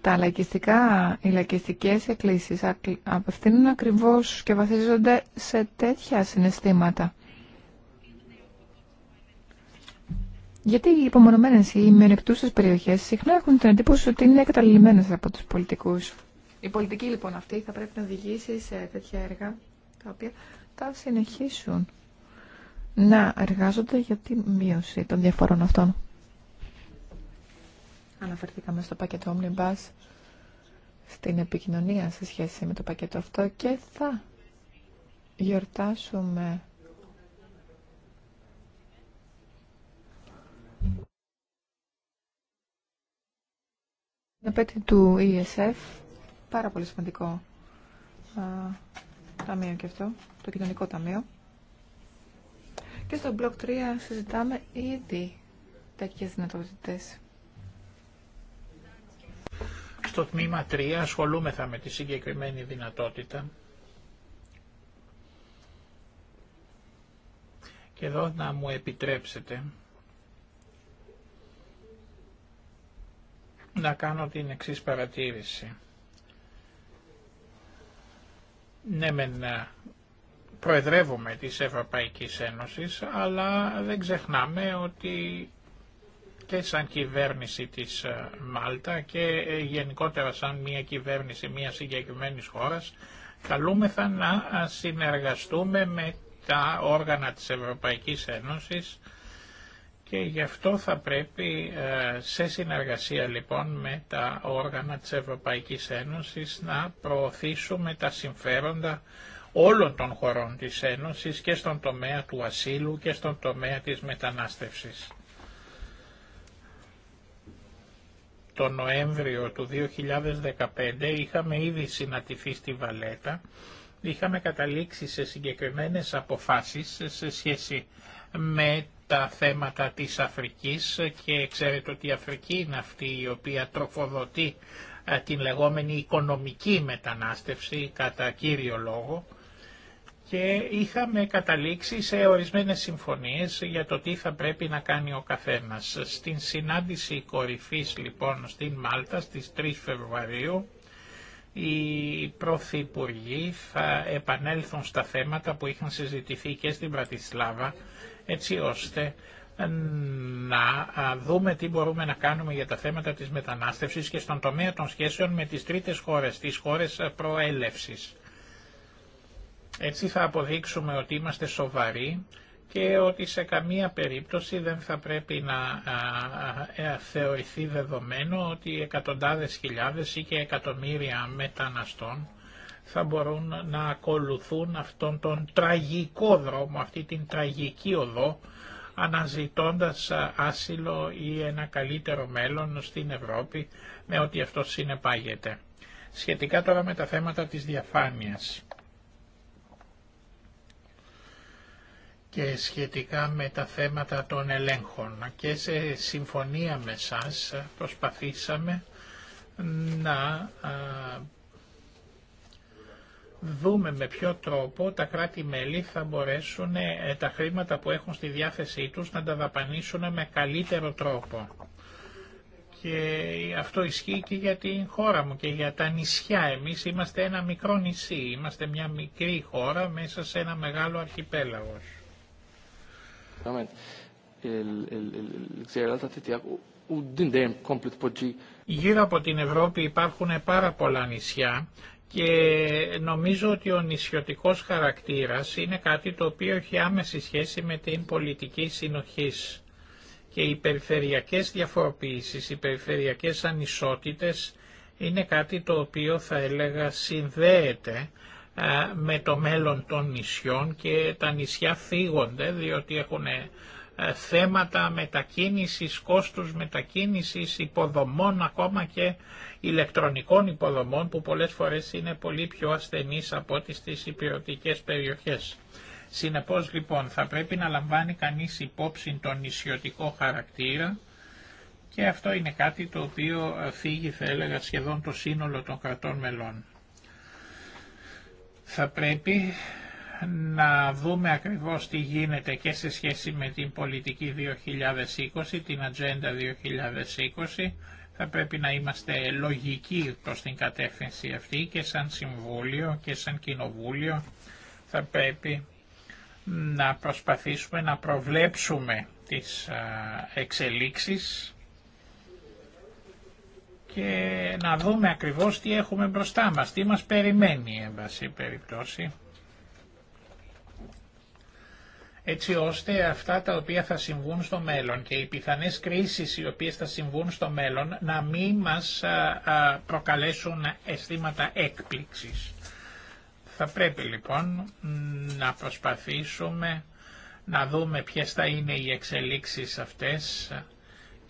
τα λαϊκιστικά, οι λαϊκιστικές εκκλήσεις απευθύνουν ακριβώς και βασίζονται σε τέτοια συναισθήματα. Γιατί οι υπομονωμένες ή οι μειονεκτούσες περιοχές συχνά έχουν την εντύπωση ότι είναι εγκαταλειμμένες από τους πολιτικούς. Η πολιτική εντυπωση οτι ειναι καταλημμενε απο τους πολιτικους η πολιτικη λοιπον αυτη θα πρέπει να οδηγήσει σε τέτοια έργα τα οποία θα συνεχίσουν να εργάζονται για τη μείωση των διαφορών αυτών. Αναφερθήκαμε στο πακέτο Omnibus στην επικοινωνία σε σχέση με το πακέτο αυτό και θα γιορτάσουμε την επέτειο του ESF πάρα πολύ σημαντικό ταμείο και αυτό, το κοινωνικό ταμείο. Και στο μπλοκ 3 συζητάμε ήδη τέτοιες δυνατότητες. Στο τμήμα 3 ασχολούμεθα με τη συγκεκριμένη δυνατότητα. Και εδώ να μου επιτρέψετε να κάνω την εξής παρατήρηση ναι μεν ε, προεδρεύουμε της Ευρωπαϊκής Ένωσης, αλλά δεν ξεχνάμε ότι και σαν κυβέρνηση της ε, Μάλτα και ε, γενικότερα σαν μια κυβέρνηση μια συγκεκριμένη χώρας, καλούμεθα να συνεργαστούμε με τα όργανα της Ευρωπαϊκής Ένωσης και γι' αυτό θα πρέπει ε, σε συνεργασία λοιπόν με τα όργανα της Ευρωπαϊκής Ένωσης να προωθήσουμε τα συμφέροντα όλων των χωρών της Ένωσης και στον τομέα του ασύλου και στον τομέα της μετανάστευσης. Το Νοέμβριο του 2015 είχαμε ήδη συναντηθεί στη Βαλέτα, είχαμε καταλήξει σε συγκεκριμένες αποφάσεις σε σχέση με τα θέματα της Αφρικής και ξέρετε ότι η Αφρική είναι αυτή η οποία τροφοδοτεί ε, την λεγόμενη οικονομική μετανάστευση κατά κύριο λόγο και είχαμε καταλήξει σε ορισμένες συμφωνίες για το τι θα πρέπει να κάνει ο καθένας. Στην συνάντηση κορυφής λοιπόν στην Μάλτα στις 3 Φεβρουαρίου οι πρωθυπουργοί θα επανέλθουν στα θέματα που είχαν συζητηθεί και στην Πρατισλάβα έτσι ώστε να δούμε τι μπορούμε να κάνουμε για τα θέματα της μετανάστευσης και στον τομέα των σχέσεων με τις τρίτες χώρες, τις χώρες προέλευσης. Έτσι θα αποδείξουμε ότι είμαστε σοβαροί και ότι σε καμία περίπτωση δεν θα πρέπει να θεωρηθεί δεδομένο ότι εκατοντάδες χιλιάδες ή και εκατομμύρια μεταναστών θα μπορούν να ακολουθούν αυτόν τον τραγικό δρόμο, αυτή την τραγική οδό, αναζητώντας άσυλο ή ένα καλύτερο μέλλον στην Ευρώπη με ό,τι αυτό συνεπάγεται. Σχετικά τώρα με τα θέματα της διαφάνειας και σχετικά με τα θέματα των ελέγχων και σε συμφωνία με σας προσπαθήσαμε να δούμε με ποιο τρόπο τα κράτη-μέλη θα μπορέσουν τα χρήματα που έχουν στη διάθεσή τους να τα δαπανίσουν με καλύτερο τρόπο. Και αυτό ισχύει και για την χώρα μου και για τα νησιά. Εμείς είμαστε ένα μικρό νησί, είμαστε μια μικρή χώρα μέσα σε ένα μεγάλο αρχιπέλαγος. Γύρω από την Ευρώπη υπάρχουν πάρα πολλά νησιά και νομίζω ότι ο νησιωτικός χαρακτήρας είναι κάτι το οποίο έχει άμεση σχέση με την πολιτική συνοχής και οι περιφερειακές διαφοροποιήσεις, οι περιφερειακές ανισότητες είναι κάτι το οποίο θα έλεγα συνδέεται με το μέλλον των νησιών και τα νησιά φύγονται διότι έχουν ε, θέματα μετακίνησης, κόστους μετακίνησης, υποδομών ακόμα και ηλεκτρονικών υποδομών που πολλές φορές είναι πολύ πιο ασθενείς από ό,τι στις υπηρετικές περιοχές. Συνεπώς λοιπόν θα πρέπει να λαμβάνει κανείς υπόψη τον νησιωτικό χαρακτήρα και αυτό είναι κάτι το οποίο φύγει θα έλεγα σχεδόν το σύνολο των κρατών μελών. Θα πρέπει να δούμε ακριβώς τι γίνεται και σε σχέση με την πολιτική 2020, την Ατζέντα 2020. Θα πρέπει να είμαστε λογικοί προς την κατεύθυνση αυτή και σαν Συμβούλιο και σαν Κοινοβούλιο θα πρέπει να προσπαθήσουμε να προβλέψουμε τις εξελίξεις και να δούμε ακριβώς τι έχουμε μπροστά μας, τι μας περιμένει εν πάση περιπτώσει έτσι ώστε αυτά τα οποία θα συμβούν στο μέλλον και οι πιθανές κρίσεις οι οποίες θα συμβούν στο μέλλον να μην μας προκαλέσουν αισθήματα έκπληξης. Θα πρέπει λοιπόν να προσπαθήσουμε να δούμε ποιες θα είναι οι εξελίξεις αυτές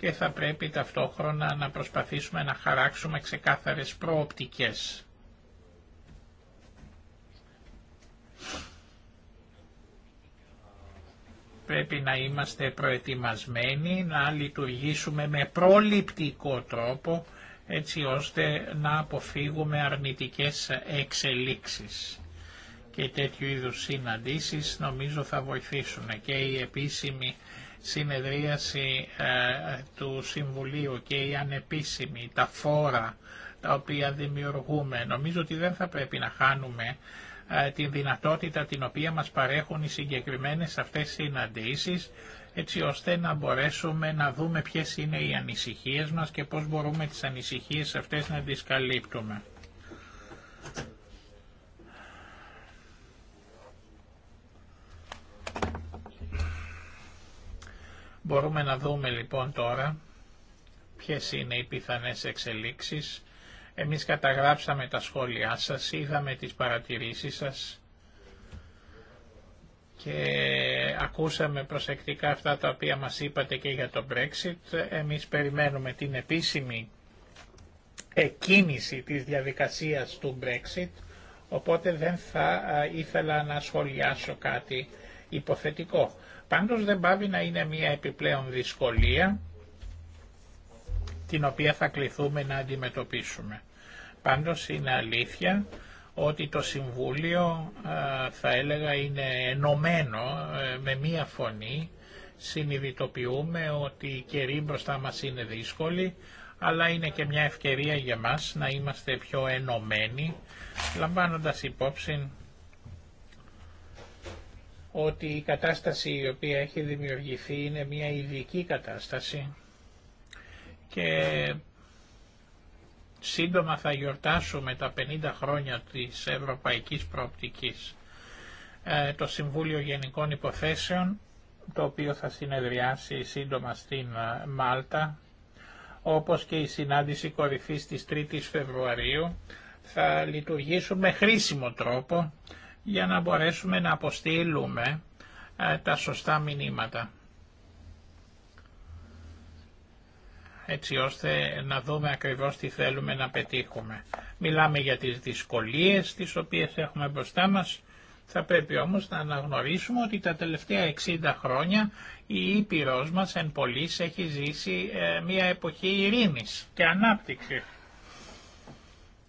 και θα πρέπει ταυτόχρονα να προσπαθήσουμε να χαράξουμε ξεκάθαρες προοπτικές. Πρέπει να είμαστε προετοιμασμένοι, να λειτουργήσουμε με προληπτικό τρόπο, έτσι ώστε να αποφύγουμε αρνητικές εξελίξεις. Και τέτοιου είδους συναντήσεις νομίζω θα βοηθήσουν και η επίσημη συνεδρίαση ε, του Συμβουλίου και η ανεπίσημη, τα φόρα τα οποία δημιουργούμε. Νομίζω ότι δεν θα πρέπει να χάνουμε ε, την δυνατότητα την οποία μας παρέχουν οι συγκεκριμένες αυτές συναντήσεις έτσι ώστε να μπορέσουμε να δούμε ποιες είναι οι ανησυχίες μας και πώς μπορούμε τις ανησυχίες αυτές να τις καλύπτουμε. Μπορούμε να δούμε λοιπόν τώρα ποιες είναι οι πιθανές εξελίξεις εμείς καταγράψαμε τα σχόλιά σας, είδαμε τις παρατηρήσεις σας και ακούσαμε προσεκτικά αυτά τα οποία μας είπατε και για το Brexit. Εμείς περιμένουμε την επίσημη εκκίνηση της διαδικασίας του Brexit, οπότε δεν θα ήθελα να σχολιάσω κάτι υποθετικό. Πάντως δεν πάβει να είναι μια επιπλέον δυσκολία την οποία θα κληθούμε να αντιμετωπίσουμε. Πάντως είναι αλήθεια ότι το Συμβούλιο θα έλεγα είναι ενωμένο ε, με μία φωνή. Συνειδητοποιούμε ότι η καιρή μπροστά μας είναι δύσκολη, αλλά είναι και μια ευκαιρία για μας να είμαστε πιο ενωμένοι, λαμβάνοντας υπόψη ότι η κατάσταση η οποία έχει δημιουργηθεί είναι μια ειδική κατάσταση και σύντομα θα γιορτάσουμε τα 50 χρόνια της ευρωπαϊκής προοπτικής. Ε, το Συμβούλιο Γενικών Υποθέσεων, το οποίο θα συνεδριάσει σύντομα στην ε, Μάλτα, όπως και η συνάντηση κορυφής της 3ης Φεβρουαρίου, θα λειτουργήσουν με χρήσιμο τρόπο για να μπορέσουμε να αποστείλουμε ε, τα σωστά μηνύματα. έτσι ώστε να δούμε ακριβώς τι θέλουμε να πετύχουμε. Μιλάμε για τις δυσκολίες τις οποίες έχουμε μπροστά μας, θα πρέπει όμως να αναγνωρίσουμε ότι τα τελευταία 60 χρόνια η Ήπειρός μας εν πολλής έχει ζήσει ε, μια εποχή ειρήνης και ανάπτυξη.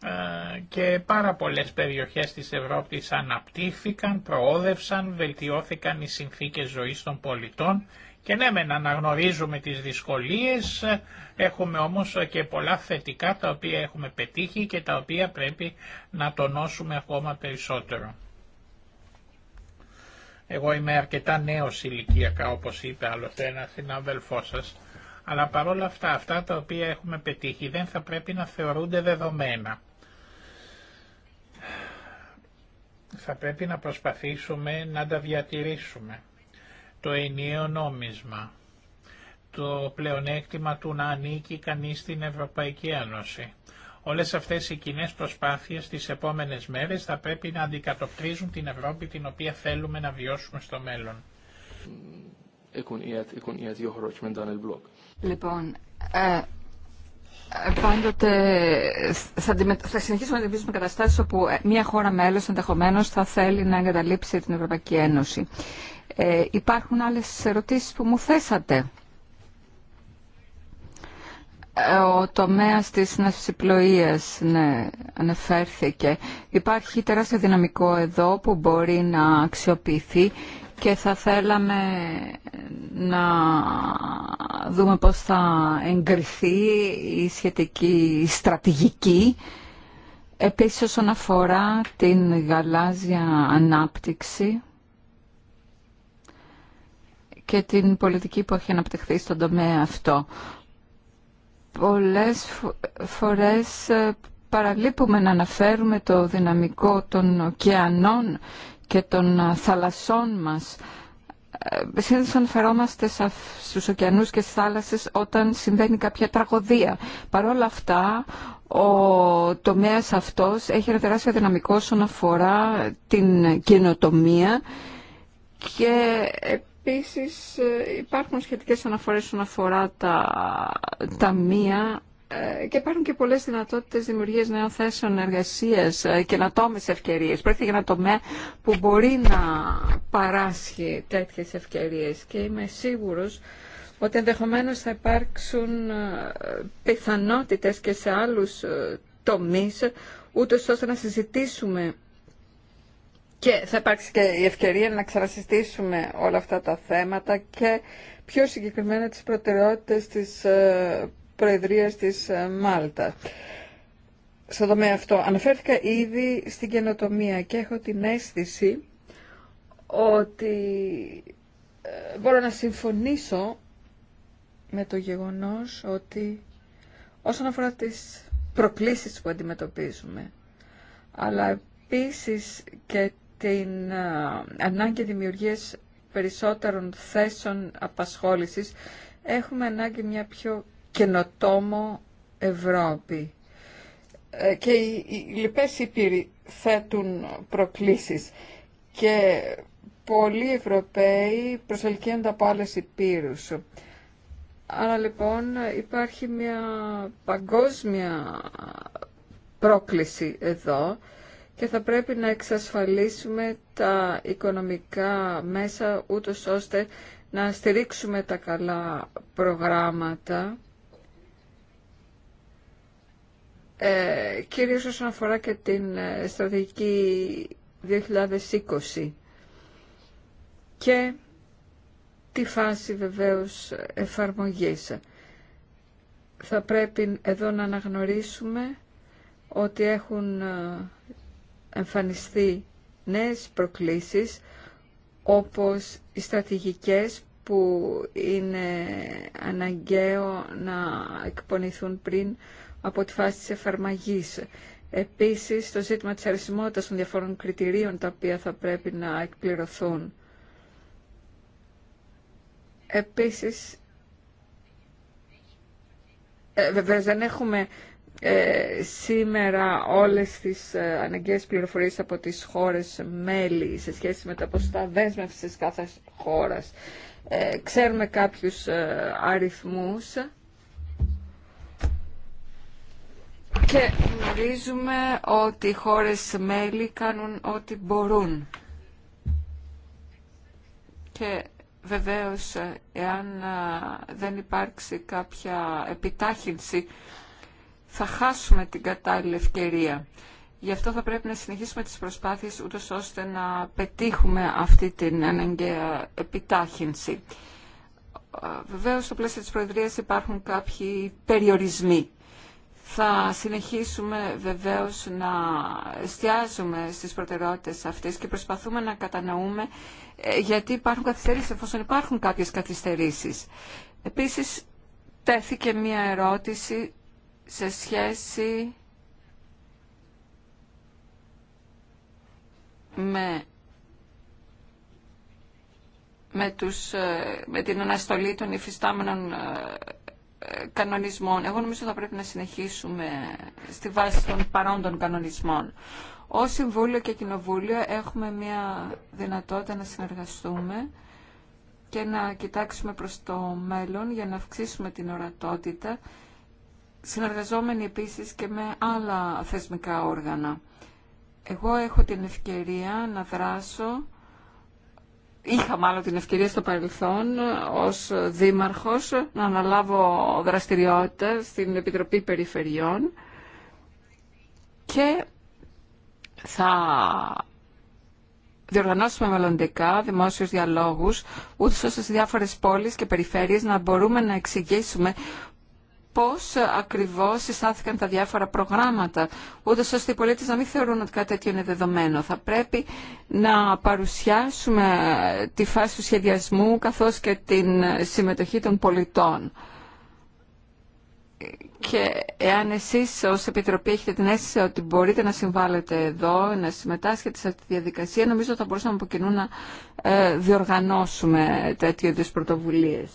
Ε, και πάρα πολλές περιοχές της Ευρώπης αναπτύχθηκαν, προόδευσαν, βελτιώθηκαν οι συνθήκες ζωής των πολιτών και ναι, να αναγνωρίζουμε τις δυσκολίες, έχουμε όμως και πολλά θετικά τα οποία έχουμε πετύχει και τα οποία πρέπει να τονώσουμε ακόμα περισσότερο. Εγώ είμαι αρκετά νέος ηλικιακά, όπως είπε άλλωστε ένα συνάδελφό σας, αλλά παρόλα αυτά, αυτά τα οποία έχουμε πετύχει δεν θα πρέπει να θεωρούνται δεδομένα. Θα πρέπει να προσπαθήσουμε να τα διατηρήσουμε το ενιαίο νόμισμα, το πλεονέκτημα του να ανήκει κανείς στην Ευρωπαϊκή Ένωση. Όλες αυτές οι κοινέ προσπάθειες τις επόμενες μέρες θα πρέπει να αντικατοπτρίζουν την Ευρώπη την οποία θέλουμε να βιώσουμε στο μέλλον. Λοιπόν, ε, ε, πάντοτε θα συνεχίσουμε να αντιμετωπίσουμε καταστάσεις όπου ε, μια χώρα μέλος ενδεχομένω θα θέλει να εγκαταλείψει την Ευρωπαϊκή Ένωση. Ε, υπάρχουν άλλες ερωτήσεις που μου θέσατε. Ε, ο τομέας της ναυσιπλοείας ναι, ανεφέρθηκε. Υπάρχει τεράστιο δυναμικό εδώ που μπορεί να αξιοποιηθεί και θα θέλαμε να δούμε πώς θα εγκριθεί η σχετική στρατηγική. Επίσης όσον αφορά την γαλάζια ανάπτυξη, και την πολιτική που έχει αναπτυχθεί στον τομέα αυτό. Πολλές φορές ε, παραλείπουμε να αναφέρουμε το δυναμικό των ωκεανών και των ε, θαλασσών μας. Ε, συνήθως αναφερόμαστε στους ωκεανούς και στις θάλασσες όταν συμβαίνει κάποια τραγωδία. Παρ' όλα αυτά, ο τομέας αυτός έχει ένα τεράστιο δυναμικό όσον αφορά την καινοτομία και Επίσης ε, υπάρχουν σχετικές αναφορές όσον αφορά τα ταμεία ε, και υπάρχουν και πολλές δυνατότητες δημιουργίας νέων θέσεων εργασία ε, και τόμες ευκαιρίες. Πρόκειται για ένα τομέα που μπορεί να παράσχει τέτοιες ευκαιρίες και είμαι σίγουρος ότι ενδεχομένως θα υπάρξουν πιθανότητες και σε άλλους τομείς ούτως ώστε να συζητήσουμε και θα υπάρξει και η ευκαιρία να ξανασυστήσουμε όλα αυτά τα θέματα και πιο συγκεκριμένα τις προτεραιότητες της ε, Προεδρίας της ε, Μάλτα. Στο τομέα αυτό αναφέρθηκα ήδη στην καινοτομία και έχω την αίσθηση ότι ε, μπορώ να συμφωνήσω με το γεγονός ότι όσον αφορά τις προκλήσεις που αντιμετωπίζουμε, αλλά επίσης και την ε, ανάγκη δημιουργίας περισσότερων θέσεων απασχόλησης, έχουμε ανάγκη μια πιο καινοτόμο Ευρώπη. Ε, και οι λοιπές ήπειροι θέτουν προκλήσεις και πολλοί Ευρωπαίοι προσελκύονται από άλλες υπήρους. Άρα λοιπόν υπάρχει μια παγκόσμια πρόκληση εδώ και θα πρέπει να εξασφαλίσουμε τα οικονομικά μέσα ούτως ώστε να στηρίξουμε τα καλά προγράμματα ε, κυρίως όσον αφορά και την ε, στρατηγική 2020 και τη φάση βεβαίως εφαρμογής. Θα πρέπει εδώ να αναγνωρίσουμε ότι έχουν ε, εμφανιστεί νέες προκλήσεις όπως οι στρατηγικές που είναι αναγκαίο να εκπονηθούν πριν από τη φάση της εφαρμαγής. Επίσης, το ζήτημα της αρισιμότητας των διαφορών κριτηρίων τα οποία θα πρέπει να εκπληρωθούν. Επίσης, ε, δεν έχουμε ε, σήμερα όλες τις ε, αναγκαίες πληροφορίες από τις χώρες μέλη σε σχέση με τα ποσοστά δέσμευσης κάθε χώρας. Ε, ξέρουμε κάποιους ε, αριθμούς και γνωρίζουμε ότι οι χώρες μέλη κάνουν ό,τι μπορούν. Και βεβαίως εάν δεν υπάρξει κάποια επιτάχυνση θα χάσουμε την κατάλληλη ευκαιρία. Γι' αυτό θα πρέπει να συνεχίσουμε τις προσπάθειες ούτως ώστε να πετύχουμε αυτή την αναγκαία επιτάχυνση. Βεβαίως στο πλαίσιο της Προεδρίας υπάρχουν κάποιοι περιορισμοί. Θα συνεχίσουμε βεβαίως να εστιάζουμε στις προτεραιότητες αυτές και προσπαθούμε να κατανοούμε ε, γιατί υπάρχουν καθυστερήσεις εφόσον υπάρχουν κάποιες καθυστερήσεις. Επίσης τέθηκε μια ερώτηση σε σχέση με, με, τους, ε, με την αναστολή των υφιστάμενων ε, κανονισμών. Εγώ νομίζω θα πρέπει να συνεχίσουμε στη βάση των παρόντων κανονισμών. Ω Συμβούλιο και Κοινοβούλιο έχουμε μια δυνατότητα να συνεργαστούμε και να κοιτάξουμε προς το μέλλον για να αυξήσουμε την ορατότητα συνεργαζόμενοι επίσης και με άλλα θεσμικά όργανα. Εγώ έχω την ευκαιρία να δράσω, είχα μάλλον την ευκαιρία στο παρελθόν ως δήμαρχος να αναλάβω δραστηριότητα στην Επιτροπή Περιφερειών και θα διοργανώσουμε μελλοντικά δημόσιους διαλόγους, ούτως ώστε σε διάφορες πόλεις και περιφέρειες να μπορούμε να εξηγήσουμε πώς ακριβώς συστάθηκαν τα διάφορα προγράμματα, ούτε ώστε οι πολίτες να μην θεωρούν ότι κάτι τέτοιο είναι δεδομένο. Θα πρέπει να παρουσιάσουμε τη φάση του σχεδιασμού καθώς και την συμμετοχή των πολιτών. Και εάν εσείς ως Επιτροπή έχετε την αίσθηση ότι μπορείτε να συμβάλλετε εδώ, να συμμετάσχετε σε αυτή τη διαδικασία, νομίζω θα μπορούσαμε από κοινού να ε, διοργανώσουμε τέτοιου πρωτοβουλίες.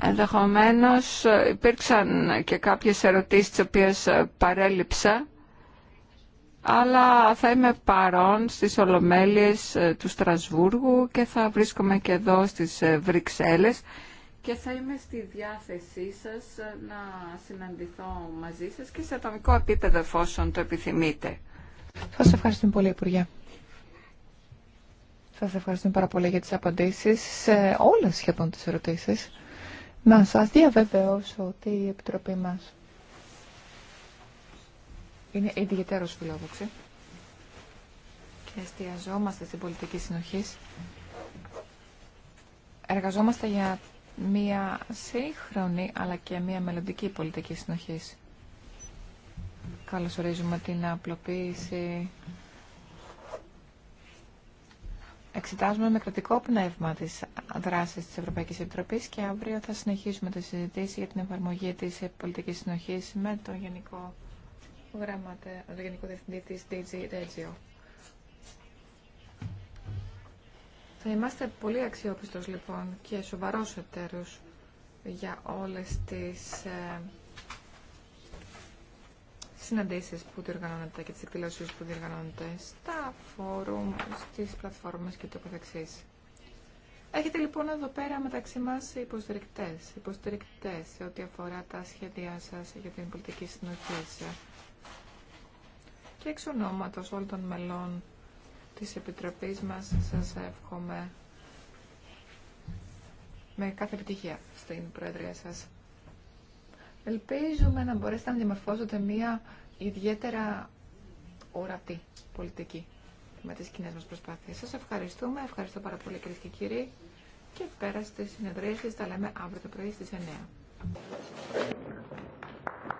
Ενδεχομένως υπήρξαν και κάποιες ερωτήσεις τις οποίες ε, παρέλειψα, αλλά θα είμαι παρόν στις Ολομέλειες ε, του Στρασβούργου και θα βρίσκομαι και εδώ στις ε, Βρυξέλλες και θα είμαι στη διάθεσή σας να συναντηθώ μαζί σας και σε ατομικό επίπεδο εφόσον το επιθυμείτε. Σας ευχαριστούμε πολύ, Υπουργέ. Σας ευχαριστούμε πάρα πολύ για τις απαντήσεις σε όλες σχεδόν τις ερωτήσεις. Να σας διαβεβαιώσω ότι η Επιτροπή μας είναι ιδιαίτερος φιλόδοξη και εστιαζόμαστε στην πολιτική συνοχή. Εργαζόμαστε για μία σύγχρονη αλλά και μία μελλοντική πολιτική συνοχή. Καλωσορίζουμε την απλοποίηση εξετάζουμε με κρατικό πνεύμα τι δράσεις της Ευρωπαϊκής Επιτροπής και αύριο θα συνεχίσουμε τη συζητήση για την εφαρμογή της πολιτική συνοχή με τον Γενικό, Γραμματε, τον Γενικό Διευθυντή της DG Regio. Θα είμαστε πολύ αξιόπιστος λοιπόν και σοβαρός εταίρους για όλες τις ε, συναντήσεις που διοργανώνεται και τις εκδηλώσεις που διοργανώνεται στα φόρουμ, στις πλατφόρμες και το καθεξής. Έχετε λοιπόν εδώ πέρα μεταξύ μας υποστηρικτές, υποστηρικτές σε ό,τι αφορά τα σχέδιά σας για την πολιτική συνοχή. Και εξ ονόματος όλων των μελών της Επιτροπής μας σας εύχομαι με κάθε επιτυχία στην Προεδρία σας. Ελπίζουμε να μπορέσετε να διαμορφώσετε μία ιδιαίτερα ορατή πολιτική με τις κοινέ μας προσπάθειες. Σας ευχαριστούμε. Ευχαριστώ πάρα πολύ κυρίες και κύριοι. Και πέρα στις συνεδρίες, τα λέμε αύριο το πρωί στις 9.